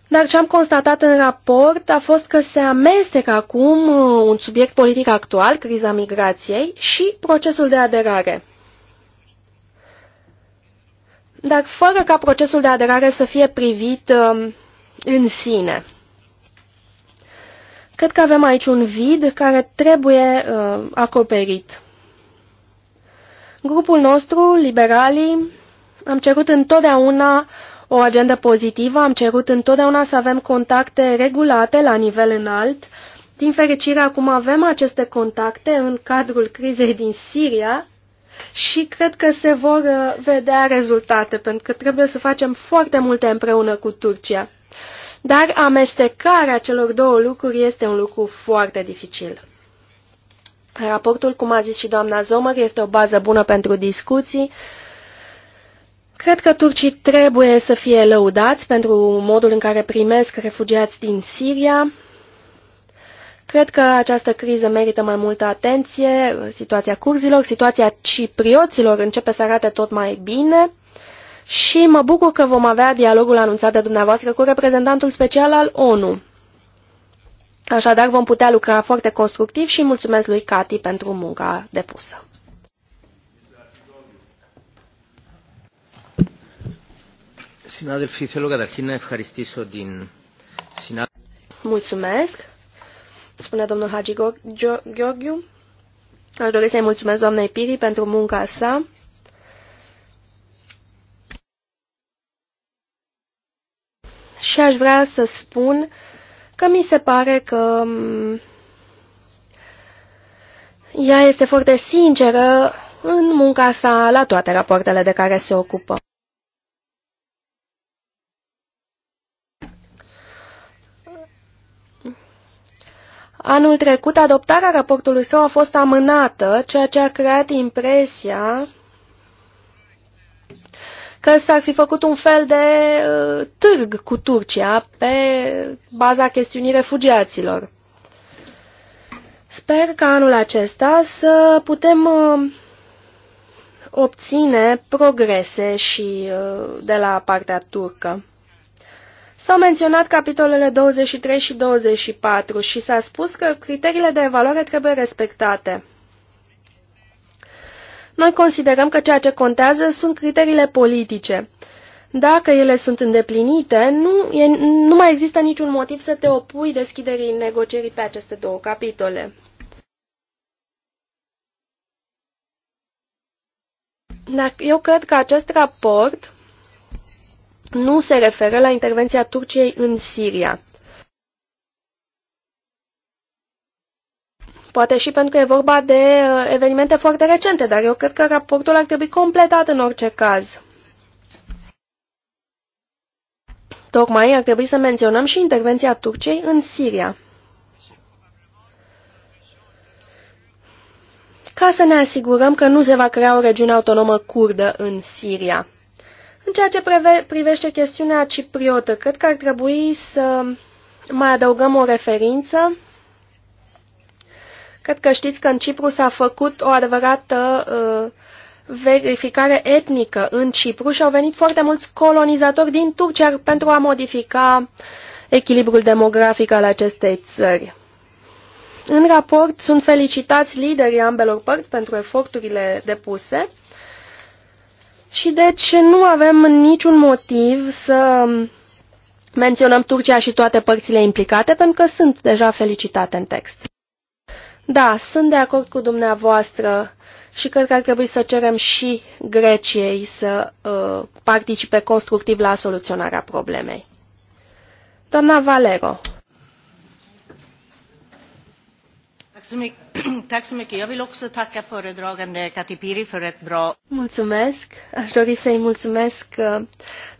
dar ce am constatat în raport a fost că se amestecă acum uh, un subiect politic actual, criza migrației, și procesul de aderare dar fără ca procesul de aderare să fie privit um, în sine. Cred că avem aici un vid care trebuie uh, acoperit. Grupul nostru, liberalii, am cerut întotdeauna o agendă pozitivă, am cerut întotdeauna să avem contacte regulate la nivel înalt. Din fericire, acum avem aceste contacte în cadrul crizei din Siria și cred că se vor uh, vedea rezultate, pentru că trebuie să facem foarte multe împreună cu Turcia. Dar amestecarea celor două lucruri este un lucru foarte dificil. Raportul, cum a zis și doamna Zomăr, este o bază bună pentru discuții. Cred că turcii trebuie să fie lăudați pentru modul în care primesc refugiați din Siria, Cred că această criză merită mai multă atenție, situația curzilor, situația ciprioților începe să arate tot mai bine și mă bucur că vom avea dialogul anunțat de dumneavoastră cu reprezentantul special al ONU. Așadar, vom putea lucra foarte constructiv și mulțumesc lui Cati pentru munca depusă. Mulțumesc spune domnul Hagi Gheorghiu. Aș dori să-i mulțumesc doamnei Piri pentru munca sa. Și aș vrea să spun că mi se pare că mm, ea este foarte sinceră în munca sa la toate rapoartele de care se ocupă. Anul trecut, adoptarea raportului său a fost amânată, ceea ce a creat impresia că s-ar fi făcut un fel de uh, târg cu Turcia pe baza chestiunii refugiaților. Sper că anul acesta să putem uh, obține progrese și uh, de la partea turcă. S-au menționat capitolele 23 și 24 și s-a spus că criteriile de evaluare trebuie respectate. Noi considerăm că ceea ce contează sunt criteriile politice. Dacă ele sunt îndeplinite, nu, e, nu mai există niciun motiv să te opui deschiderii negocierii pe aceste două capitole. Dar eu cred că acest raport nu se referă la intervenția Turciei în Siria. Poate și pentru că e vorba de uh, evenimente foarte recente, dar eu cred că raportul ar trebui completat în orice caz. Tocmai ar trebui să menționăm și intervenția Turciei în Siria. Ca să ne asigurăm că nu se va crea o regiune autonomă curdă în Siria. În ceea ce privește chestiunea cipriotă, cred că ar trebui să mai adăugăm o referință. Cred că știți că în Cipru s-a făcut o adevărată uh, verificare etnică în Cipru și au venit foarte mulți colonizatori din Turcia pentru a modifica echilibrul demografic al acestei țări. În raport sunt felicitați liderii ambelor părți pentru eforturile depuse și deci nu avem niciun motiv să menționăm Turcia și toate părțile implicate, pentru că sunt deja felicitate în text. Da, sunt de acord cu dumneavoastră și cred că ar trebui să cerem și Greciei să uh, participe constructiv la soluționarea problemei. Doamna Valero. Mulțumesc. Mulțumesc. Aș dori să-i mulțumesc uh,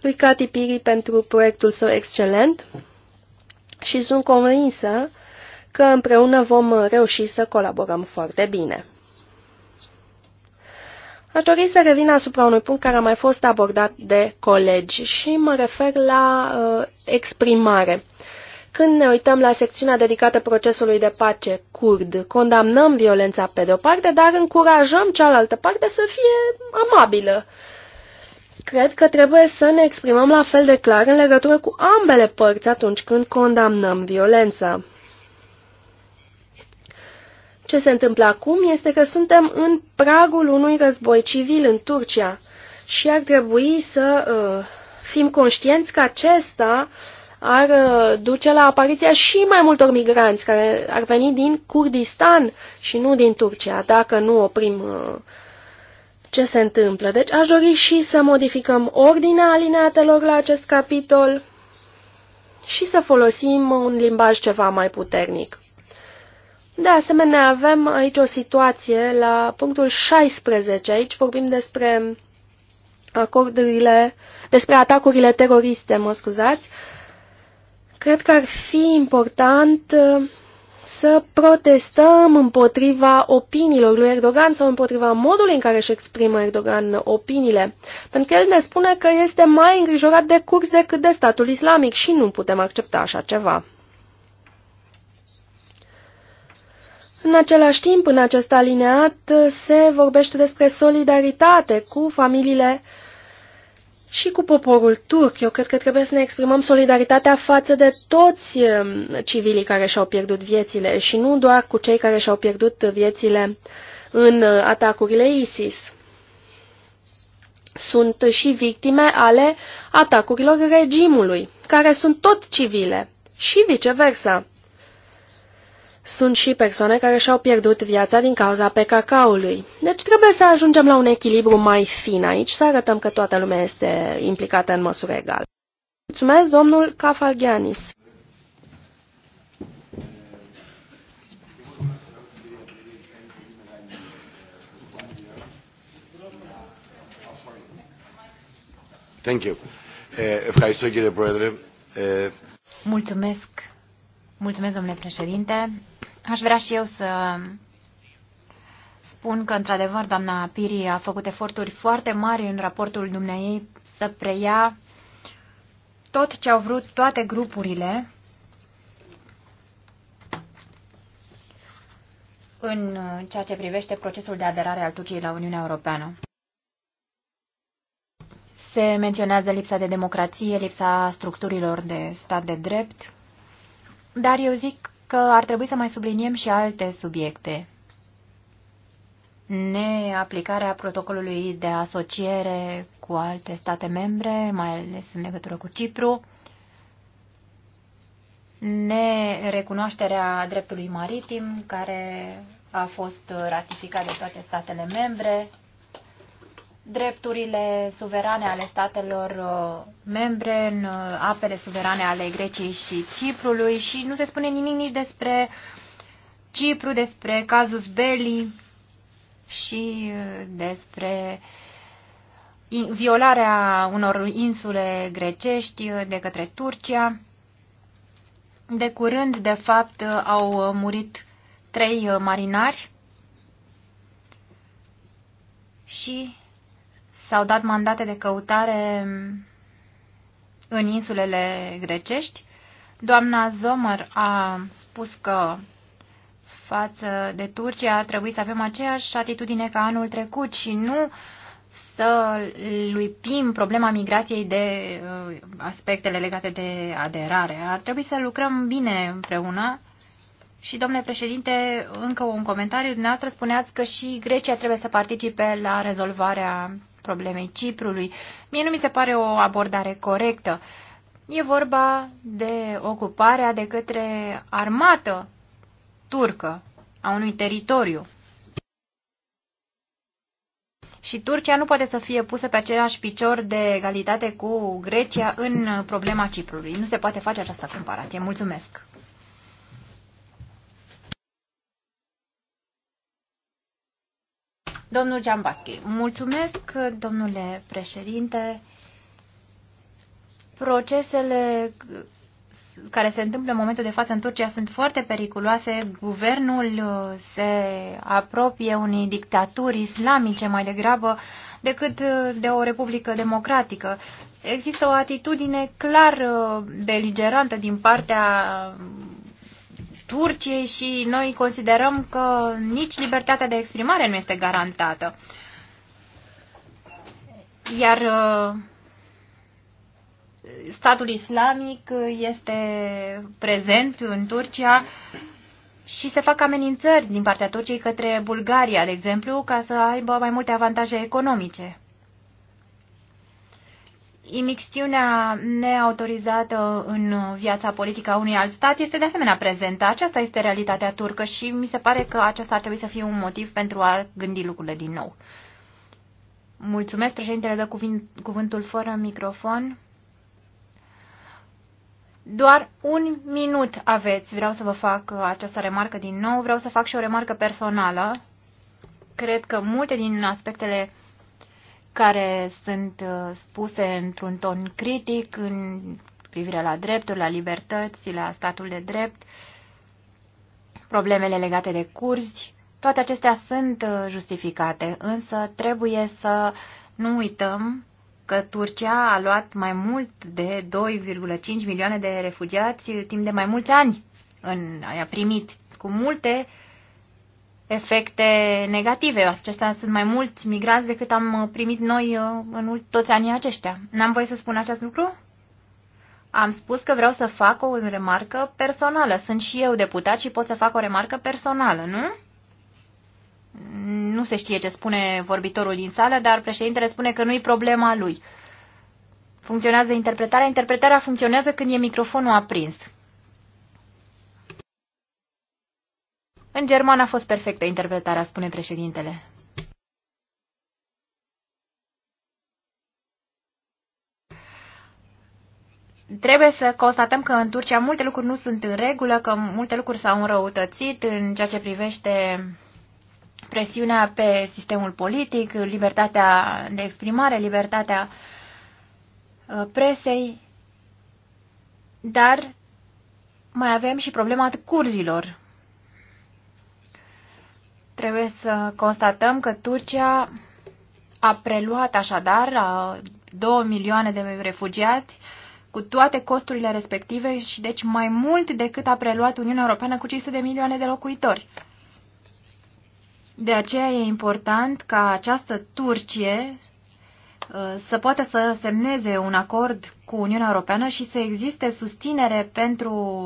lui Cati Piri pentru proiectul său excelent și sunt convinsă că împreună vom uh, reuși să colaborăm foarte bine. Aș dori să revin asupra unui punct care a mai fost abordat de colegi și mă refer la uh, exprimare. Când ne uităm la secțiunea dedicată procesului de pace curd, condamnăm violența pe de-o parte, dar încurajăm cealaltă parte să fie amabilă. Cred că trebuie să ne exprimăm la fel de clar în legătură cu ambele părți atunci când condamnăm violența. Ce se întâmplă acum este că suntem în pragul unui război civil în Turcia și ar trebui să uh, fim conștienți că acesta uh, ar uh, duce la apariția și mai multor migranți care ar veni din Kurdistan și nu din Turcia, dacă nu oprim uh, ce se întâmplă. Deci aș dori și să modificăm ordinea alineatelor la acest capitol și să folosim un limbaj ceva mai puternic. De asemenea, avem aici o situație la punctul 16. Aici vorbim despre acordurile, despre atacurile teroriste, mă scuzați, uh, Cred că ar fi important uh, să protestăm împotriva opiniilor lui Erdogan sau împotriva modului în care își exprimă Erdogan opiniile. Pentru că el ne spune că este mai îngrijorat de curs decât de statul islamic și nu putem accepta așa ceva. În același timp, în acest alineat se vorbește despre solidaritate cu familiile uh, și cu poporul turc. Eu cred că trebuie să ne exprimăm solidaritatea față de toți um, civilii care și-au pierdut viețile și nu doar cu cei care și-au pierdut viețile în uh, atacurile ISIS. Sunt și victime ale atacurilor regimului, care sunt tot civile, și viceversa. Sunt și persoane care și-au pierdut viața din cauza pe ului Deci trebuie să ajungem la un echilibru mai fin aici, să arătăm că toată lumea este implicată în măsură egală. Mulțumesc, domnul Cafalgianis. Thank you. Eh, eh, Mulțumesc. Mulțumesc, domnule președinte. Aș vrea și eu să spun că, într-adevăr, doamna Piri a făcut eforturi foarte mari în raportul dumneei să preia tot ce au vrut toate grupurile în ceea ce privește procesul de aderare al Turciei la Uniunea Europeană. Se menționează lipsa de democrație, lipsa structurilor de stat de drept, dar eu zic că ar trebui să mai subliniem și alte subiecte. Neaplicarea protocolului de asociere cu alte state membre, mai ales în legătură cu Cipru, nerecunoașterea dreptului maritim, care a fost ratificat de toate statele membre, drepturile suverane ale statelor uh, membre în uh, apele suverane ale Greciei și Ciprului și nu se spune nimic nici despre Cipru, despre cazus belli și uh, despre violarea unor insule grecești de către Turcia. De curând, de fapt, au murit trei marinari și s-au dat mandate de căutare în insulele grecești. Doamna Zomăr a spus că față de Turcia ar trebui să avem aceeași atitudine ca anul trecut și nu să luipim problema migrației de uh, aspectele legate de aderare. Ar trebui să lucrăm bine împreună și, domnule președinte, încă un comentariu. Dumneavoastră spuneați că și Grecia trebuie să participe la rezolvarea problemei Ciprului. Mie nu mi se pare o abordare corectă. E vorba de ocuparea de către armată turcă a unui teritoriu. Și Turcia nu poate să fie pusă pe același picior de egalitate cu Grecia în problema Ciprului. Nu se poate face această comparație. Mulțumesc! Domnul Giambaschi, mulțumesc, domnule președinte. Procesele care se întâmplă în momentul de față în Turcia sunt foarte periculoase. Guvernul uh, se apropie unei dictaturi islamice mai degrabă decât uh, de o republică democratică. Există o atitudine clar uh, beligerantă din partea Turciei și noi considerăm că nici libertatea de exprimare nu este garantată. Iar uh, statul islamic este prezent în Turcia și se fac amenințări din partea Turciei către Bulgaria, de exemplu, ca să aibă mai multe avantaje economice imixtiunea neautorizată în viața politică a unui alt stat este de asemenea prezentă. Aceasta este realitatea turcă și mi se pare că acesta ar trebui să fie un motiv pentru a gândi lucrurile din nou. Mulțumesc, președintele, dă cuvântul fără microfon. Doar un minut aveți. Vreau să vă fac această remarcă din nou. Vreau să fac și o remarcă personală. Cred că multe din aspectele care sunt uh, spuse într-un ton critic în privire la drepturi, la libertăți, la statul de drept, problemele legate de curzi. Toate acestea sunt uh, justificate, însă trebuie să nu uităm că Turcia a luat mai mult de 2,5 milioane de refugiați timp de mai mulți ani. În, a primit cu multe uh, efecte negative. Acestea sunt mai mulți migrați decât am primit noi uh, în toți anii aceștia. N-am voie să spun acest lucru? Am spus că vreau să fac o remarcă personală. Sunt și eu deputat și pot să fac o remarcă personală, nu? Nu se știe ce spune vorbitorul din sală, dar președintele spune că nu-i problema lui. Funcționează interpretarea. Interpretarea funcționează când e microfonul aprins. În german a fost perfectă interpretarea, spune președintele. Trebuie să constatăm că în Turcia multe lucruri nu sunt în regulă, că multe lucruri s-au înrăutățit în ceea ce privește presiunea pe sistemul politic, libertatea de exprimare, libertatea uh, presei, dar mai avem și problema curzilor. Trebuie să constatăm că Turcia a preluat așadar a 2 milioane de refugiați cu toate costurile respective și deci mai mult decât a preluat Uniunea Europeană cu 500 de milioane de locuitori. De aceea e important ca această Turcie să poată să semneze un acord cu Uniunea Europeană și să existe susținere pentru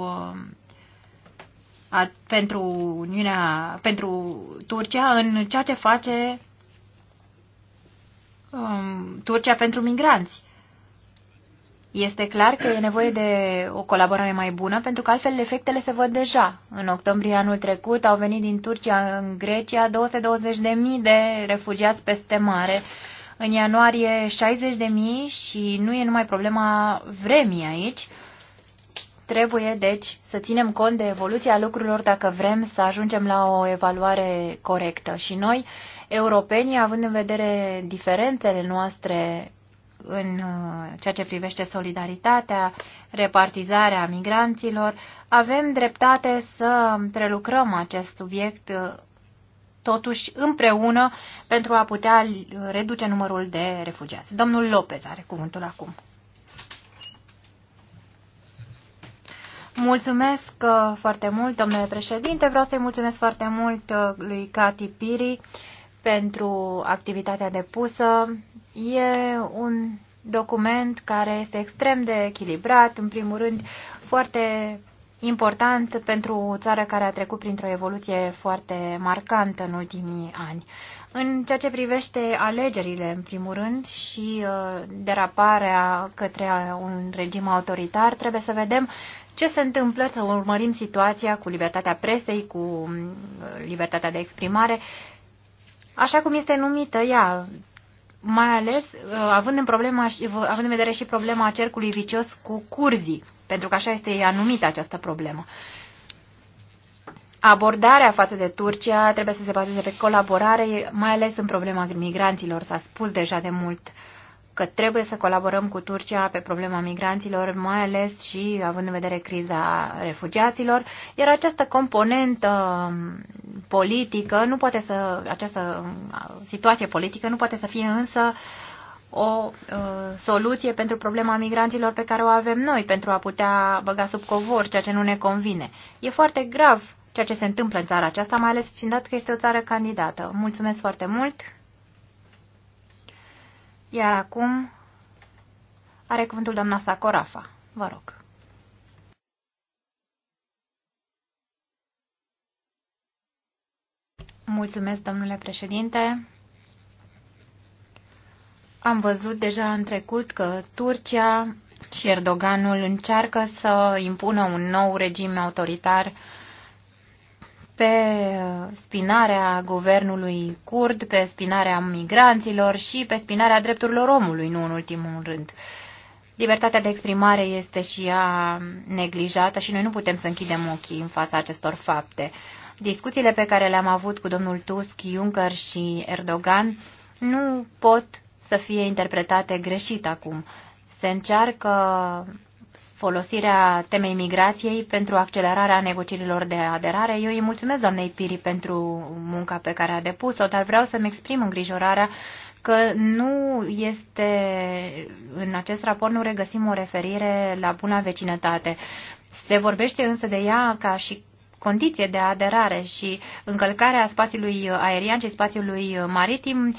a, pentru, Uniunea, pentru Turcia în ceea ce face um, Turcia pentru migranți. Este clar că e nevoie de o colaborare mai bună, pentru că altfel efectele se văd deja. În octombrie anul trecut au venit din Turcia în Grecia 220.000 de refugiați peste mare, în ianuarie 60.000 și nu e numai problema vremii aici, Trebuie, deci, să ținem cont de evoluția lucrurilor dacă vrem să ajungem la o evaluare corectă. Și noi, europenii, având în vedere diferențele noastre în uh, ceea ce privește solidaritatea, repartizarea migranților, avem dreptate să prelucrăm acest subiect uh, totuși împreună pentru a putea reduce numărul de refugiați. Domnul Lopez are cuvântul acum. Mulțumesc uh, foarte mult, domnule președinte. Vreau să-i mulțumesc foarte mult uh, lui Cati Piri pentru activitatea depusă. E un document care este extrem de echilibrat, în primul rând foarte important pentru o țară care a trecut printr-o evoluție foarte marcantă în ultimii ani. În ceea ce privește alegerile, în primul rând, și uh, deraparea către un regim autoritar, trebuie să vedem ce se întâmplă, să urmărim situația cu libertatea presei, cu mm, libertatea de exprimare, așa cum este numită ea, mai ales uh, având în, problema, având în vedere și problema cercului vicios cu curzii, pentru că așa este ea numită această problemă. Abordarea față de Turcia trebuie să se bazeze pe colaborare, mai ales în problema migranților, s-a spus deja de mult uh, că trebuie să colaborăm cu Turcia pe problema migranților, mai ales și având în vedere criza refugiaților, iar această componentă um, politică nu poate să, această um, situație politică nu poate să fie însă o uh, soluție pentru problema migranților pe care o avem noi, pentru a putea băga sub covor ceea ce nu ne convine. E foarte grav ceea ce se întâmplă în țara aceasta, mai ales fiind dat că este o țară candidată. Mulțumesc foarte mult! Iar acum are cuvântul doamna Sacorafa. Vă rog. Mulțumesc, domnule președinte. Am văzut deja în trecut că Turcia și Erdoganul încearcă să impună un nou regim autoritar pe uh, spinarea guvernului curd, pe spinarea migranților și pe spinarea drepturilor omului, nu în ultimul rând. Libertatea de exprimare este și ea neglijată și noi nu putem să închidem ochii în fața acestor fapte. Discuțiile pe care le-am avut cu domnul Tusk, Juncker și Erdogan nu pot să fie interpretate greșit acum. Se încearcă folosirea temei migrației pentru accelerarea negocierilor de aderare. Eu îi mulțumesc doamnei Piri pentru munca pe care a depus-o, dar vreau să-mi exprim îngrijorarea că nu este, în acest raport nu regăsim o referire la buna vecinătate. Se vorbește însă de ea ca și condiție de aderare și încălcarea spațiului aerian și spațiului maritim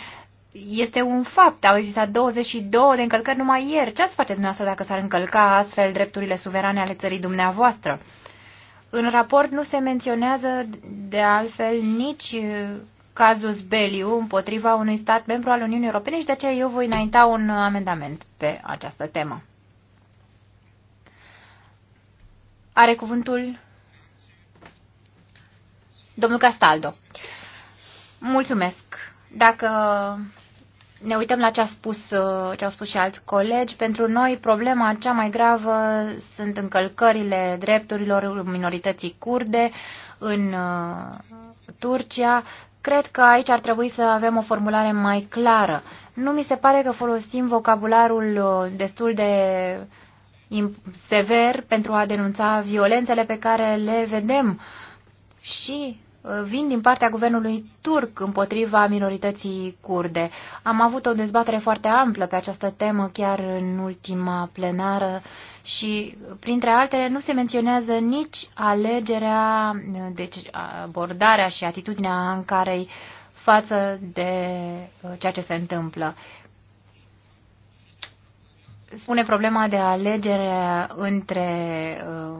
este un fapt. Au existat 22 de încălcări numai ieri. Ce ați face dumneavoastră dacă s-ar încălca astfel drepturile suverane ale țării dumneavoastră? În raport nu se menționează de altfel nici uh, cazus Beliu împotriva unui stat membru al Uniunii Europene și de aceea eu voi înainta un amendament pe această temă. Are cuvântul domnul Castaldo. Mulțumesc. Dacă ne uităm la ce, a spus, uh, ce au spus și alți colegi, pentru noi problema cea mai gravă sunt încălcările drepturilor minorității curde în uh, Turcia. Cred că aici ar trebui să avem o formulare mai clară. Nu mi se pare că folosim vocabularul uh, destul de sever pentru a denunța violențele pe care le vedem și vin din partea guvernului turc împotriva minorității curde. Am avut o dezbatere foarte amplă pe această temă chiar în ultima plenară și, printre altele, nu se menționează nici alegerea, deci abordarea și atitudinea în care față de uh, ceea ce se întâmplă spune problema de alegere între uh,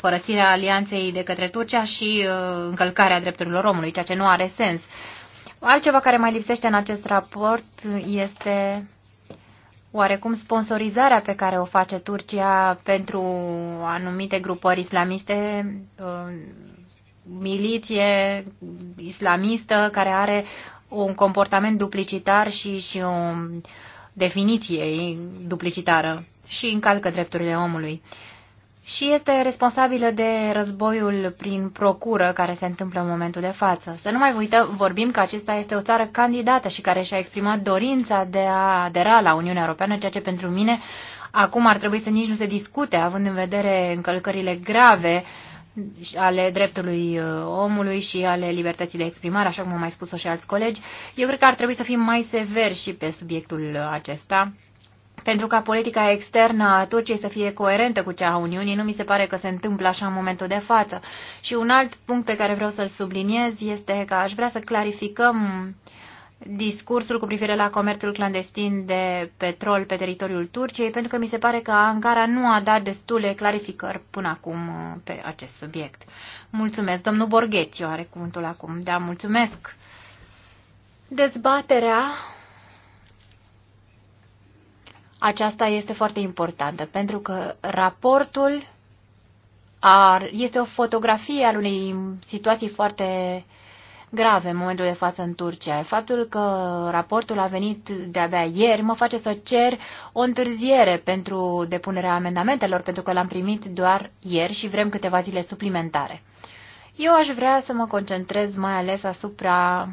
părăsirea alianței de către Turcia și uh, încălcarea drepturilor omului, ceea ce nu are sens. Altceva care mai lipsește în acest raport este oarecum sponsorizarea pe care o face Turcia pentru anumite grupări islamiste, uh, miliție islamistă care are un comportament duplicitar și, și o definiție duplicitară și încalcă drepturile omului și este responsabilă de războiul prin procură care se întâmplă în momentul de față. Să nu mai uităm, vorbim că acesta este o țară candidată și care și-a exprimat dorința de a adera la Uniunea Europeană, ceea ce pentru mine acum ar trebui să nici nu se discute, având în vedere încălcările grave ale dreptului uh, omului și ale libertății de exprimare, așa cum au mai spus-o și alți colegi. Eu cred că ar trebui să fim mai severi și pe subiectul acesta pentru ca politica externă a Turciei să fie coerentă cu cea a Uniunii, nu mi se pare că se întâmplă așa în momentul de față. Și un alt punct pe care vreau să-l subliniez este că aș vrea să clarificăm discursul cu privire la comerțul clandestin de petrol pe teritoriul Turciei, pentru că mi se pare că Ankara nu a dat destule clarificări până acum uh, pe acest subiect. Mulțumesc. Domnul Borghețiu are cuvântul acum. Da, mulțumesc. Dezbaterea aceasta este foarte importantă, pentru că raportul ar, este o fotografie al unei situații foarte grave în momentul de față în Turcia. Faptul că raportul a venit de-abia ieri mă face să cer o întârziere pentru depunerea amendamentelor, pentru că l-am primit doar ieri și vrem câteva zile suplimentare. Eu aș vrea să mă concentrez mai ales asupra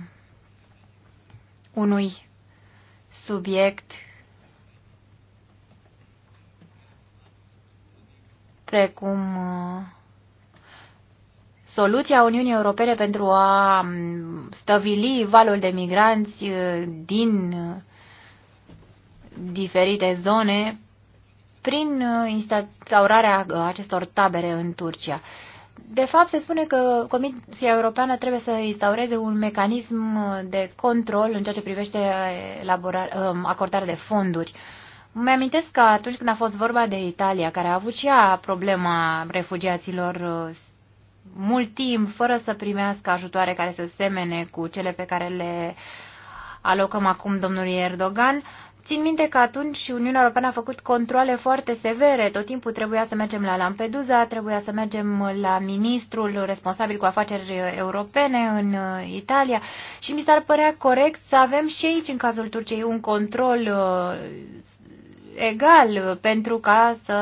unui subiect precum uh, soluția Uniunii Europene pentru a um, stăvili valul de migranți uh, din uh, diferite zone prin instaurarea acestor tabere în Turcia. De fapt, se spune că Comisia Europeană trebuie să instaureze un mecanism de control în ceea ce privește um, acordarea de fonduri îmi amintesc că atunci când a fost vorba de Italia, care a avut și ea problema refugiaților uh, mult timp, fără să primească ajutoare care să semene cu cele pe care le alocăm acum domnului Erdogan, Țin minte că atunci și Uniunea Europeană a făcut controle foarte severe. Tot timpul trebuia să mergem la Lampedusa, trebuia să mergem la ministrul responsabil cu afaceri europene în uh, Italia și mi s-ar părea corect să avem și aici, în cazul Turciei, un control uh, egal pentru ca să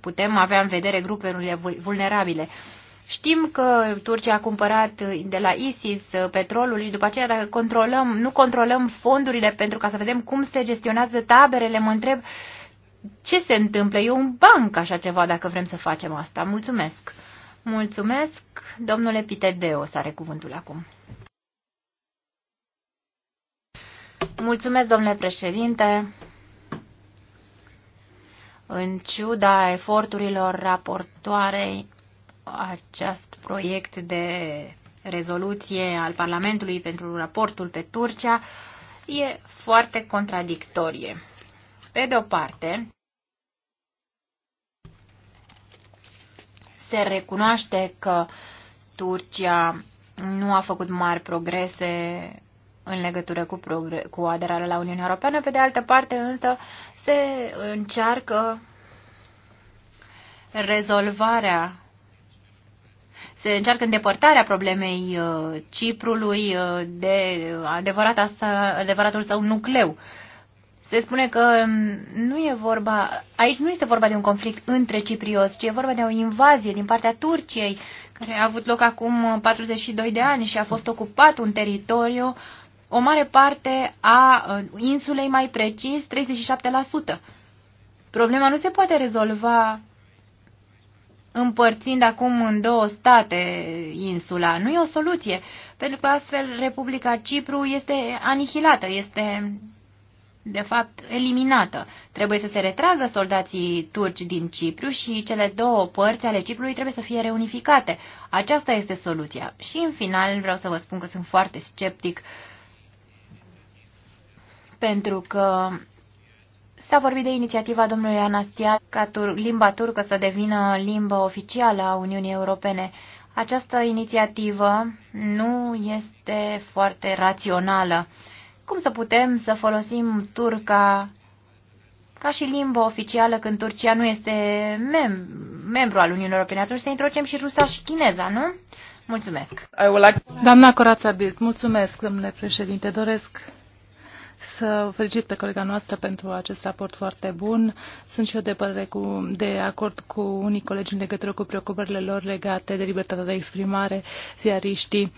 putem avea în vedere grupurile vulnerabile. Știm că Turcia a cumpărat de la ISIS petrolul și după aceea dacă controlăm, nu controlăm fondurile pentru ca să vedem cum se gestionează taberele, mă întreb ce se întâmplă. E un banc așa ceva dacă vrem să facem asta. Mulțumesc! Mulțumesc! Domnule Pitedeo să are cuvântul acum. Mulțumesc, domnule președinte! În ciuda eforturilor raportoarei, acest proiect de rezoluție al Parlamentului pentru raportul pe Turcia e foarte contradictorie. Pe de o parte, se recunoaște că Turcia nu a făcut mari progrese în legătură cu, cu aderarea la Uniunea Europeană, pe de altă parte însă se încearcă rezolvarea se încearcă îndepărtarea problemei uh, Ciprului uh, de adevărat asta, adevăratul său nucleu. Se spune că um, nu e vorba, aici nu este vorba de un conflict între ciprioți, ci e vorba de o invazie din partea Turciei, care a avut loc acum 42 uh, de ani și a fost ocupat un teritoriu o mare parte a uh, insulei, mai precis 37%. Problema nu se poate rezolva împărțind acum în două state insula. Nu e o soluție, pentru că astfel Republica Cipru este anihilată, este de fapt eliminată. Trebuie să se retragă soldații turci din Cipru și cele două părți ale Ciprului trebuie să fie reunificate. Aceasta este soluția. Și în final vreau să vă spun că sunt foarte sceptic uh, pentru că s-a vorbit de inițiativa domnului Anastia ca tur limba turcă să devină limba oficială a Uniunii Europene. Această inițiativă nu este foarte rațională. Cum să putem să folosim turca ca și limbă oficială când Turcia nu este mem membru al Uniunii Europene? Atunci să introducem și rusa și chineza, nu? Mulțumesc. Doamna Corața Bilt, mulțumesc, domnule președinte. Doresc să felicit pe colega noastră pentru acest raport foarte bun. Sunt și eu de, părere cu, de acord cu unii colegi în legătură cu preocupările lor legate de libertatea de exprimare, ziariștii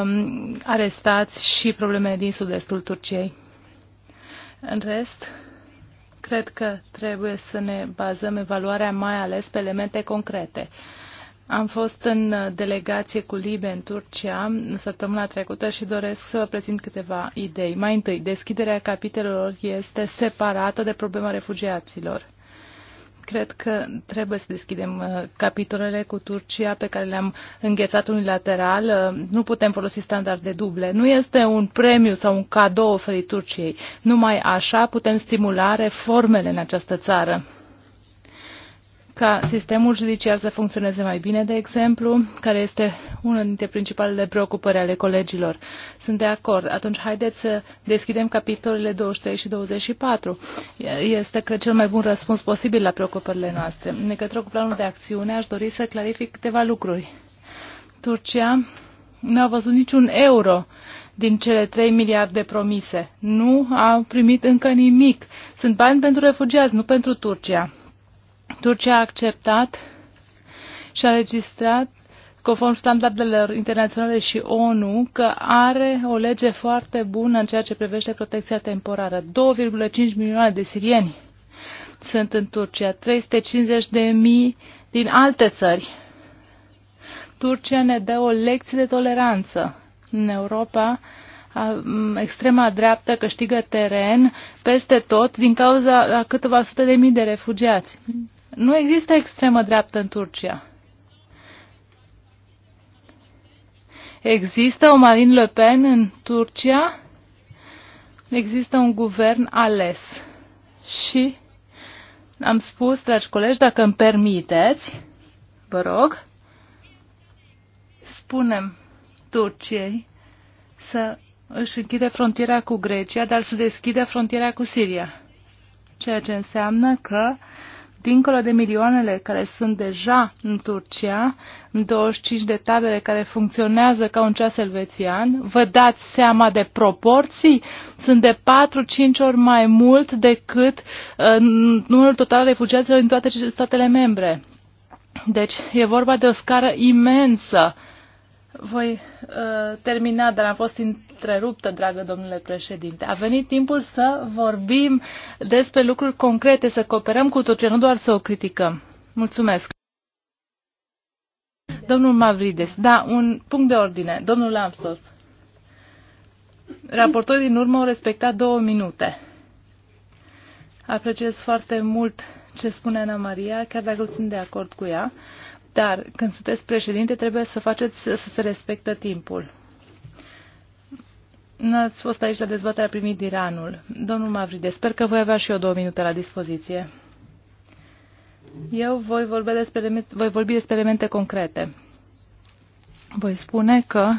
um, arestați și problemele din sud-estul Turciei. În rest, cred că trebuie să ne bazăm evaluarea mai ales pe elemente concrete. Uh, am fost în delegație cu Libe în Turcia săptămâna trecută și doresc să vă prezint câteva idei. Mai întâi, deschiderea capitolelor este separată de problema refugiaților. Cred că trebuie să deschidem uh, capitolele cu Turcia pe care le-am înghețat unilateral. Uh, nu putem folosi standarde duble. Nu este un premiu sau un cadou oferit Turciei. Numai așa putem stimula reformele în această țară ca sistemul judiciar să funcționeze mai bine, de exemplu, care este una dintre principalele preocupări ale colegilor. Sunt de acord. Atunci haideți să deschidem capitolele 23 și 24. Este, cred, cel mai bun răspuns posibil la preocupările noastre. ne legătură cu planul de acțiune, aș dori să clarific câteva lucruri. Turcia nu a văzut niciun euro din cele 3 miliarde promise. Nu a primit încă nimic. Sunt bani pentru refugiați, nu pentru Turcia. Turcia a acceptat și a registrat conform standardelor internaționale și ONU, că are o lege foarte bună în ceea ce privește protecția temporară. 2,5 milioane de sirieni sunt în Turcia, 350 de mii din alte țări. Turcia ne dă o lecție de toleranță. În Europa, extrema dreaptă câștigă teren peste tot din cauza a câteva sute de mii de refugiați. Nu există extremă dreaptă în Turcia. Există o Marine Le Pen în Turcia, există un guvern ales. Și am spus, dragi colegi, dacă îmi permiteți, vă rog, spunem Turciei să își închide frontiera cu Grecia, dar să deschide frontiera cu Siria. Ceea ce înseamnă că uh, dincolo de milioanele care sunt deja în Turcia, în 25 de tabere care funcționează ca un ceas elvețian, vă dați seama de proporții? Sunt de 4-5 ori mai mult decât uh, numărul total al refugiaților din toate statele membre. Deci e vorba de o scară imensă. Voi uh, termina, dar am fost in, întreruptă, dragă domnule președinte. A venit timpul să vorbim despre lucruri concrete, să cooperăm cu Turcia, nu doar să o criticăm. Mulțumesc. Domnul Mavrides, da, un punct de ordine. Domnul Lambsdorff. Raportorii din urmă au respectat două minute. Apreciez foarte mult ce spune Ana Maria, chiar dacă sunt de acord cu ea, dar când sunteți președinte trebuie să faceți să se respectă timpul ați fost aici la dezbaterea primit Iranul. Domnul Mavride, sper că voi avea și eu două minute la dispoziție. Eu voi vorbi despre, elemente, voi vorbi despre elemente concrete. Voi spune că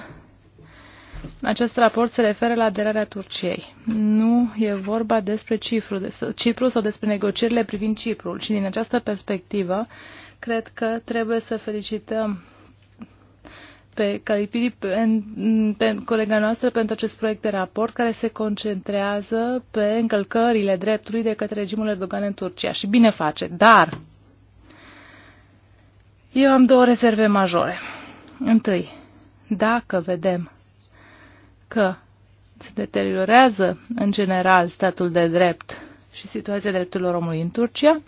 acest raport se referă la aderarea Turciei. Nu e vorba despre Cipru, de, Cipru sau despre negocierile privind Ciprul. Și din această perspectivă, cred că trebuie să felicităm pe Calipiri, pe, pe colega noastră, pentru acest proiect de raport care se concentrează pe încălcările dreptului de către regimul Erdogan în Turcia. Și bine face, dar eu am două rezerve majore. Întâi, dacă vedem că se deteriorează în general statul de drept și situația drepturilor omului în Turcia,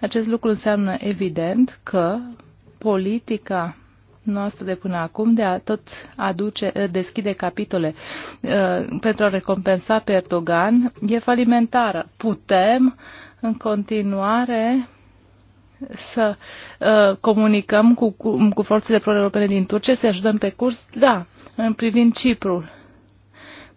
acest lucru înseamnă evident că politica noastră de până acum de a tot aduce, eh, deschide capitole eh, pentru a recompensa pe Erdogan e falimentară. Putem în continuare să eh, comunicăm cu, cu, cu forțele pro-europene din Turcia, să ajutăm pe curs? Da, în privind Ciprul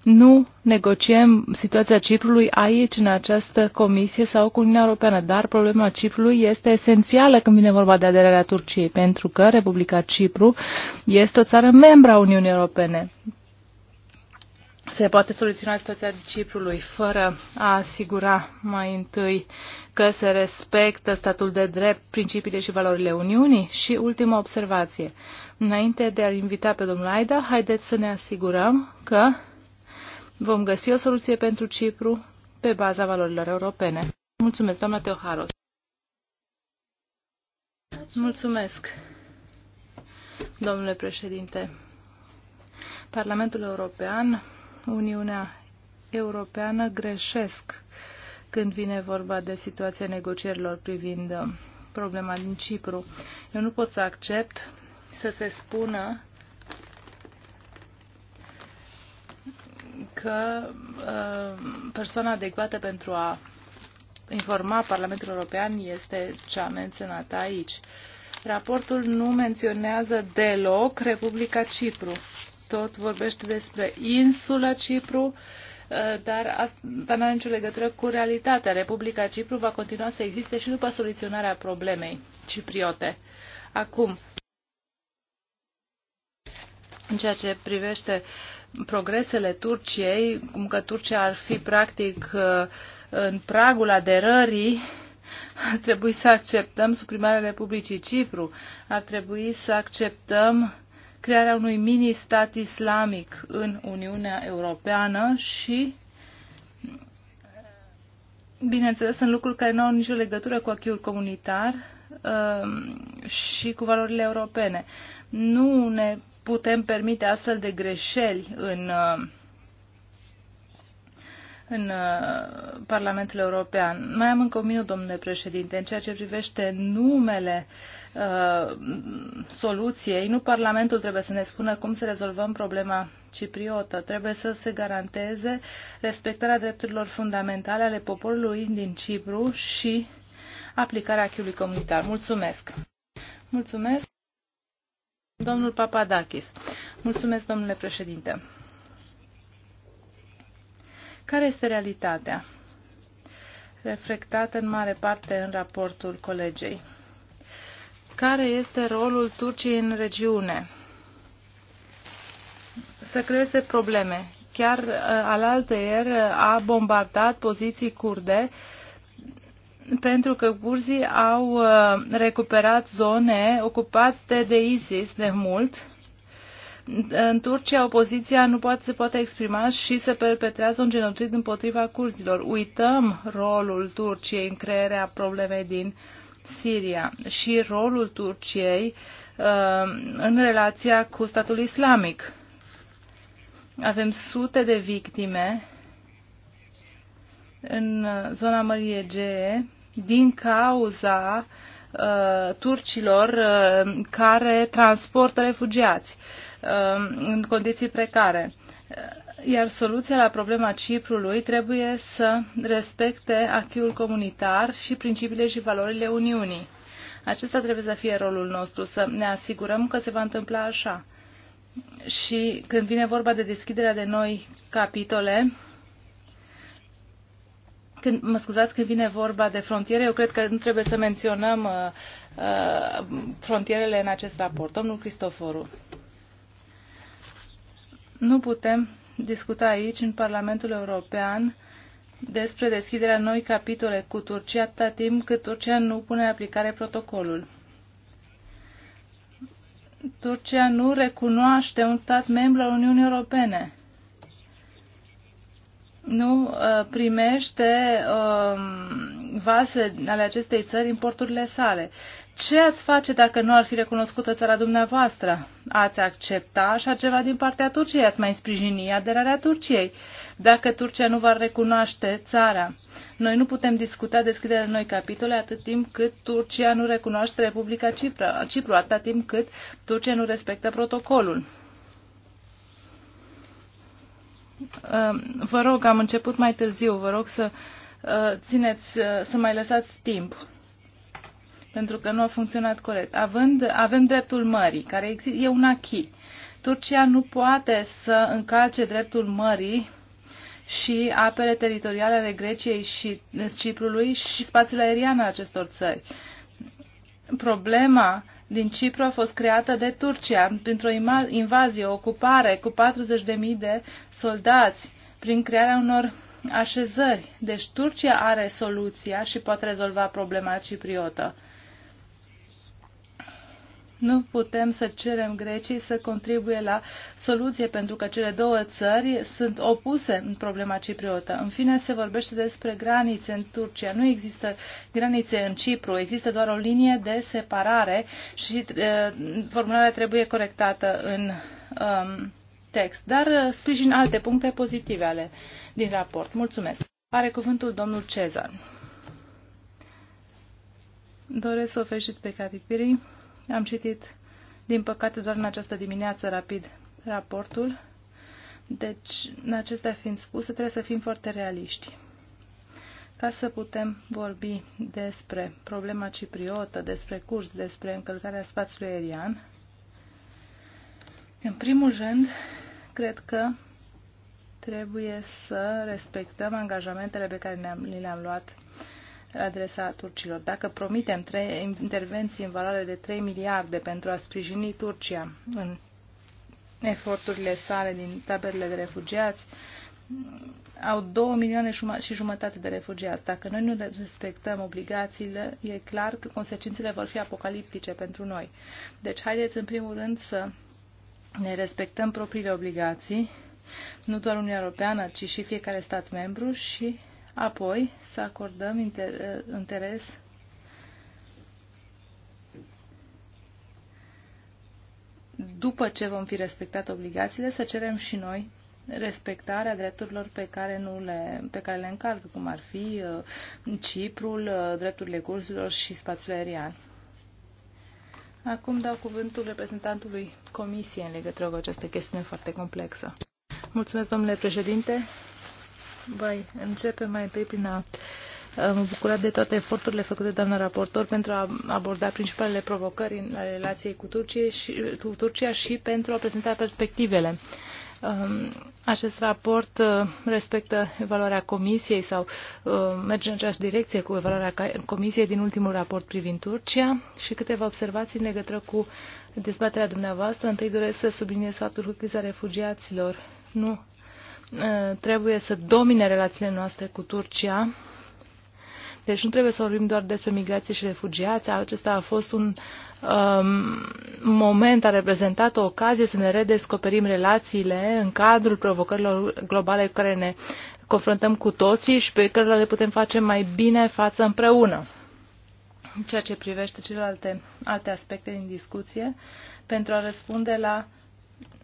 nu negociem situația Ciprului aici, în această comisie sau cu Uniunea Europeană, dar problema Ciprului este esențială când vine vorba de aderarea Turciei, pentru că Republica Cipru este o țară membra a Uniunii Europene. Se poate soluționa situația Ciprului fără a asigura mai întâi că se respectă statul de drept, principiile și valorile Uniunii? Și ultima observație. Înainte de a invita pe domnul Aida, haideți să ne asigurăm că Vom găsi o soluție pentru Cipru pe baza valorilor europene. Mulțumesc, doamna Teoharos. Mulțumesc, domnule președinte. Parlamentul European, Uniunea Europeană greșesc când vine vorba de situația negocierilor privind uh, problema din Cipru. Eu nu pot să accept să se spună că uh, persoana adecvată pentru a informa Parlamentul European este cea menționată aici. Raportul nu menționează deloc Republica Cipru. Tot vorbește despre insula Cipru, uh, dar asta nu are nicio legătură cu realitatea. Republica Cipru va continua să existe și după soluționarea problemei cipriote. Acum, în ceea ce privește uh, progresele Turciei, cum că Turcia ar fi practic uh, în pragul aderării, ar trebui să acceptăm suprimarea Republicii Cipru, ar trebui să acceptăm crearea unui mini-stat islamic în Uniunea Europeană și Bineînțeles, sunt lucruri care nu au nicio legătură cu acquis comunitar um, și cu valorile europene. Nu ne putem permite astfel de greșeli în, uh, în uh, Parlamentul European. Mai am încă un minut, domnule președinte, în ceea ce privește numele uh, soluției, nu Parlamentul trebuie să ne spună cum să rezolvăm problema cipriotă. Trebuie să se garanteze respectarea drepturilor fundamentale ale poporului din Cipru și aplicarea acțiunii comunitar. Mulțumesc! Mulțumesc! Domnul Papadakis. Mulțumesc, domnule președinte. Care este realitatea? Reflectată în mare parte în raportul colegei. Care este rolul Turciei în regiune? Să creeze probleme. Chiar uh, alaltăieri a bombardat poziții curde uh, pentru că curzii au uh, recuperat zone ocupate de ISIS de mult. În Turcia opoziția nu poate, se poate exprima și se perpetrează un genocid împotriva curzilor. Uităm rolul Turciei în crearea problemei din Siria și rolul Turciei uh, în relația cu statul islamic. Avem sute de victime în uh, zona Mării Egee din cauza uh, turcilor uh, care transportă refugiați uh, în condiții precare. Uh, iar soluția la problema Ciprului trebuie să respecte achiul comunitar și principiile și valorile Uniunii. Acesta trebuie să fie rolul nostru, să ne asigurăm că se va întâmpla așa. Și când vine vorba de deschiderea de noi capitole, când, mă scuzați, când vine vorba de frontiere, eu cred că nu trebuie să menționăm uh, uh, frontierele în acest raport. Domnul Cristoforu, nu putem discuta aici, în Parlamentul European, despre deschiderea noi capitole cu Turcia atâta timp cât Turcia nu pune în aplicare protocolul. Turcia nu recunoaște un stat membru al Uniunii Europene nu uh, primește um, vase ale acestei țări importurile sale. Ce ați face dacă nu ar fi recunoscută țara dumneavoastră? Ați accepta așa ceva din partea Turciei? Ați mai sprijini aderarea Turciei? Dacă Turcia nu va recunoaște țara, noi nu putem discuta deschiderea de noi capitole atât timp cât Turcia nu recunoaște Republica Cipru, Cipru atât timp cât Turcia nu respectă protocolul. Ehm, vă rog, am început mai târziu, vă rog să eh, țineți, eh, să mai lăsați timp pentru că nu a funcționat corect. Având, avem dreptul mării, care există, e un achi. Turcia nu poate să încalce dreptul mării și apele teritoriale ale Greciei și eh, Ciprului și spațiul aerian al acestor țări. Problema din Cipru a fost creată de Turcia printr-o invazie, o ocupare cu 40.000 de soldați, prin crearea unor așezări. Deci Turcia are soluția și poate rezolva problema cipriotă. Nu putem să cerem Grecii să contribuie la soluție, pentru că cele două țări sunt opuse în problema cipriotă. În fine, se vorbește despre granițe în Turcia. Nu există granițe în Cipru, există doar o linie de separare și uh, formularea trebuie corectată în um, text. Dar uh, sprijin alte puncte pozitive ale din raport. Mulțumesc. Are cuvântul domnul Cezar. Doresc să o felicit pe Cati Piri am citit, din păcate, doar în această dimineață rapid raportul. Deci, în acestea fiind spuse, trebuie să fim foarte realiști. Ca să putem vorbi despre problema cipriotă, despre curs, despre încălcarea spațiului aerian, în primul rând, cred că trebuie să respectăm angajamentele pe care le-am luat adresa turcilor. Dacă promitem trei intervenții în valoare de 3 miliarde pentru a sprijini Turcia în eforturile sale din taberele de refugiați, au 2 milioane și jumătate de refugiați. Dacă noi nu respectăm obligațiile, e clar că consecințele vor fi apocaliptice pentru noi. Deci haideți în primul rând să ne respectăm propriile obligații, nu doar Uniunea Europeană, ci și fiecare stat membru și Apoi, să acordăm inter uh, interes după ce vom fi respectate obligațiile, să cerem și noi respectarea drepturilor pe care, nu le, pe care le încalcă, cum ar fi uh, Ciprul, uh, drepturile cursurilor și spațiul aerian. Acum dau cuvântul reprezentantului Comisiei în legătură cu această chestiune foarte complexă. Mulțumesc, domnule președinte. Vai, începe mai întâi prin a mă bucura de toate eforturile făcute, doamna raportor, pentru a aborda principalele provocări în relației cu Turcia și, cu Turcia și pentru a prezenta perspectivele. Um, acest raport uh, respectă evaluarea comisiei sau uh, merge în aceeași direcție cu evaluarea comisiei din ultimul raport privind Turcia și câteva observații în legătură cu dezbaterea dumneavoastră. Întâi doresc să subliniez faptul că criza refugiaților nu Eh, trebuie să domine relațiile noastre cu Turcia. Deci nu trebuie să vorbim doar despre migrație și refugiați. Acesta a fost un um, moment, a reprezentat o ocazie să ne redescoperim relațiile în cadrul provocărilor globale cu care ne confruntăm cu toții și pe care le putem face mai bine față împreună. În ceea ce privește celelalte alte aspecte din discuție, pentru a răspunde la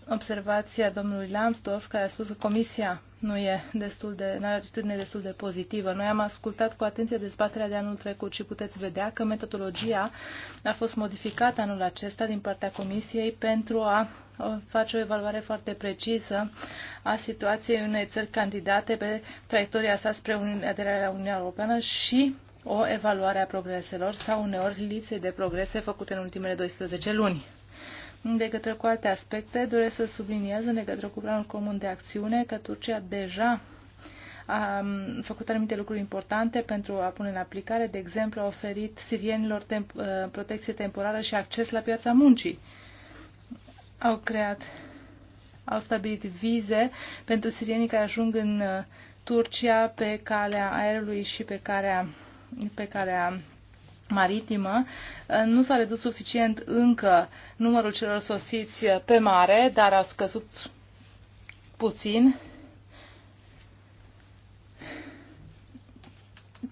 observația domnului Lambsdorff, care a spus că comisia nu e destul de, nu are atitudine destul de pozitivă. Noi am ascultat cu atenție dezbaterea de anul trecut și puteți vedea că metodologia a fost modificată anul acesta din partea comisiei pentru a face o evaluare foarte precisă a situației unei țări candidate pe traiectoria sa spre aderarea la Uniunea Europeană și o evaluare a progreselor sau uneori lipsei de progrese făcute în ultimele 12 luni. În către cu alte aspecte, doresc să subliniez în legătură cu planul comun de acțiune că Turcia deja a um, făcut anumite lucruri importante pentru a pune în aplicare. De exemplu, a oferit sirienilor temp- uh, protecție temporară și acces la piața muncii. Au creat, au stabilit vize pentru sirienii care ajung în uh, Turcia pe calea aerului și pe calea, pe calea maritimă, uh, nu s-a redus suficient încă numărul celor sosiți uh, pe mare, dar a scăzut puțin.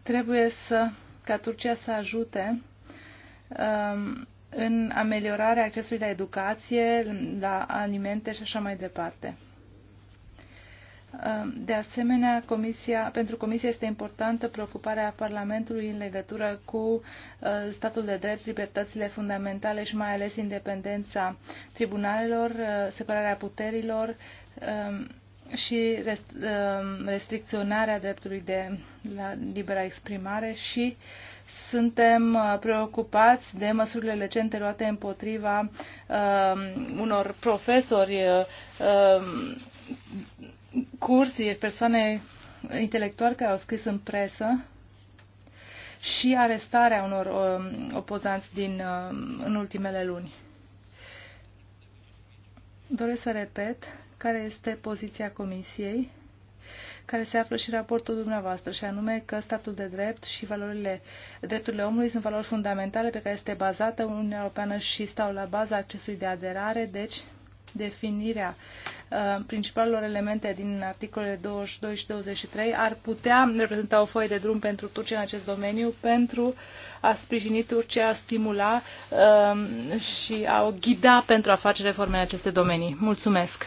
Trebuie să, ca Turcia să ajute um, în ameliorarea accesului la educație, la alimente și așa mai departe. De asemenea, comisia, pentru Comisie este importantă preocuparea Parlamentului în legătură cu uh, statul de drept, libertățile fundamentale și mai ales independența tribunalelor, uh, separarea puterilor um, și um, restricționarea dreptului de la libera exprimare și suntem uh, preocupați de măsurile recente luate împotriva uh, unor profesori uh, cursi, persoane intelectuali care au scris în presă și arestarea unor uh, opozanți din, uh, în ultimele luni. Doresc să repet care este poziția Comisiei, care se află și în raportul dumneavoastră, și anume că statul de drept și valorile, drepturile omului sunt valori fundamentale pe care este bazată Uniunea Europeană și stau la baza accesului de aderare, deci definirea uh, principalelor elemente din articolele 22 și 23 ar putea reprezenta o foaie de drum pentru Turcia în acest domeniu, pentru a sprijini Turcia, a stimula uh, și a o ghida pentru a face reforme în aceste domenii. Mulțumesc!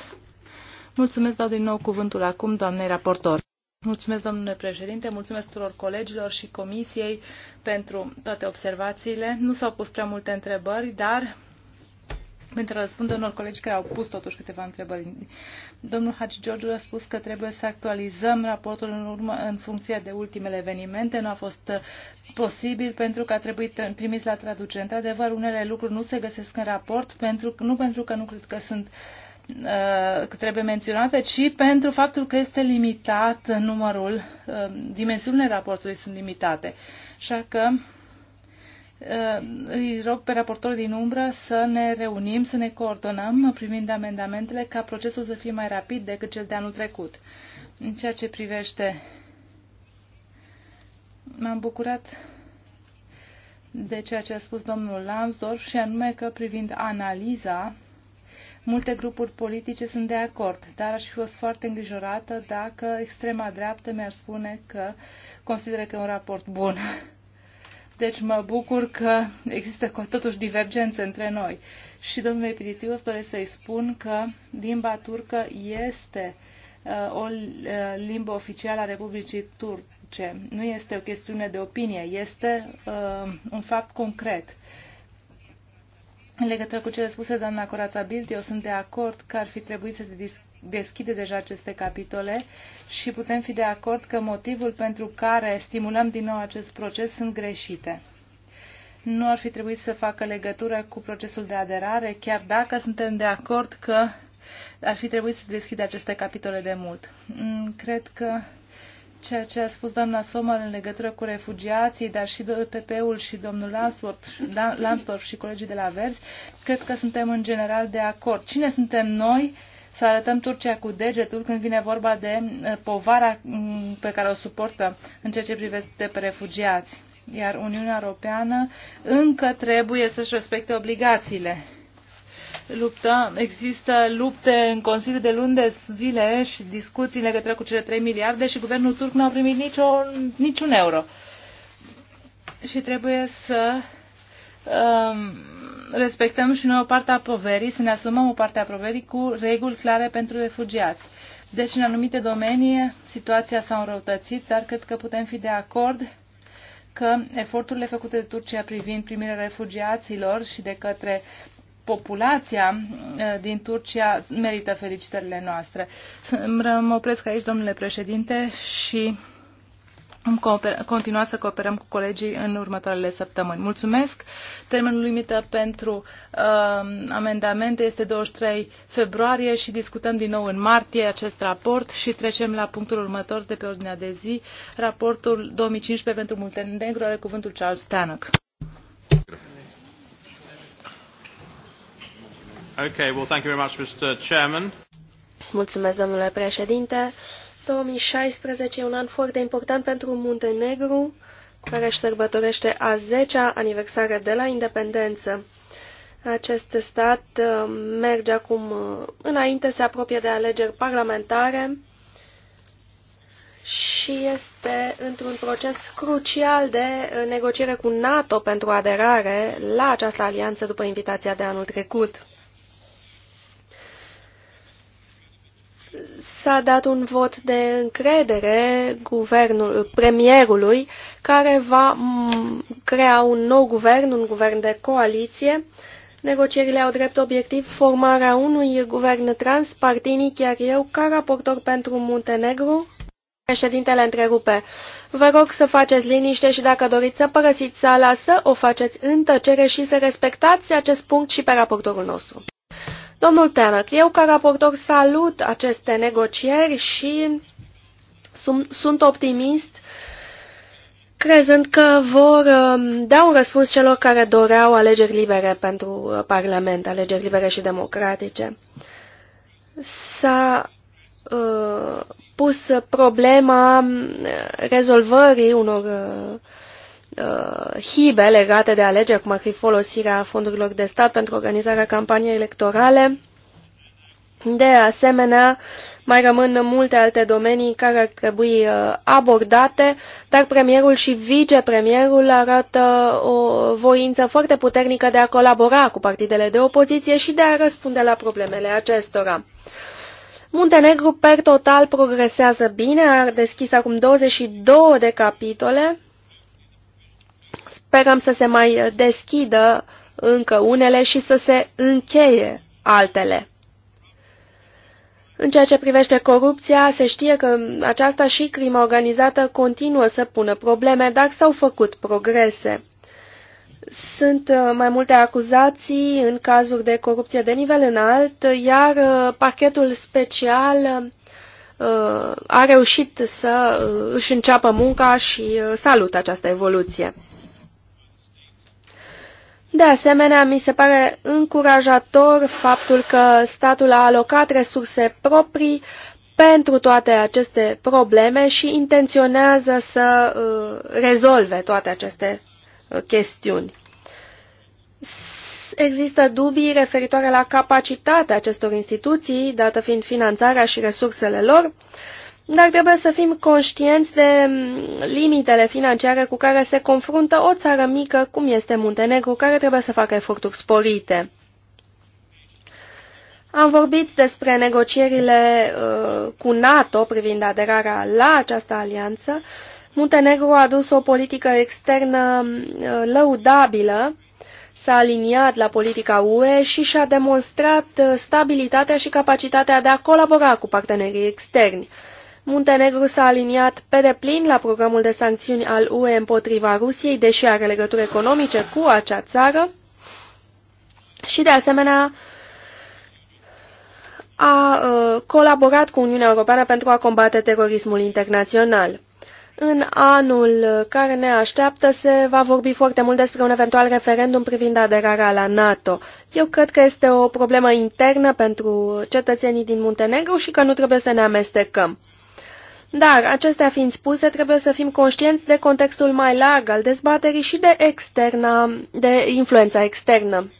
Mulțumesc, dau din nou cuvântul acum doamnei raportor. Mulțumesc, domnule președinte, mulțumesc tuturor colegilor și comisiei pentru toate observațiile. Nu s-au pus prea multe întrebări, dar pentru a răspunde unor colegi care au pus totuși câteva întrebări. Domnul Hagi George a spus că trebuie să actualizăm raportul în, urmă, în funcție de ultimele evenimente. Nu a fost uh, posibil pentru că a trebuit trimis la traducere. Într-adevăr, unele lucruri nu se găsesc în raport, pentru, nu pentru că nu cred că sunt uh, că trebuie menționate, ci pentru faptul că este limitat numărul, uh, dimensiunile raportului sunt limitate. Așa că Uh, îi rog pe raportorul din umbră să ne reunim, să ne coordonăm privind amendamentele ca procesul să fie mai rapid decât cel de anul trecut. În ceea ce privește, m-am bucurat de ceea ce a spus domnul Lansdorf și anume că privind analiza, multe grupuri politice sunt de acord, dar aș fi fost foarte îngrijorată dacă extrema dreaptă mi-ar spune că consideră că e un raport bun. Deci mă bucur că există totuși divergențe între noi. Și domnule Epiditius doresc să-i spun că limba turcă este uh, o uh, limbă oficială a Republicii Turce. Nu este o chestiune de opinie, este uh, un fapt concret. În legătură cu cele spuse doamna Corața Bilt, eu sunt de acord că ar fi trebuit să se discute deschide deja aceste capitole și putem fi de acord că motivul pentru care stimulăm din nou acest proces sunt greșite. Nu ar fi trebuit să facă legătură cu procesul de aderare, chiar dacă suntem de acord că ar fi trebuit să deschide aceste capitole de mult. Mm, cred că ceea ce a spus doamna Sommer în legătură cu refugiații, dar și PP-ul și domnul Lansdorf și colegii de la Vers, cred că suntem în general de acord. Cine suntem noi să arătăm Turcia cu degetul când vine vorba de eh, povara mm, pe care o suportă în ceea ce privește pe refugiați. Iar Uniunea Europeană încă trebuie să-și respecte obligațiile luptă, există lupte în Consiliul de luni de zile și discuții în legătură cu cele 3 miliarde și guvernul turc nu a primit nicio, niciun euro. Și trebuie să um, respectăm și noi o parte a poverii, să ne asumăm o parte a poverii cu reguli clare pentru refugiați. Deci, în anumite domenii, situația s-a înrăutățit, dar cred că putem fi de acord că eforturile făcute de Turcia privind primirea refugiaților și de către populația eh, din Turcia merită felicitările noastre. Mă opresc aici, domnule președinte, și Vom continua să cooperăm cu colegii în următoarele săptămâni. Mulțumesc. Termenul limită pentru uh, amendamente este 23 februarie și discutăm din nou în martie acest raport și trecem la punctul următor de pe ordinea de zi, raportul 2015 pentru negru are cuvântul Charles Tannock. Okay, well, thank you very much, Mr. Chairman. Mulțumesc, domnule președinte. Uh, 2016 e un an foarte important pentru Muntenegru, care își sărbătorește a 10-a aniversare de la independență. Acest stat uh, merge acum uh, înainte, se apropie de alegeri parlamentare și este într-un proces crucial de uh, negociere cu NATO pentru aderare la această alianță după invitația de anul trecut. s-a dat un vot de încredere guvernul, premierului care va mm, crea un nou guvern, un guvern de coaliție. Negocierile au drept obiectiv formarea unui guvern transpartinic, iar eu, ca raportor pentru Muntenegru, Președintele întrerupe. Vă rog să faceți liniște și dacă doriți să părăsiți sala, să o faceți în tăcere și să respectați acest punct și pe raportorul nostru. Domnul Tenac, eu ca raportor salut aceste negocieri și sunt optimist crezând că vor um, da un răspuns celor care doreau alegeri libere pentru uh, Parlament, alegeri libere și democratice. S-a uh, pus problema uh, rezolvării unor uh, uh, hibe legate de alegeri, cum ar fi folosirea fondurilor de stat pentru organizarea campaniei electorale. De asemenea, mai rămân multe alte domenii care ar trebui uh, abordate, dar premierul și vicepremierul arată o voință foarte puternică de a colabora cu partidele de opoziție și de a răspunde la problemele acestora. Muntenegru, per total, progresează bine, a deschis acum 22 de capitole Sperăm să se mai deschidă încă unele și să se încheie altele. În ceea ce privește corupția, se știe că aceasta și crima organizată continuă să pună probleme, dar s-au făcut progrese. Sunt uh, mai multe acuzații în cazuri de corupție de nivel înalt, iar uh, pachetul special uh, a reușit să își înceapă munca și salut această evoluție. De asemenea, mi se pare încurajator faptul că statul a alocat resurse proprii pentru toate aceste probleme și intenționează să uh, rezolve toate aceste uh, chestiuni. Există dubii referitoare la capacitatea acestor instituții, dată fiind finanțarea și resursele lor, dar trebuie să fim conștienți de mm, limitele financiare cu care se confruntă o țară mică, cum este Muntenegru, care trebuie să facă eforturi sporite. Am vorbit despre negocierile uh, cu NATO privind aderarea la această alianță. Muntenegru a adus o politică externă mm, uh, lăudabilă, s-a aliniat la politica UE și și-a demonstrat uh, stabilitatea și capacitatea de a colabora cu partenerii externi. Muntenegru s-a aliniat pe deplin la programul de sancțiuni al UE împotriva Rusiei, deși are legături economice cu acea țară și, de asemenea, a uh, colaborat cu Uniunea Europeană pentru a combate terorismul internațional. În anul care ne așteaptă se va vorbi foarte mult despre un eventual referendum privind aderarea la NATO. Eu cred că este o problemă internă pentru cetățenii din Muntenegru și că nu trebuie să ne amestecăm. Dar, acestea fiind spuse, trebuie să fim conștienți de contextul mai larg al dezbaterii și de, externa, de influența externă.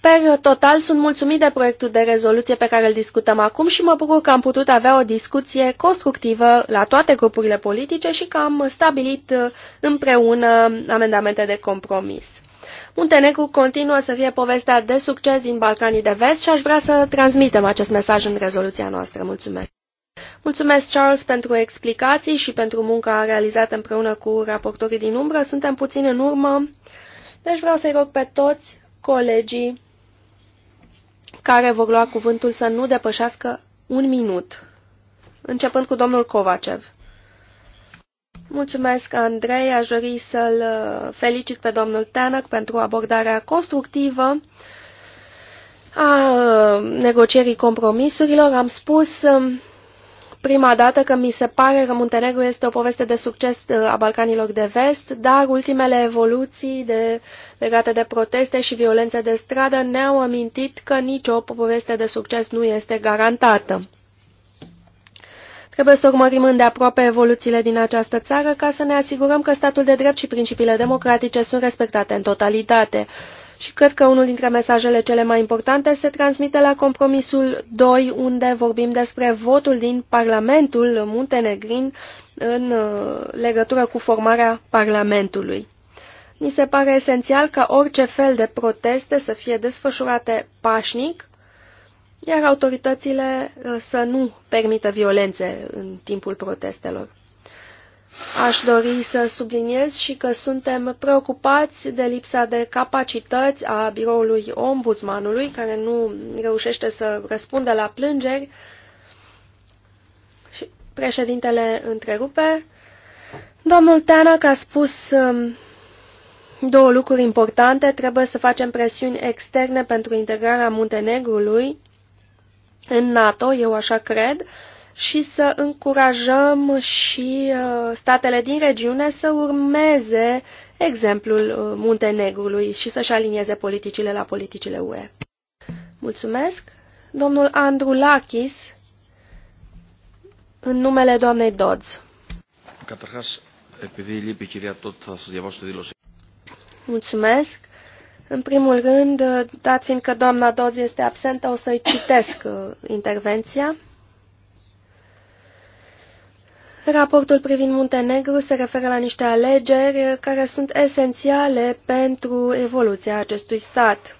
Per total, sunt mulțumit de proiectul de rezoluție pe care îl discutăm acum și mă bucur că am putut avea o discuție constructivă la toate grupurile politice și că am stabilit împreună amendamente de compromis. Muntenegru continuă să fie povestea de succes din Balcanii de Vest și aș vrea să transmitem acest mesaj în rezoluția noastră. Mulțumesc! Mulțumesc, Charles, pentru explicații și pentru munca realizată împreună cu raportorii din umbră. Suntem puțin în urmă, deci vreau să-i rog pe toți colegii care vor lua cuvântul să nu depășească un minut, începând cu domnul Kovacev. Mulțumesc, Andrei. Aș dori să-l uh, felicit pe domnul Tanak pentru abordarea constructivă a uh, negocierii compromisurilor. Am spus um, prima dată că mi se pare că Muntenegru este o poveste de succes uh, a Balcanilor de Vest, dar ultimele evoluții de, legate de proteste și violențe de stradă ne-au amintit că nicio poveste de succes nu este garantată. Trebuie să urmărim îndeaproape evoluțiile din această țară ca să ne asigurăm că statul de drept și principiile democratice sunt respectate în totalitate. Și cred că unul dintre mesajele cele mai importante se transmite la compromisul 2, unde vorbim despre votul din Parlamentul Muntenegrin în uh, legătură cu formarea Parlamentului. Ni se pare esențial ca orice fel de proteste să fie desfășurate pașnic, iar autoritățile uh, să nu permită violențe în timpul protestelor. Aș dori să subliniez și că suntem preocupați de lipsa de capacități a biroului ombudsmanului, care nu reușește să răspundă la plângeri. Și președintele întrerupe. Domnul Teanac a spus um, două lucruri importante. Trebuie să facem presiuni externe pentru integrarea Muntenegrului în NATO, eu așa cred, și să încurajăm și uh, statele din regiune să urmeze exemplul uh, Muntenegrului și să-și alinieze politicile la politicile UE. Mulțumesc. Domnul Andru Lachis, în numele doamnei Dodds. Mulțumesc. În primul rând, dat fiindcă doamna Dodds este absentă, o să-i citesc uh, intervenția. Raportul privind Muntenegru se referă la niște alegeri care sunt esențiale pentru evoluția acestui stat.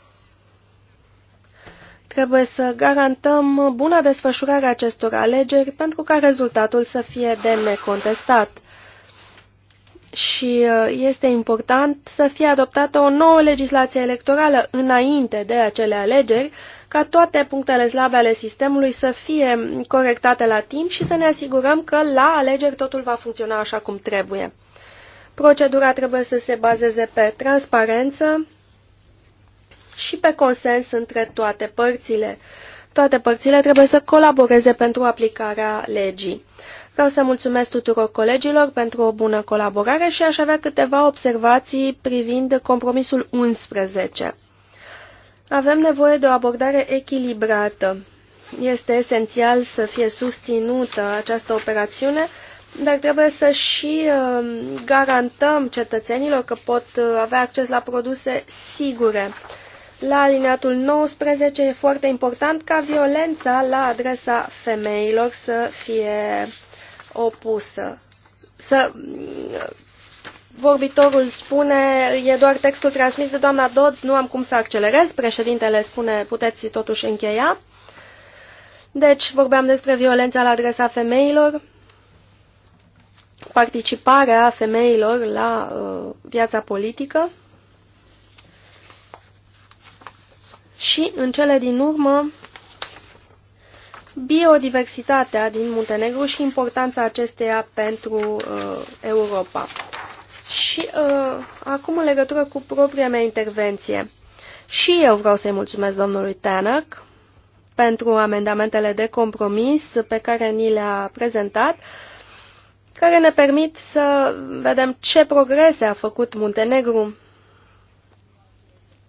Trebuie să garantăm buna desfășurare acestor alegeri pentru ca rezultatul să fie de necontestat. Și uh, este important să fie adoptată o nouă legislație electorală înainte de acele alegeri, ca toate punctele slabe ale sistemului să fie corectate la timp și să ne asigurăm că la alegeri totul va funcționa așa cum trebuie. Procedura trebuie să se bazeze pe transparență și pe consens între toate părțile. Toate părțile trebuie să colaboreze pentru aplicarea legii. Vreau să mulțumesc tuturor colegilor pentru o bună colaborare și aș avea câteva observații privind compromisul 11. Avem nevoie de o abordare echilibrată. Este esențial să fie susținută această operațiune, dar trebuie să și um, garantăm cetățenilor că pot uh, avea acces la produse sigure. La alineatul 19 e foarte important ca violența la adresa femeilor să fie opusă, să Vorbitorul spune, e doar textul transmis de doamna Dodds, nu am cum să accelerez. Președintele spune, puteți totuși încheia. Deci, vorbeam despre violența la adresa femeilor, participarea femeilor la uh, viața politică și, în cele din urmă, biodiversitatea din Muntenegru și importanța acesteia pentru uh, Europa. Și uh, acum în legătură cu propria mea intervenție. Și eu vreau să-i mulțumesc domnului Tanak pentru amendamentele de compromis pe care ni le-a prezentat, care ne permit să vedem ce progrese a făcut Muntenegru.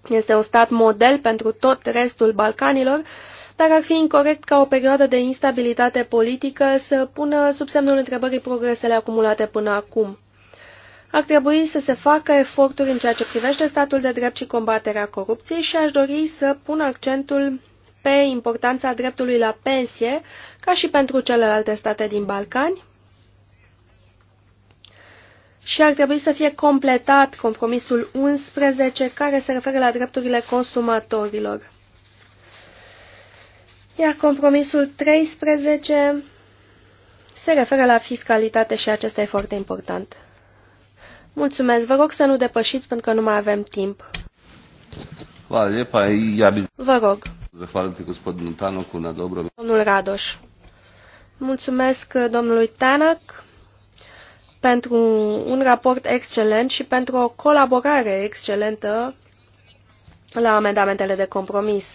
Este un stat model pentru tot restul Balcanilor, dar ar fi incorrect ca o perioadă de instabilitate politică să pună sub semnul întrebării progresele acumulate până acum ar trebui să se facă eforturi în ceea ce privește statul de drept și combaterea corupției și aș dori să pun accentul pe importanța dreptului la pensie, ca și pentru celelalte state din Balcani, și ar trebui să fie completat compromisul 11, care se referă la drepturile consumatorilor. Iar compromisul 13 se referă la fiscalitate și acesta e foarte important. Mulțumesc, vă rog să nu depășiți pentru că nu mai avem timp. Vă rog. Domnul Radoș. Mulțumesc domnului Tanak pentru un raport excelent și pentru o colaborare excelentă la amendamentele de compromis.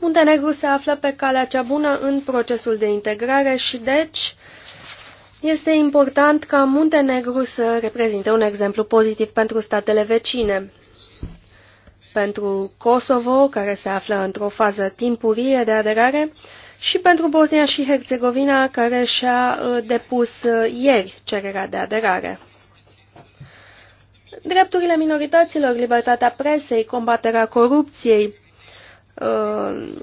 Muntenegru se află pe calea cea bună în procesul de integrare și deci este important ca Muntenegru să reprezinte un exemplu pozitiv pentru statele vecine. Pentru Kosovo, care se află într-o fază timpurie de aderare, și pentru Bosnia și Herțegovina, care și-a uh, depus uh, ieri cererea de aderare. Drepturile minorităților, libertatea presei, combaterea corupției, uh,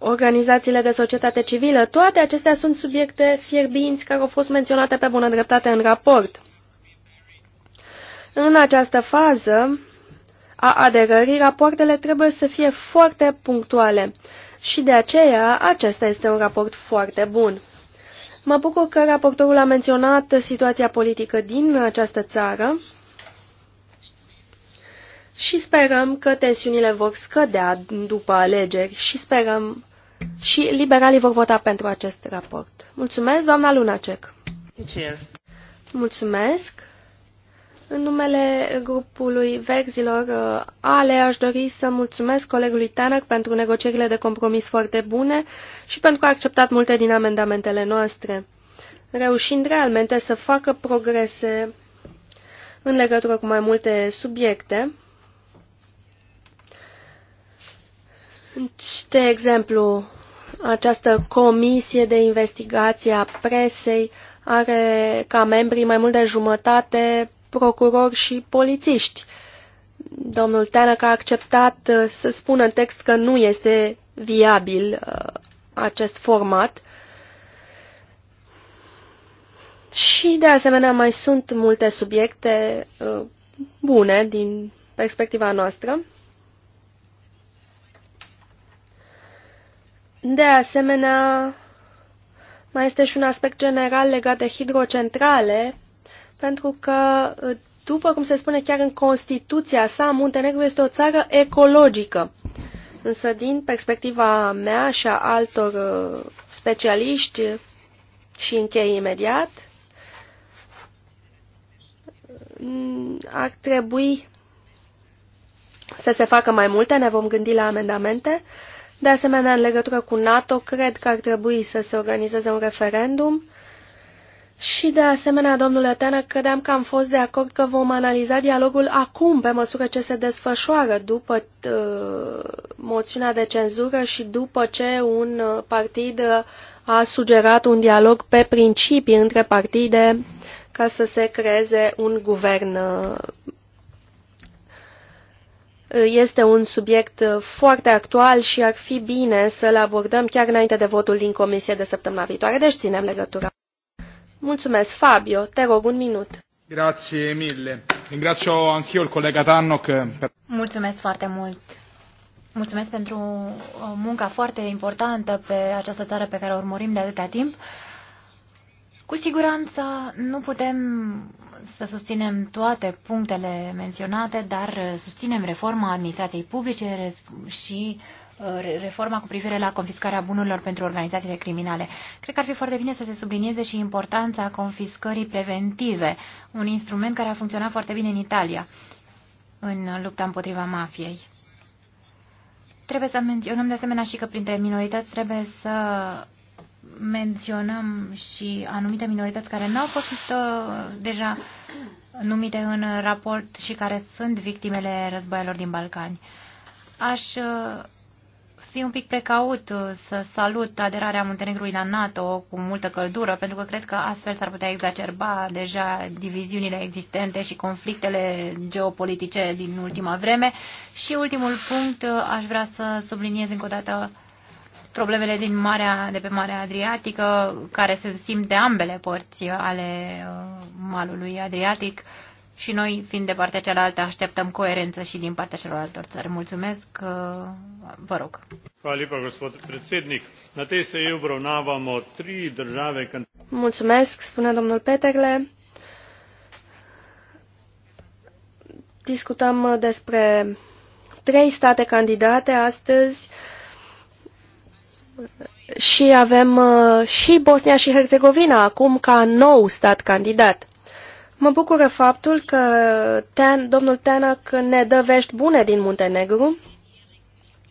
organizațiile de societate civilă, toate acestea sunt subiecte fierbinți care au fost menționate pe bună dreptate în raport. În această fază a aderării, rapoartele trebuie să fie foarte punctuale și de aceea acesta este un raport foarte bun. Mă bucur că raportorul a menționat situația politică din această țară și sperăm că tensiunile vor scădea după alegeri și sperăm și liberalii vor vota pentru acest raport. Mulțumesc, doamna Lunacek. Mulțumesc. În numele grupului Verzilor uh, Ale aș dori să mulțumesc colegului Tanak pentru negocierile de compromis foarte bune și pentru că a acceptat multe din amendamentele noastre, reușind realmente să facă progrese în legătură cu mai multe subiecte. De exemplu, această comisie de investigație a presei are ca membrii mai mult de jumătate procurori și polițiști. Domnul Teanăc a acceptat uh, să spună în text că nu este viabil uh, acest format. Și, de asemenea, mai sunt multe subiecte uh, bune din perspectiva noastră. De asemenea, mai este și un aspect general legat de hidrocentrale, pentru că, după cum se spune chiar în Constituția sa, Muntenegru este o țară ecologică. Însă, din perspectiva mea și a altor uh, specialiști, și închei imediat, ar trebui să se facă mai multe, ne vom gândi la amendamente, de asemenea, în legătură cu NATO, cred că ar trebui să se organizeze un referendum. Și de asemenea, domnule Tenă, credeam că am fost de acord că vom analiza dialogul acum, pe măsură ce se desfășoară după uh, moțiunea de cenzură și după ce un partid a sugerat un dialog pe principii între partide ca să se creeze un guvern uh, este un subiect uh, foarte actual și ar fi bine să-l abordăm chiar înainte de votul din comisie de săptămâna viitoare, deci ținem legătura. Mulțumesc, Fabio. Te rog un minut. Grazie mille. Ringrazio anch'io il collega Tannock. Per... Mulțumesc foarte mult. Mulțumesc pentru uh, munca foarte importantă pe această țară pe care o urmărim de atâta timp. Cu siguranță nu putem să susținem toate punctele menționate, dar susținem reforma administrației publice și uh, reforma cu privire la confiscarea bunurilor pentru organizațiile criminale. Cred că ar fi foarte bine să se sublinieze și importanța confiscării preventive, un instrument care a funcționat foarte bine în Italia în lupta împotriva mafiei. Trebuie să menționăm de asemenea și că printre minorități trebuie să menționăm și anumite minorități care nu au fost uh, deja numite în raport și care sunt victimele războaielor din Balcani. Aș uh, fi un pic precaut uh, să salut aderarea Muntenegrului la NATO cu multă căldură, pentru că cred că astfel s-ar putea exacerba deja diviziunile existente și conflictele geopolitice din ultima vreme. Și ultimul punct, aș vrea să subliniez încă o dată problemele din Marea, de pe Marea Adriatică, care se simt de ambele părți ale uh, malului Adriatic și noi, fiind de partea cealaltă, așteptăm coerență și din partea celorlaltor țări. Mulțumesc, uh, vă rog. Hvala Na tej seji obravnavamo tri države... Mulțumesc, spune domnul Peterle. Discutăm despre trei state candidate astăzi și avem uh, și Bosnia și Herțegovina acum ca nou stat candidat. Mă bucură faptul că Ten, domnul Tenac ne dă vești bune din Muntenegru.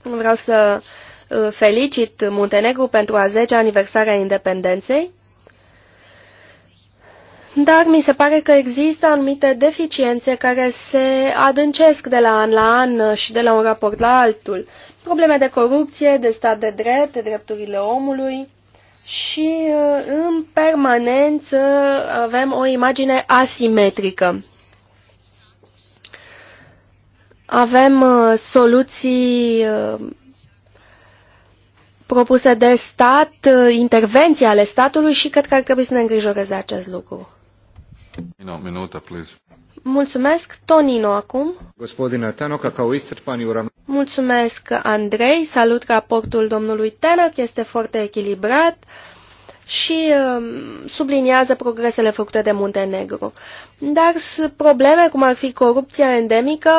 Vreau să uh, felicit Muntenegru pentru a 10-a aniversare a independenței. Dar mi se pare că există anumite deficiențe care se adâncesc de la an la an și de la un raport la altul probleme de corupție, de stat de drept, de drepturile omului și uh, în permanență avem o imagine asimetrică. Avem uh, soluții uh, propuse de stat, intervenții ale statului și cred că ar trebui să ne îngrijoreze acest lucru. Minuta, please. Mulțumesc. Tonino acum. Gospodine Tanoca, ca o istrpani uram... Mulțumesc, Andrei. Salut raportul domnului Tenac, este foarte echilibrat și um, subliniază progresele făcute de Muntenegru. Dar probleme cum ar fi corupția endemică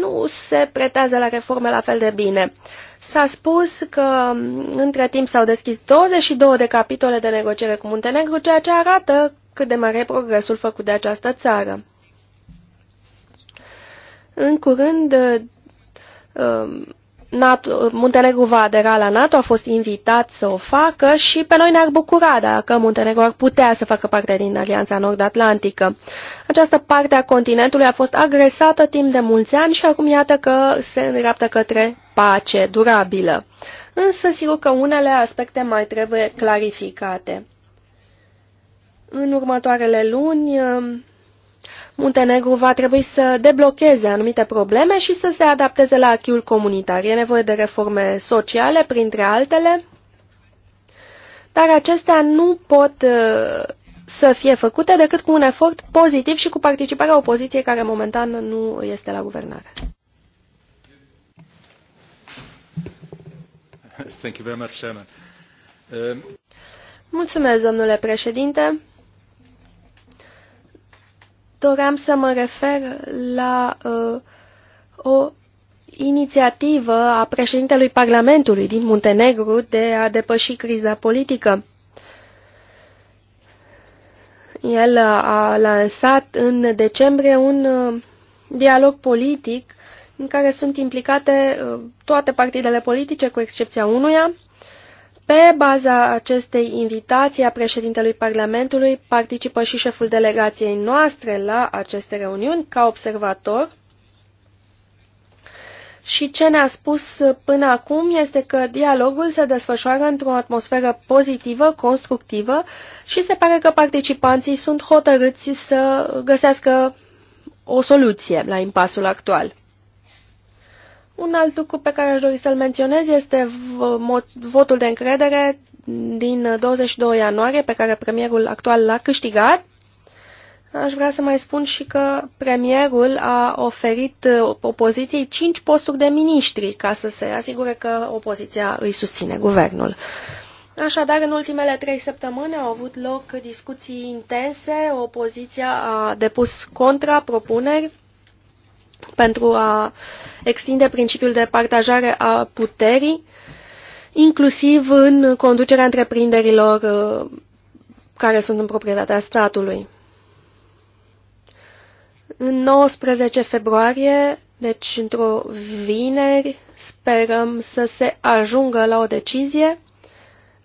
nu se pretează la reforme la fel de bine. S-a spus că um, între timp s-au deschis 22 de capitole de negociere cu Muntenegru, ceea ce arată cât de mare e progresul făcut de această țară. În curând, Um, NATO, Muntenegru va adera la NATO, a fost invitat să o facă și pe noi ne-ar bucura dacă Muntenegru ar putea să facă parte din Alianța Nord-Atlantică. Această parte a continentului a fost agresată timp de mulți ani și acum iată că se îndreaptă către pace durabilă. Însă sigur că unele aspecte mai trebuie clarificate. În următoarele luni um, Muntenegru va trebui să deblocheze anumite probleme și să se adapteze la achiul comunitar. E nevoie de reforme sociale, printre altele, dar acestea nu pot uh, să fie făcute decât cu un efort pozitiv și cu participarea opoziției care momentan nu este la guvernare. Thank you very much, um, Mulțumesc, domnule președinte doream să mă refer la uh, o inițiativă a președintelui Parlamentului din Muntenegru de a depăși criza politică. El a lansat în decembrie un uh, dialog politic în care sunt implicate uh, toate partidele politice, cu excepția unuia, pe baza acestei invitații a președintelui Parlamentului participă și șeful delegației noastre la aceste reuniuni ca observator. Și ce ne-a spus până acum este că dialogul se desfășoară într-o atmosferă pozitivă, constructivă și se pare că participanții sunt hotărâți să găsească o soluție la impasul actual. Un alt lucru pe care aș dori să-l menționez este votul de încredere din 22 ianuarie pe care premierul actual l-a câștigat. Aș vrea să mai spun și că premierul a oferit opoziției 5 posturi de miniștri ca să se asigure că opoziția îi susține guvernul. Așadar, în ultimele trei săptămâni au avut loc discuții intense, opoziția a depus contra propuneri pentru a extinde principiul de partajare a puterii, inclusiv în conducerea întreprinderilor uh, care sunt în proprietatea statului. În 19 februarie, deci într-o vineri, sperăm să se ajungă la o decizie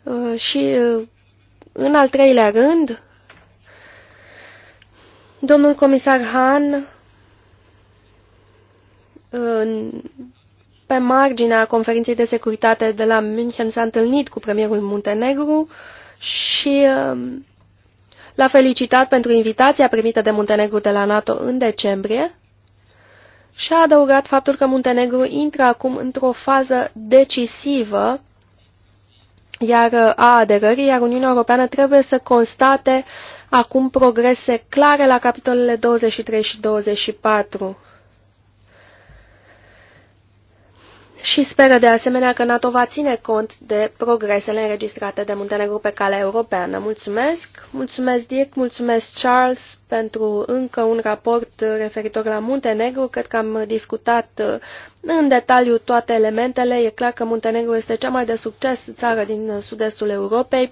uh, și uh, în al treilea rând, domnul comisar Han pe marginea conferinței de securitate de la München s-a întâlnit cu premierul Muntenegru și um, l-a felicitat pentru invitația primită de Muntenegru de la NATO în decembrie și a adăugat faptul că Muntenegru intră acum într-o fază decisivă iar uh, a aderării, iar Uniunea Europeană trebuie să constate acum progrese clare la capitolele 23 și 24. și speră de asemenea că NATO va ține cont de progresele înregistrate de Muntenegru pe calea europeană. Mulțumesc! Mulțumesc, Dirk! Mulțumesc, Charles, pentru încă un raport referitor la Muntenegru. Cred că am discutat uh, în detaliu toate elementele. E clar că Muntenegru este cea mai de succes țară din sud-estul Europei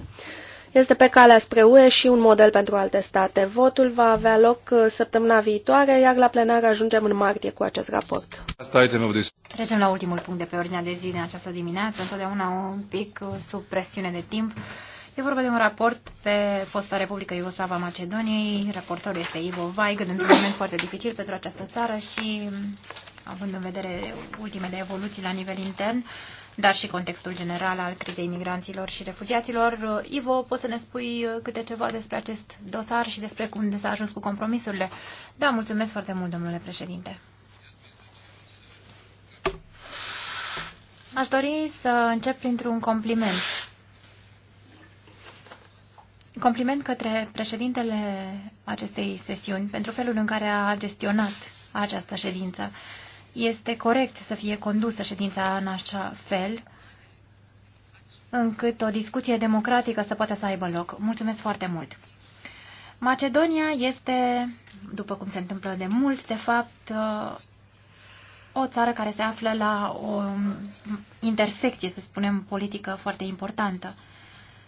este pe calea spre UE și un model pentru alte state. Votul va avea loc uh, săptămâna viitoare, iar la plenar ajungem în martie cu acest raport. Trecem la ultimul punct de pe ordinea de zi din această dimineață, întotdeauna un pic uh, sub presiune de timp. E vorba de un raport pe fosta Republică Iugoslava Macedoniei. Raportorul este Ivo Weigl, într-un moment foarte dificil pentru această țară și având în vedere ultimele evoluții la nivel intern, uh, dar și contextul general al crizei migranților și refugiaților. Ivo, poți să ne spui câte ceva despre acest dosar și despre cum s-a ajuns cu compromisurile? Da, mulțumesc foarte mult, domnule președinte. Aș dori să încep printr-un compliment. Compliment către președintele acestei sesiuni pentru felul în care a gestionat această ședință este corect să fie condusă ședința în așa fel încât o discuție democratică să poată să aibă loc. Mulțumesc foarte mult! Macedonia este, după cum se întâmplă de mult, de fapt, uh, o țară care se află la o intersecție, să spunem, politică foarte importantă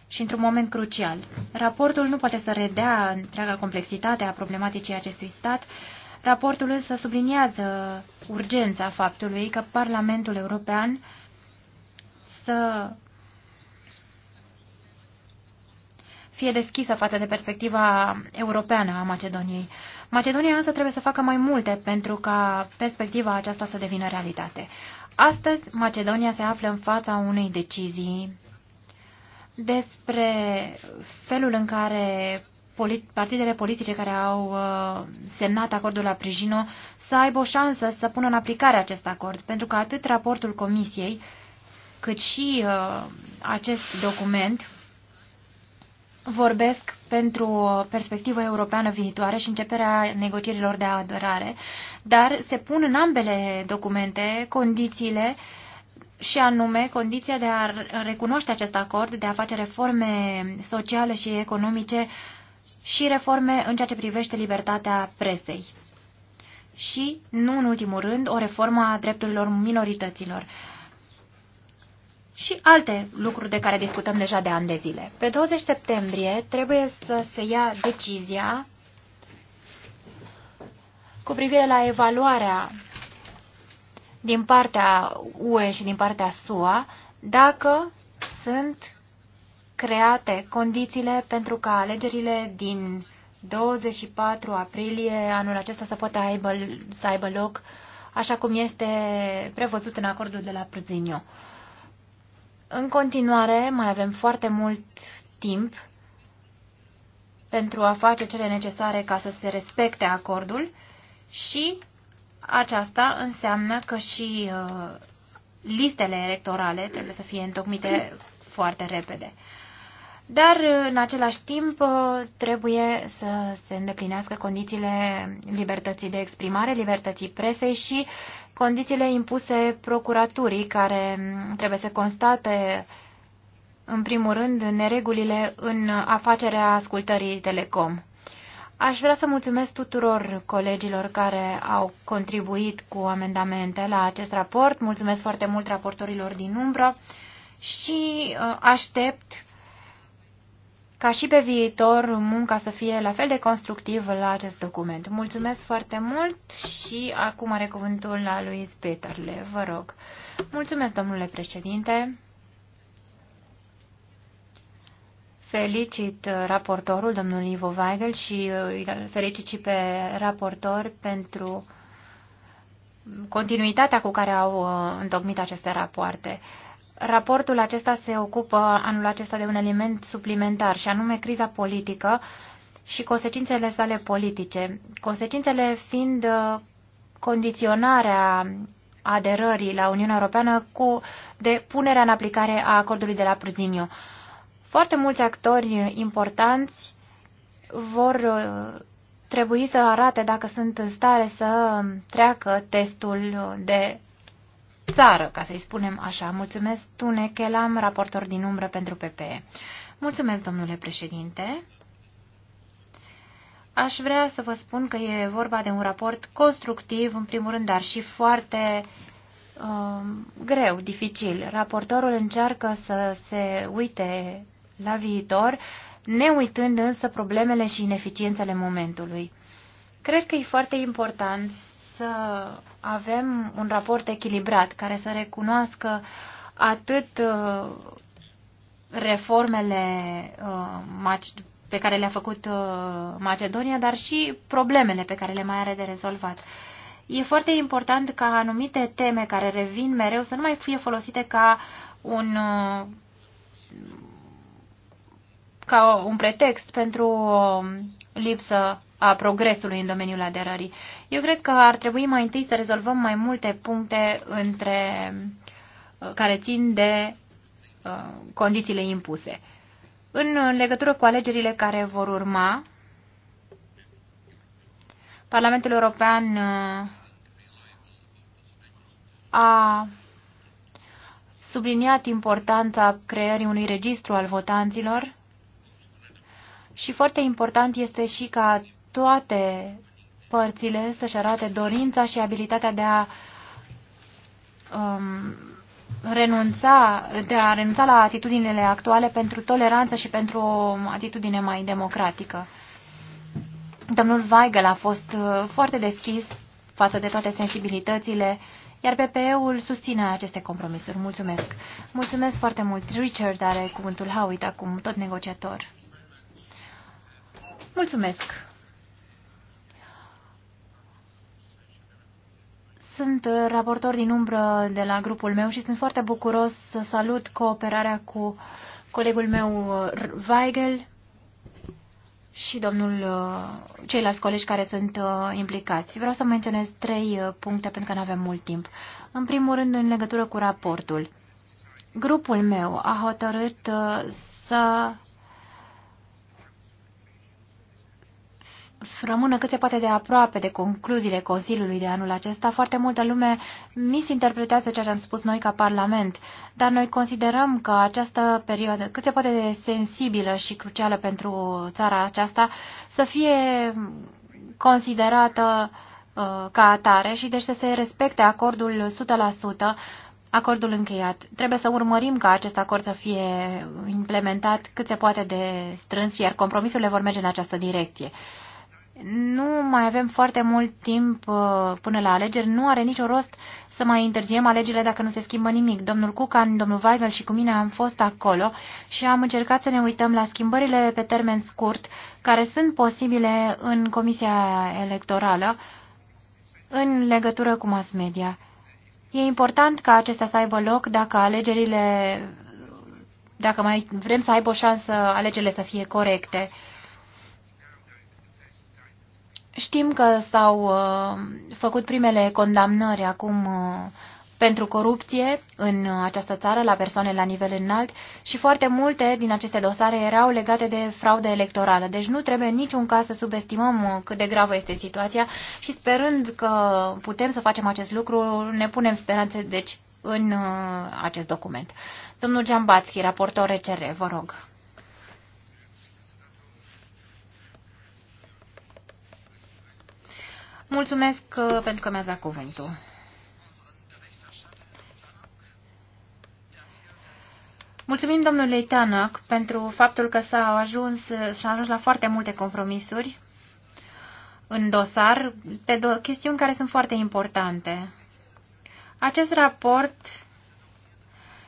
și într-un moment crucial. Raportul nu poate să redea întreaga complexitate a problematicii acestui stat, Raportul însă subliniază urgența faptului că Parlamentul European să fie deschisă față de perspectiva europeană a Macedoniei. Macedonia însă trebuie să facă mai multe pentru ca perspectiva aceasta să devină realitate. Astăzi, Macedonia se află în fața unei decizii despre felul în care polit partidele politice care au uh, semnat acordul la Prijino să aibă o șansă să pună în aplicare acest acord, pentru că atât raportul Comisiei, cât și uh, acest document vorbesc pentru o uh, perspectivă europeană viitoare și începerea negocierilor de aderare, dar se pun în ambele documente condițiile și anume condiția de a recunoaște acest acord, de a face reforme sociale și economice uh, și reforme în ceea ce privește libertatea presei. Și, nu în ultimul rând, o reformă a drepturilor minorităților și alte lucruri de care discutăm deja de ani de zile. Pe 20 septembrie trebuie să se ia decizia cu privire la evaluarea din partea UE și din partea SUA dacă sunt create condițiile pentru ca alegerile din 24 aprilie anul acesta să poată aibă, să aibă loc așa cum este prevăzut în acordul de la Przinio. În continuare, mai avem foarte mult timp pentru a face cele necesare ca să se respecte acordul și aceasta înseamnă că și uh, listele electorale trebuie să fie întocmite foarte repede dar în același timp trebuie să se îndeplinească condițiile libertății de exprimare, libertății presei și condițiile impuse procuraturii, care trebuie să constate în primul rând neregulile în afacerea ascultării Telecom. Aș vrea să mulțumesc tuturor colegilor care au contribuit cu amendamente la acest raport. Mulțumesc foarte mult raportorilor din umbră și uh, aștept ca și pe viitor munca să fie la fel de constructivă la acest document. Mulțumesc foarte mult și acum are cuvântul la lui Peterle, vă rog. Mulțumesc, domnule președinte. Felicit uh, raportorul, domnul Ivo Weigel, și uh, felicit și pe raportor pentru continuitatea cu care au uh, întocmit aceste rapoarte. Raportul acesta se ocupă anul acesta de un element suplimentar, și anume criza politică și consecințele sale politice. Consecințele fiind uh, condiționarea aderării la Uniunea Europeană cu de punerea în aplicare a acordului de la Pruziniu. Foarte mulți actori importanți vor uh, trebui să arate dacă sunt în stare să treacă testul de țară, ca să-i spunem așa. Mulțumesc, Tune Chelam, raportor din umbră pentru PPE. Mulțumesc, domnule președinte. Aș vrea să vă spun că e vorba de un raport constructiv, în primul rând, dar și foarte uh, greu, dificil. Raportorul încearcă să se uite la viitor, ne uitând însă problemele și ineficiențele momentului. Cred că e foarte important să avem un raport echilibrat care să recunoască atât uh, reformele uh, pe care le-a făcut uh, Macedonia, dar și problemele pe care le mai are de rezolvat. E foarte important ca anumite teme care revin mereu să nu mai fie folosite ca un ca un pretext pentru lipsă a progresului în domeniul aderării. Eu cred că ar trebui mai întâi să rezolvăm mai multe puncte între, uh, care țin de uh, condițiile impuse. În uh, legătură cu alegerile care vor urma, Parlamentul European uh, a subliniat importanța creării unui registru al votanților și foarte important este și ca toate părțile să-și arate dorința și abilitatea de a um, renunța, de a renunța la atitudinile actuale pentru toleranță și pentru o atitudine mai democratică. Domnul Weigel a fost uh, foarte deschis față de toate sensibilitățile, iar PPE-ul susține aceste compromisuri. Mulțumesc! Mulțumesc foarte mult! Richard are cuvântul Howitt acum, tot negociator. Mulțumesc! Sunt uh, raportor din umbră de la grupul meu și sunt foarte bucuros să salut cooperarea cu colegul meu uh, Weigel și domnul, uh, ceilalți colegi care sunt implicați. Vreau să menționez trei puncte pentru că nu avem mult timp. În primul rând, în legătură cu raportul. Grupul meu a hotărât să rămână cât se poate de aproape de concluziile Consiliului de anul acesta, foarte multă lume misinterpretează ceea ce am spus noi ca Parlament, dar noi considerăm că această perioadă cât se poate de sensibilă și crucială pentru țara aceasta să fie considerată uh, ca atare și deci să se respecte acordul 100% acordul încheiat. Trebuie să urmărim ca acest acord să fie implementat cât se poate de strâns, iar compromisurile vor merge în această direcție nu mai avem foarte mult timp uh, până la alegeri, nu are nicio rost să mai întârziem alegerile dacă nu se schimbă nimic. Domnul Cucan, domnul Weigel și cu mine am fost acolo și am încercat să ne uităm la schimbările pe termen scurt care sunt posibile în Comisia Electorală în legătură cu mass media. E important ca acestea să aibă loc dacă alegerile, dacă mai vrem să aibă o șansă alegerile să fie corecte. Știm că s-au uh, făcut primele condamnări acum uh, pentru corupție în această țară la persoane la nivel înalt și foarte multe din aceste dosare erau legate de fraudă electorală. Deci nu trebuie în niciun caz să subestimăm uh, cât de gravă este situația și sperând că putem să facem acest lucru, ne punem speranțe deci în uh, acest document. Domnul Giambațchi, raportor ECR, vă rog. Mulțumesc uh, pentru că mi-ați dat cuvântul. Mulțumim domnului Tanăc pentru faptul că s-a ajuns, și-a ajuns la foarte multe compromisuri în dosar, pe do chestiuni care sunt foarte importante. Acest raport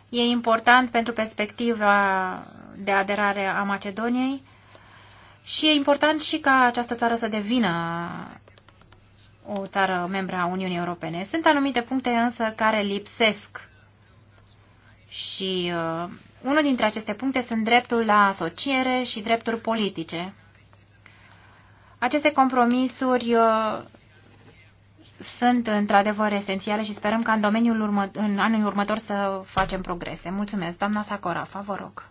e important pentru perspectiva de aderare a Macedoniei și e important și ca această țară să devină o țară membra a Uniunii Europene. Sunt anumite puncte însă care lipsesc și uh, unul dintre aceste puncte sunt dreptul la asociere și drepturi politice. Aceste compromisuri uh, sunt într-adevăr esențiale și sperăm ca în, domeniul urmă, în anul următor să facem progrese. Mulțumesc, doamna Sacorafa, vă rog.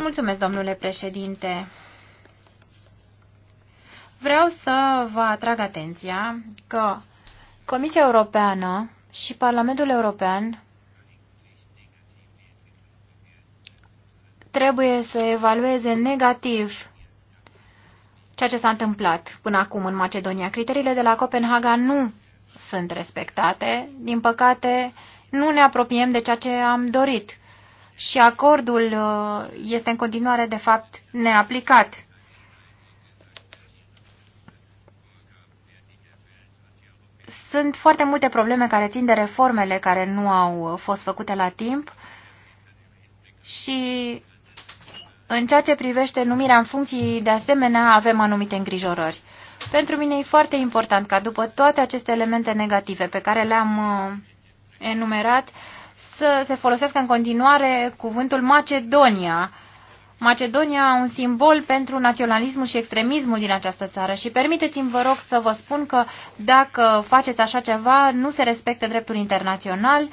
Mulțumesc, domnule președinte. Vreau să vă atrag atenția că Comisia Europeană și Parlamentul European trebuie să evalueze negativ ceea ce s-a întâmplat până acum în Macedonia. Criteriile de la Copenhaga nu sunt respectate. Din păcate, nu ne apropiem de ceea ce am dorit. Și acordul uh, este în continuare, de fapt, neaplicat. Sunt foarte multe probleme care țin de reformele care nu au fost făcute la timp și în ceea ce privește numirea în funcții, de asemenea, avem anumite îngrijorări. Pentru mine e foarte important ca după toate aceste elemente negative pe care le-am uh, enumerat, să se folosească în continuare cuvântul Macedonia Macedonia, un simbol pentru naționalismul și extremismul din această țară și permiteți-mi, vă rog, să vă spun că dacă faceți așa ceva, nu se respectă dreptul internațional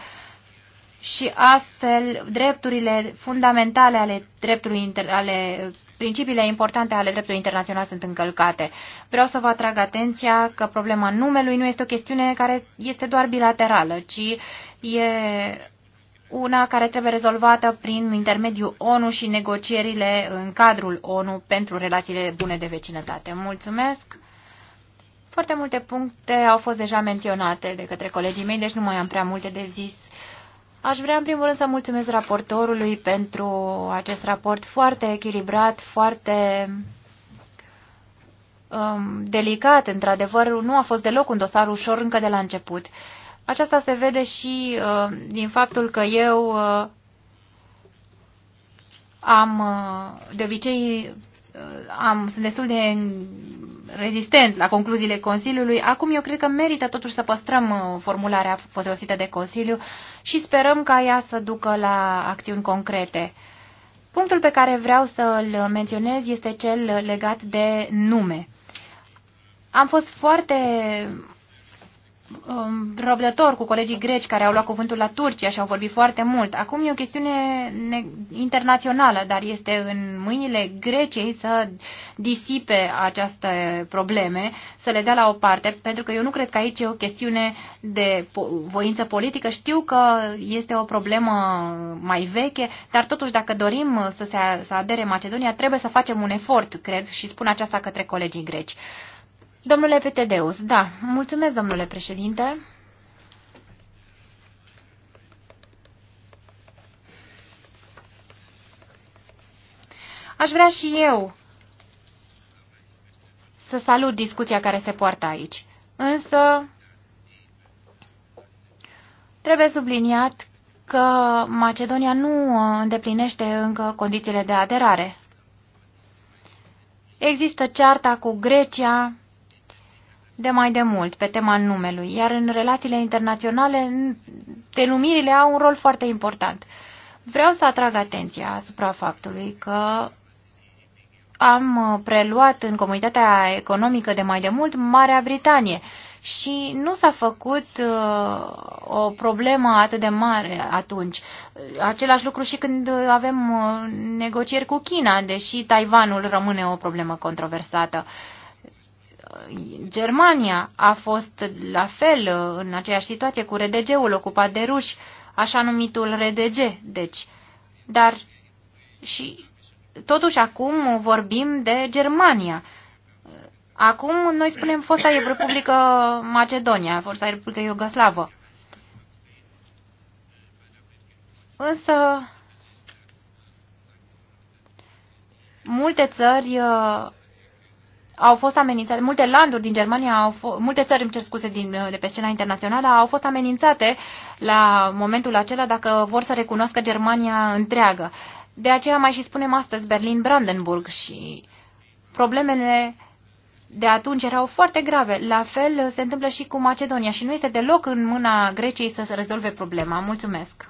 și astfel drepturile fundamentale ale dreptului inter ale principiile importante ale dreptului internațional sunt încălcate. Vreau să vă atrag atenția că problema numelui nu este o chestiune care este doar bilaterală, ci e una care trebuie rezolvată prin intermediul ONU și negocierile în cadrul ONU pentru relațiile bune de vecinătate. Mulțumesc! Foarte multe puncte au fost deja menționate de către colegii mei, deci nu mai am prea multe de zis. Aș vrea în primul rând să mulțumesc raportorului pentru acest raport foarte echilibrat, foarte um, delicat, într-adevăr. Nu a fost deloc un dosar ușor încă de la început. Uh, aceasta se vede și uh, din faptul că eu uh, am, uh, de obicei, uh, am, sunt destul de rezistent la concluziile Consiliului. Acum eu cred că merită totuși să păstrăm uh, formularea potrosită de Consiliu și sperăm ca ea să ducă la acțiuni concrete. Punctul pe care vreau să-l menționez este cel legat de nume. Am fost foarte um, răbdător cu colegii greci care au luat cuvântul la Turcia și au vorbit foarte mult. Acum e o chestiune internațională, dar este în mâinile Greciei să disipe aceste probleme, să le dea la o parte, pentru că eu nu cred că aici e o chestiune de po- voință politică. Știu că este o problemă mai veche, dar totuși dacă dorim să se să adere Macedonia, trebuie să facem un efort, cred, și spun aceasta către colegii greci. Uh, Domnule Petedeus, da, mulțumesc, domnule președinte. Aș vrea și eu să salut discuția care se poartă aici. Însă, trebuie subliniat că Macedonia nu îndeplinește încă condițiile de aderare. Există cearta cu Grecia de mai de mult pe tema numelui, iar în relațiile internaționale denumirile au un rol foarte important. Vreau să atrag atenția asupra faptului că am uh, preluat în comunitatea economică de mai de mult Marea Britanie și nu s-a făcut uh, o problemă atât de mare atunci. Același lucru și când avem uh, negocieri cu China, deși Taiwanul rămâne o problemă controversată. Uh, Germania a fost la fel în aceeași situație cu RDG-ul ocupat de ruși, așa numitul RDG, deci. Dar și totuși acum vorbim de Germania. Acum noi spunem fosta Republică Macedonia, fosta Republică Iugoslavă. Însă multe țări au fost amenințate, multe landuri din Germania, au fost, multe țări, îmi cer scuze, din, uh, de pe scena internațională, au fost amenințate la momentul acela dacă vor să recunoască Germania întreagă. De aceea mai și spunem astăzi Berlin-Brandenburg și problemele de atunci erau foarte grave. La fel uh, se întâmplă și cu Macedonia și nu este deloc în mâna Greciei să se rezolve problema. Mulțumesc!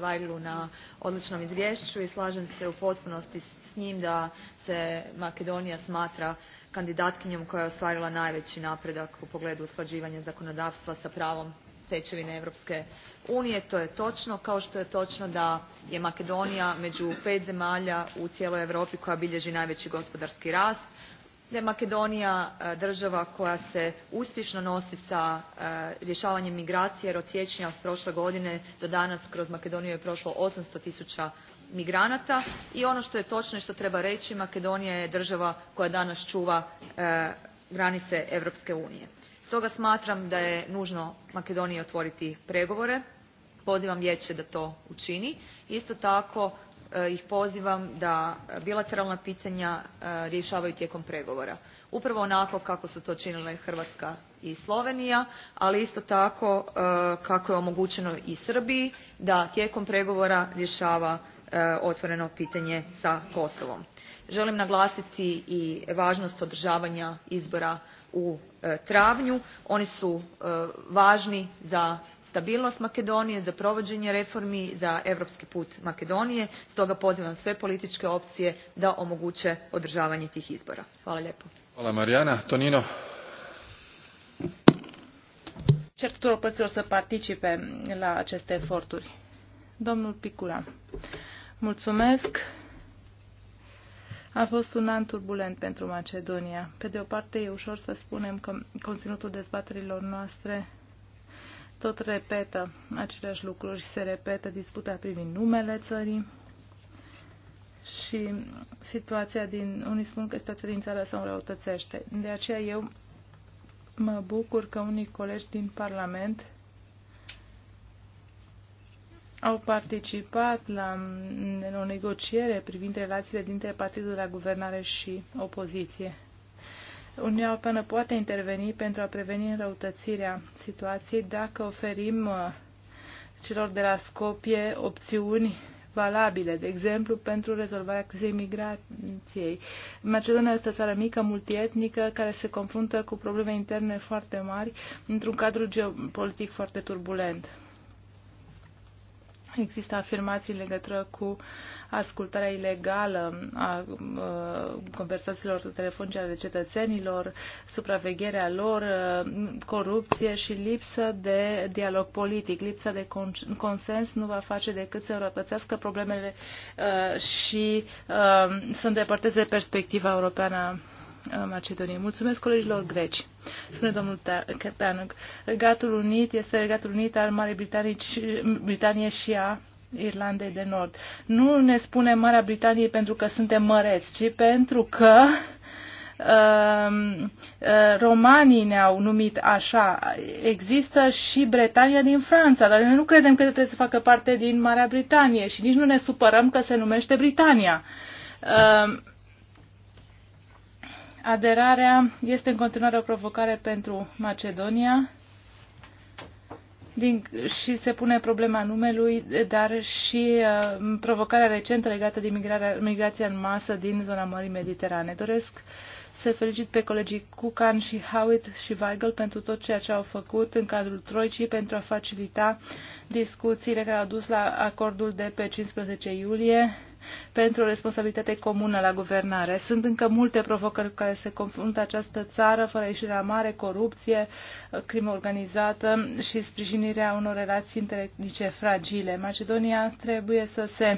Vajlu na odličnom izvješću i slažem se u potpunosti s njim da se Makedonija smatra kandidatkinjom koja je ostvarila najveći napredak u pogledu usklađivanja zakonodavstva sa pravom stečevine Europske unije. To je točno, kao što je točno da je Makedonija među pet zemalja u cijeloj Europi koja bilježi najveći gospodarski rast, da je Makedonija država koja se uspješno nosi sa rješavanjem migracije jer od siječnja prošle godine do danas kroz Makedoniju je prošlo 800 tisuća migranata i ono što je točno i što treba reći makedonija je država koja danas čuva granice europske unije. stoga smatram da je nužno makedoniji otvoriti pregovore pozivam vijeće da to učini. isto tako ih pozivam da bilateralna pitanja e, rješavaju tijekom pregovora upravo onako kako su to činile hrvatska i slovenija ali isto tako kako je omogućeno i srbiji da tijekom pregovora rješava otvoreno pitanje sa kosovom. elim naglasiti i vanost odravanja izbora u travnju. oni su vani za stabilnost makedonije za provoenje reformi za europski put makedonije stoga pozivam sve politike opcije da omogue odravanje tih izbora. Mulțumesc. A fost un an turbulent pentru Macedonia. Pe de o parte, e ușor să spunem că conținutul dezbaterilor noastre tot repetă aceleași lucruri, și se repetă disputa privind numele țării și situația din, unii spun că situația din țară se înrăutățește. De aceea eu mă bucur că unii colegi din Parlament au participat la o negociere privind relațiile dintre partidul la guvernare și opoziție. Uniunea Europeană poate interveni pentru a preveni înrăutățirea situației dacă oferim uh, celor de la Scopie opțiuni valabile, de exemplu, pentru rezolvarea crizei migrației. Macedonia este o țară mică, multietnică, care se confruntă cu probleme interne foarte mari într-un cadru geopolitic foarte turbulent. Există afirmații în legătură cu ascultarea ilegală a conversațiilor telefonice ale cetățenilor, supravegherea lor, corupție și lipsă de dialog politic. Lipsa de consens nu va face decât să rătățească problemele și să îndepărteze perspectiva europeană Uh, Macedoniei. Mulțumesc colegilor greci. Spune domnul Cătanuc, Regatul Unit este Regatul Unit al Marii Britanie și a Irlandei de Nord. Nu ne spune Marea Britanie pentru că suntem măreți, ci pentru că um, uh, romanii ne-au numit așa. Există și Bretania din Franța, dar noi nu credem că trebuie să facă parte din Marea Britanie și nici nu ne supărăm că se numește Britania. Uh, Aderarea este în continuare o provocare pentru Macedonia din, și se pune problema numelui, dar și uh, provocarea recentă legată de migrația în masă din zona Mării Mediterane. Doresc să felicit pe colegii Cucan și Howitt și Weigel pentru tot ceea ce au făcut în cadrul Troicii pentru a facilita discuțiile care au dus la acordul de pe 15 iulie pentru o responsabilitate comună la guvernare. Sunt încă multe provocări cu care se confruntă această țară, fără ieșire la mare, corupție, crimă organizată și sprijinirea unor relații interetnice fragile. Macedonia trebuie să se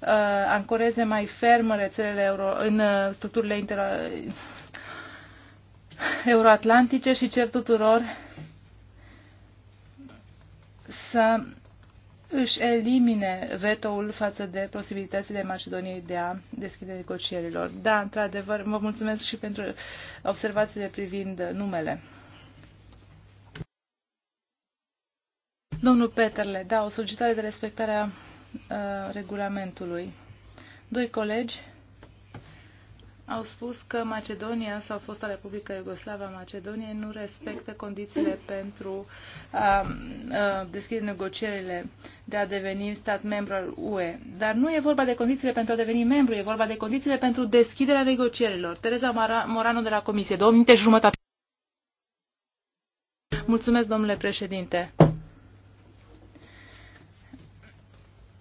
uh, ancoreze mai ferm în rețelele euro, în uh, structurile inter euroatlantice și cer tuturor să își elimine vetoul față de posibilitățile Macedoniei de a deschide negocierilor. Da, într-adevăr, vă mulțumesc și pentru observațiile privind numele. Domnul Peterle, da, o solicitare de respectare a uh, regulamentului. Doi colegi au spus că Macedonia sau fosta Iugoslavă a Macedoniei nu respectă condițiile pentru a, um, a uh, deschide negocierile de a deveni stat membru al UE. Dar nu e vorba de condițiile pentru a deveni membru, e vorba de condițiile pentru deschiderea negocierilor. Tereza Morano de la Comisie, două minute și jumătate. Mulțumesc, domnule președinte.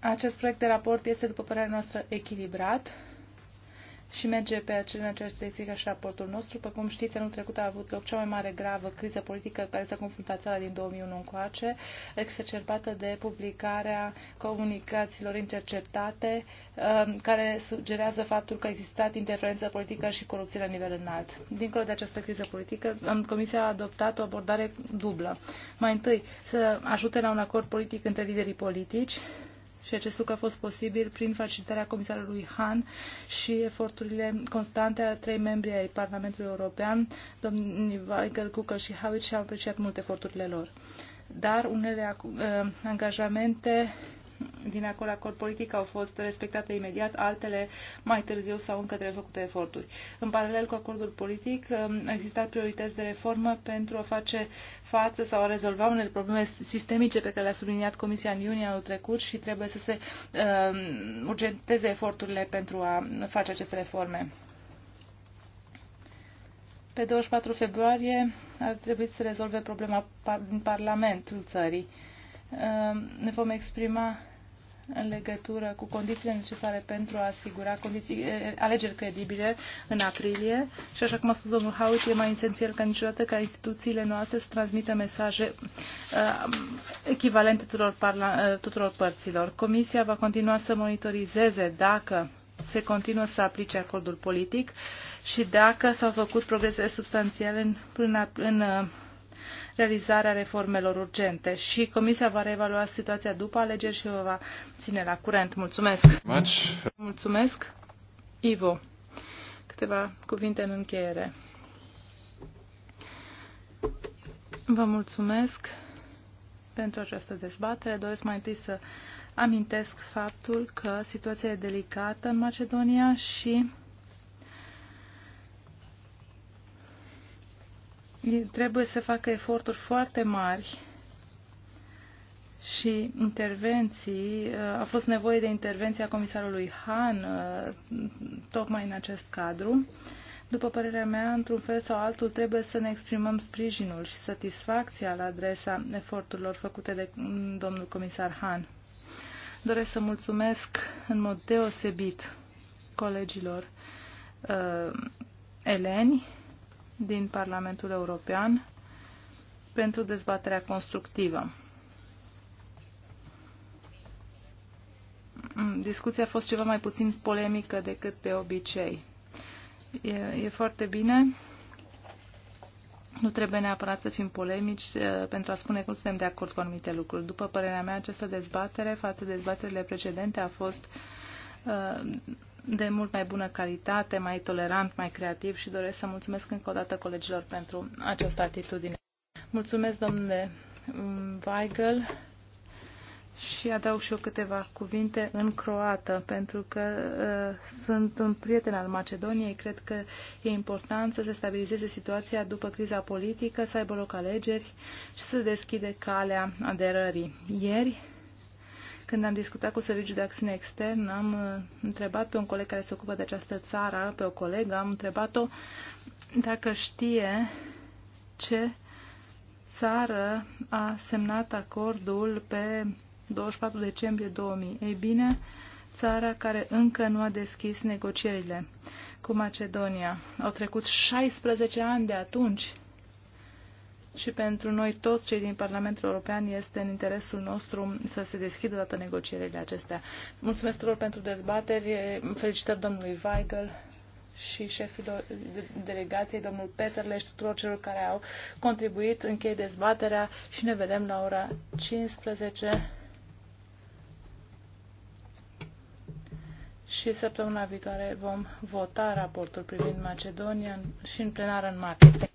Acest proiect de raport este, după părerea noastră, echilibrat și merge pe acele, în aceeași direcție ca și raportul nostru. După cum știți, anul trecut a avut loc cea mai mare gravă criză politică care s-a confruntat țara din 2001 încoace, exacerbată de publicarea comunicațiilor interceptate, um, care sugerează faptul că a existat interferență politică și corupție la nivel înalt. Dincolo de această criză politică, um, Comisia a adoptat o abordare dublă. Mai întâi, să ajute la un acord politic între liderii politici, și acest lucru a fost posibil prin facilitarea comisarului Han și eforturile constante a trei membri ai Parlamentului European, domnii Weigel, Cucă și Howitt, și au apreciat mult eforturile lor. Dar unele eh, angajamente din acel acord politic au fost respectate imediat, altele mai târziu sau încă trebuie făcute eforturi. În paralel cu acordul politic, um, au existat priorități de reformă pentru a face față sau a rezolva unele probleme sistemice pe care le-a subliniat Comisia în iunie anul trecut și trebuie să se uh, urgenteze eforturile pentru a face aceste reforme. Pe 24 februarie ar trebui să rezolve problema par din Parlamentul țării. Uh, ne vom exprima în legătură cu condițiile necesare pentru a asigura condiții, alegeri credibile în aprilie și așa cum a spus domnul Haut, e mai esențial ca niciodată ca instituțiile noastre să transmită mesaje uh, echivalente tuturor, parla, uh, tuturor părților. Comisia va continua să monitorizeze dacă se continuă să aplice acordul politic și dacă s-au făcut progrese substanțiale în, până, în, în uh, realizarea reformelor urgente și Comisia va reevalua situația după alegeri și vă va ține la curent. Mulțumesc! Mulțumesc! Ivo, câteva cuvinte în încheiere. Vă mulțumesc pentru această dezbatere. Doresc mai întâi să amintesc faptul că situația e delicată în Macedonia și trebuie să facă eforturi foarte mari și intervenții, a fost nevoie de intervenția comisarului Han uh, tocmai în acest cadru. După părerea mea, într-un fel sau altul, trebuie să ne exprimăm sprijinul și satisfacția la adresa eforturilor făcute de domnul comisar Han. Doresc să mulțumesc în mod deosebit colegilor uh, eleni din Parlamentul European pentru dezbaterea constructivă. Discuția a fost ceva mai puțin polemică decât de obicei. E, e foarte bine. Nu trebuie neapărat să fim polemici pentru a spune cum suntem de acord cu anumite lucruri. După părerea mea, această dezbatere față de dezbaterile precedente a fost de mult mai bună calitate, mai tolerant, mai creativ și doresc să mulțumesc încă o dată colegilor pentru această atitudine. Mulțumesc, domnule Weigel, și adaug și eu câteva cuvinte în croată, pentru că uh, sunt un prieten al Macedoniei. Cred că e important să se stabilizeze situația după criza politică, să aibă loc alegeri și să se deschide calea aderării. Ieri, când am discutat cu Serviciul de Acțiune Externă, am uh, întrebat pe un coleg care se ocupă de această țară, pe o colegă, am întrebat-o dacă știe ce țară a semnat acordul pe 24 decembrie 2000. Ei bine, țara care încă nu a deschis negocierile cu Macedonia. Au trecut 16 ani de atunci și pentru noi toți cei din Parlamentul European este în interesul nostru să se deschidă dată negocierile acestea. Mulțumesc tuturor pentru dezbateri, felicitări domnului Weigel și șefii delegației, domnul Peterle și tuturor celor care au contribuit. Închei dezbaterea și ne vedem la ora 15 și săptămâna viitoare vom vota raportul privind Macedonia și în plenară în martie.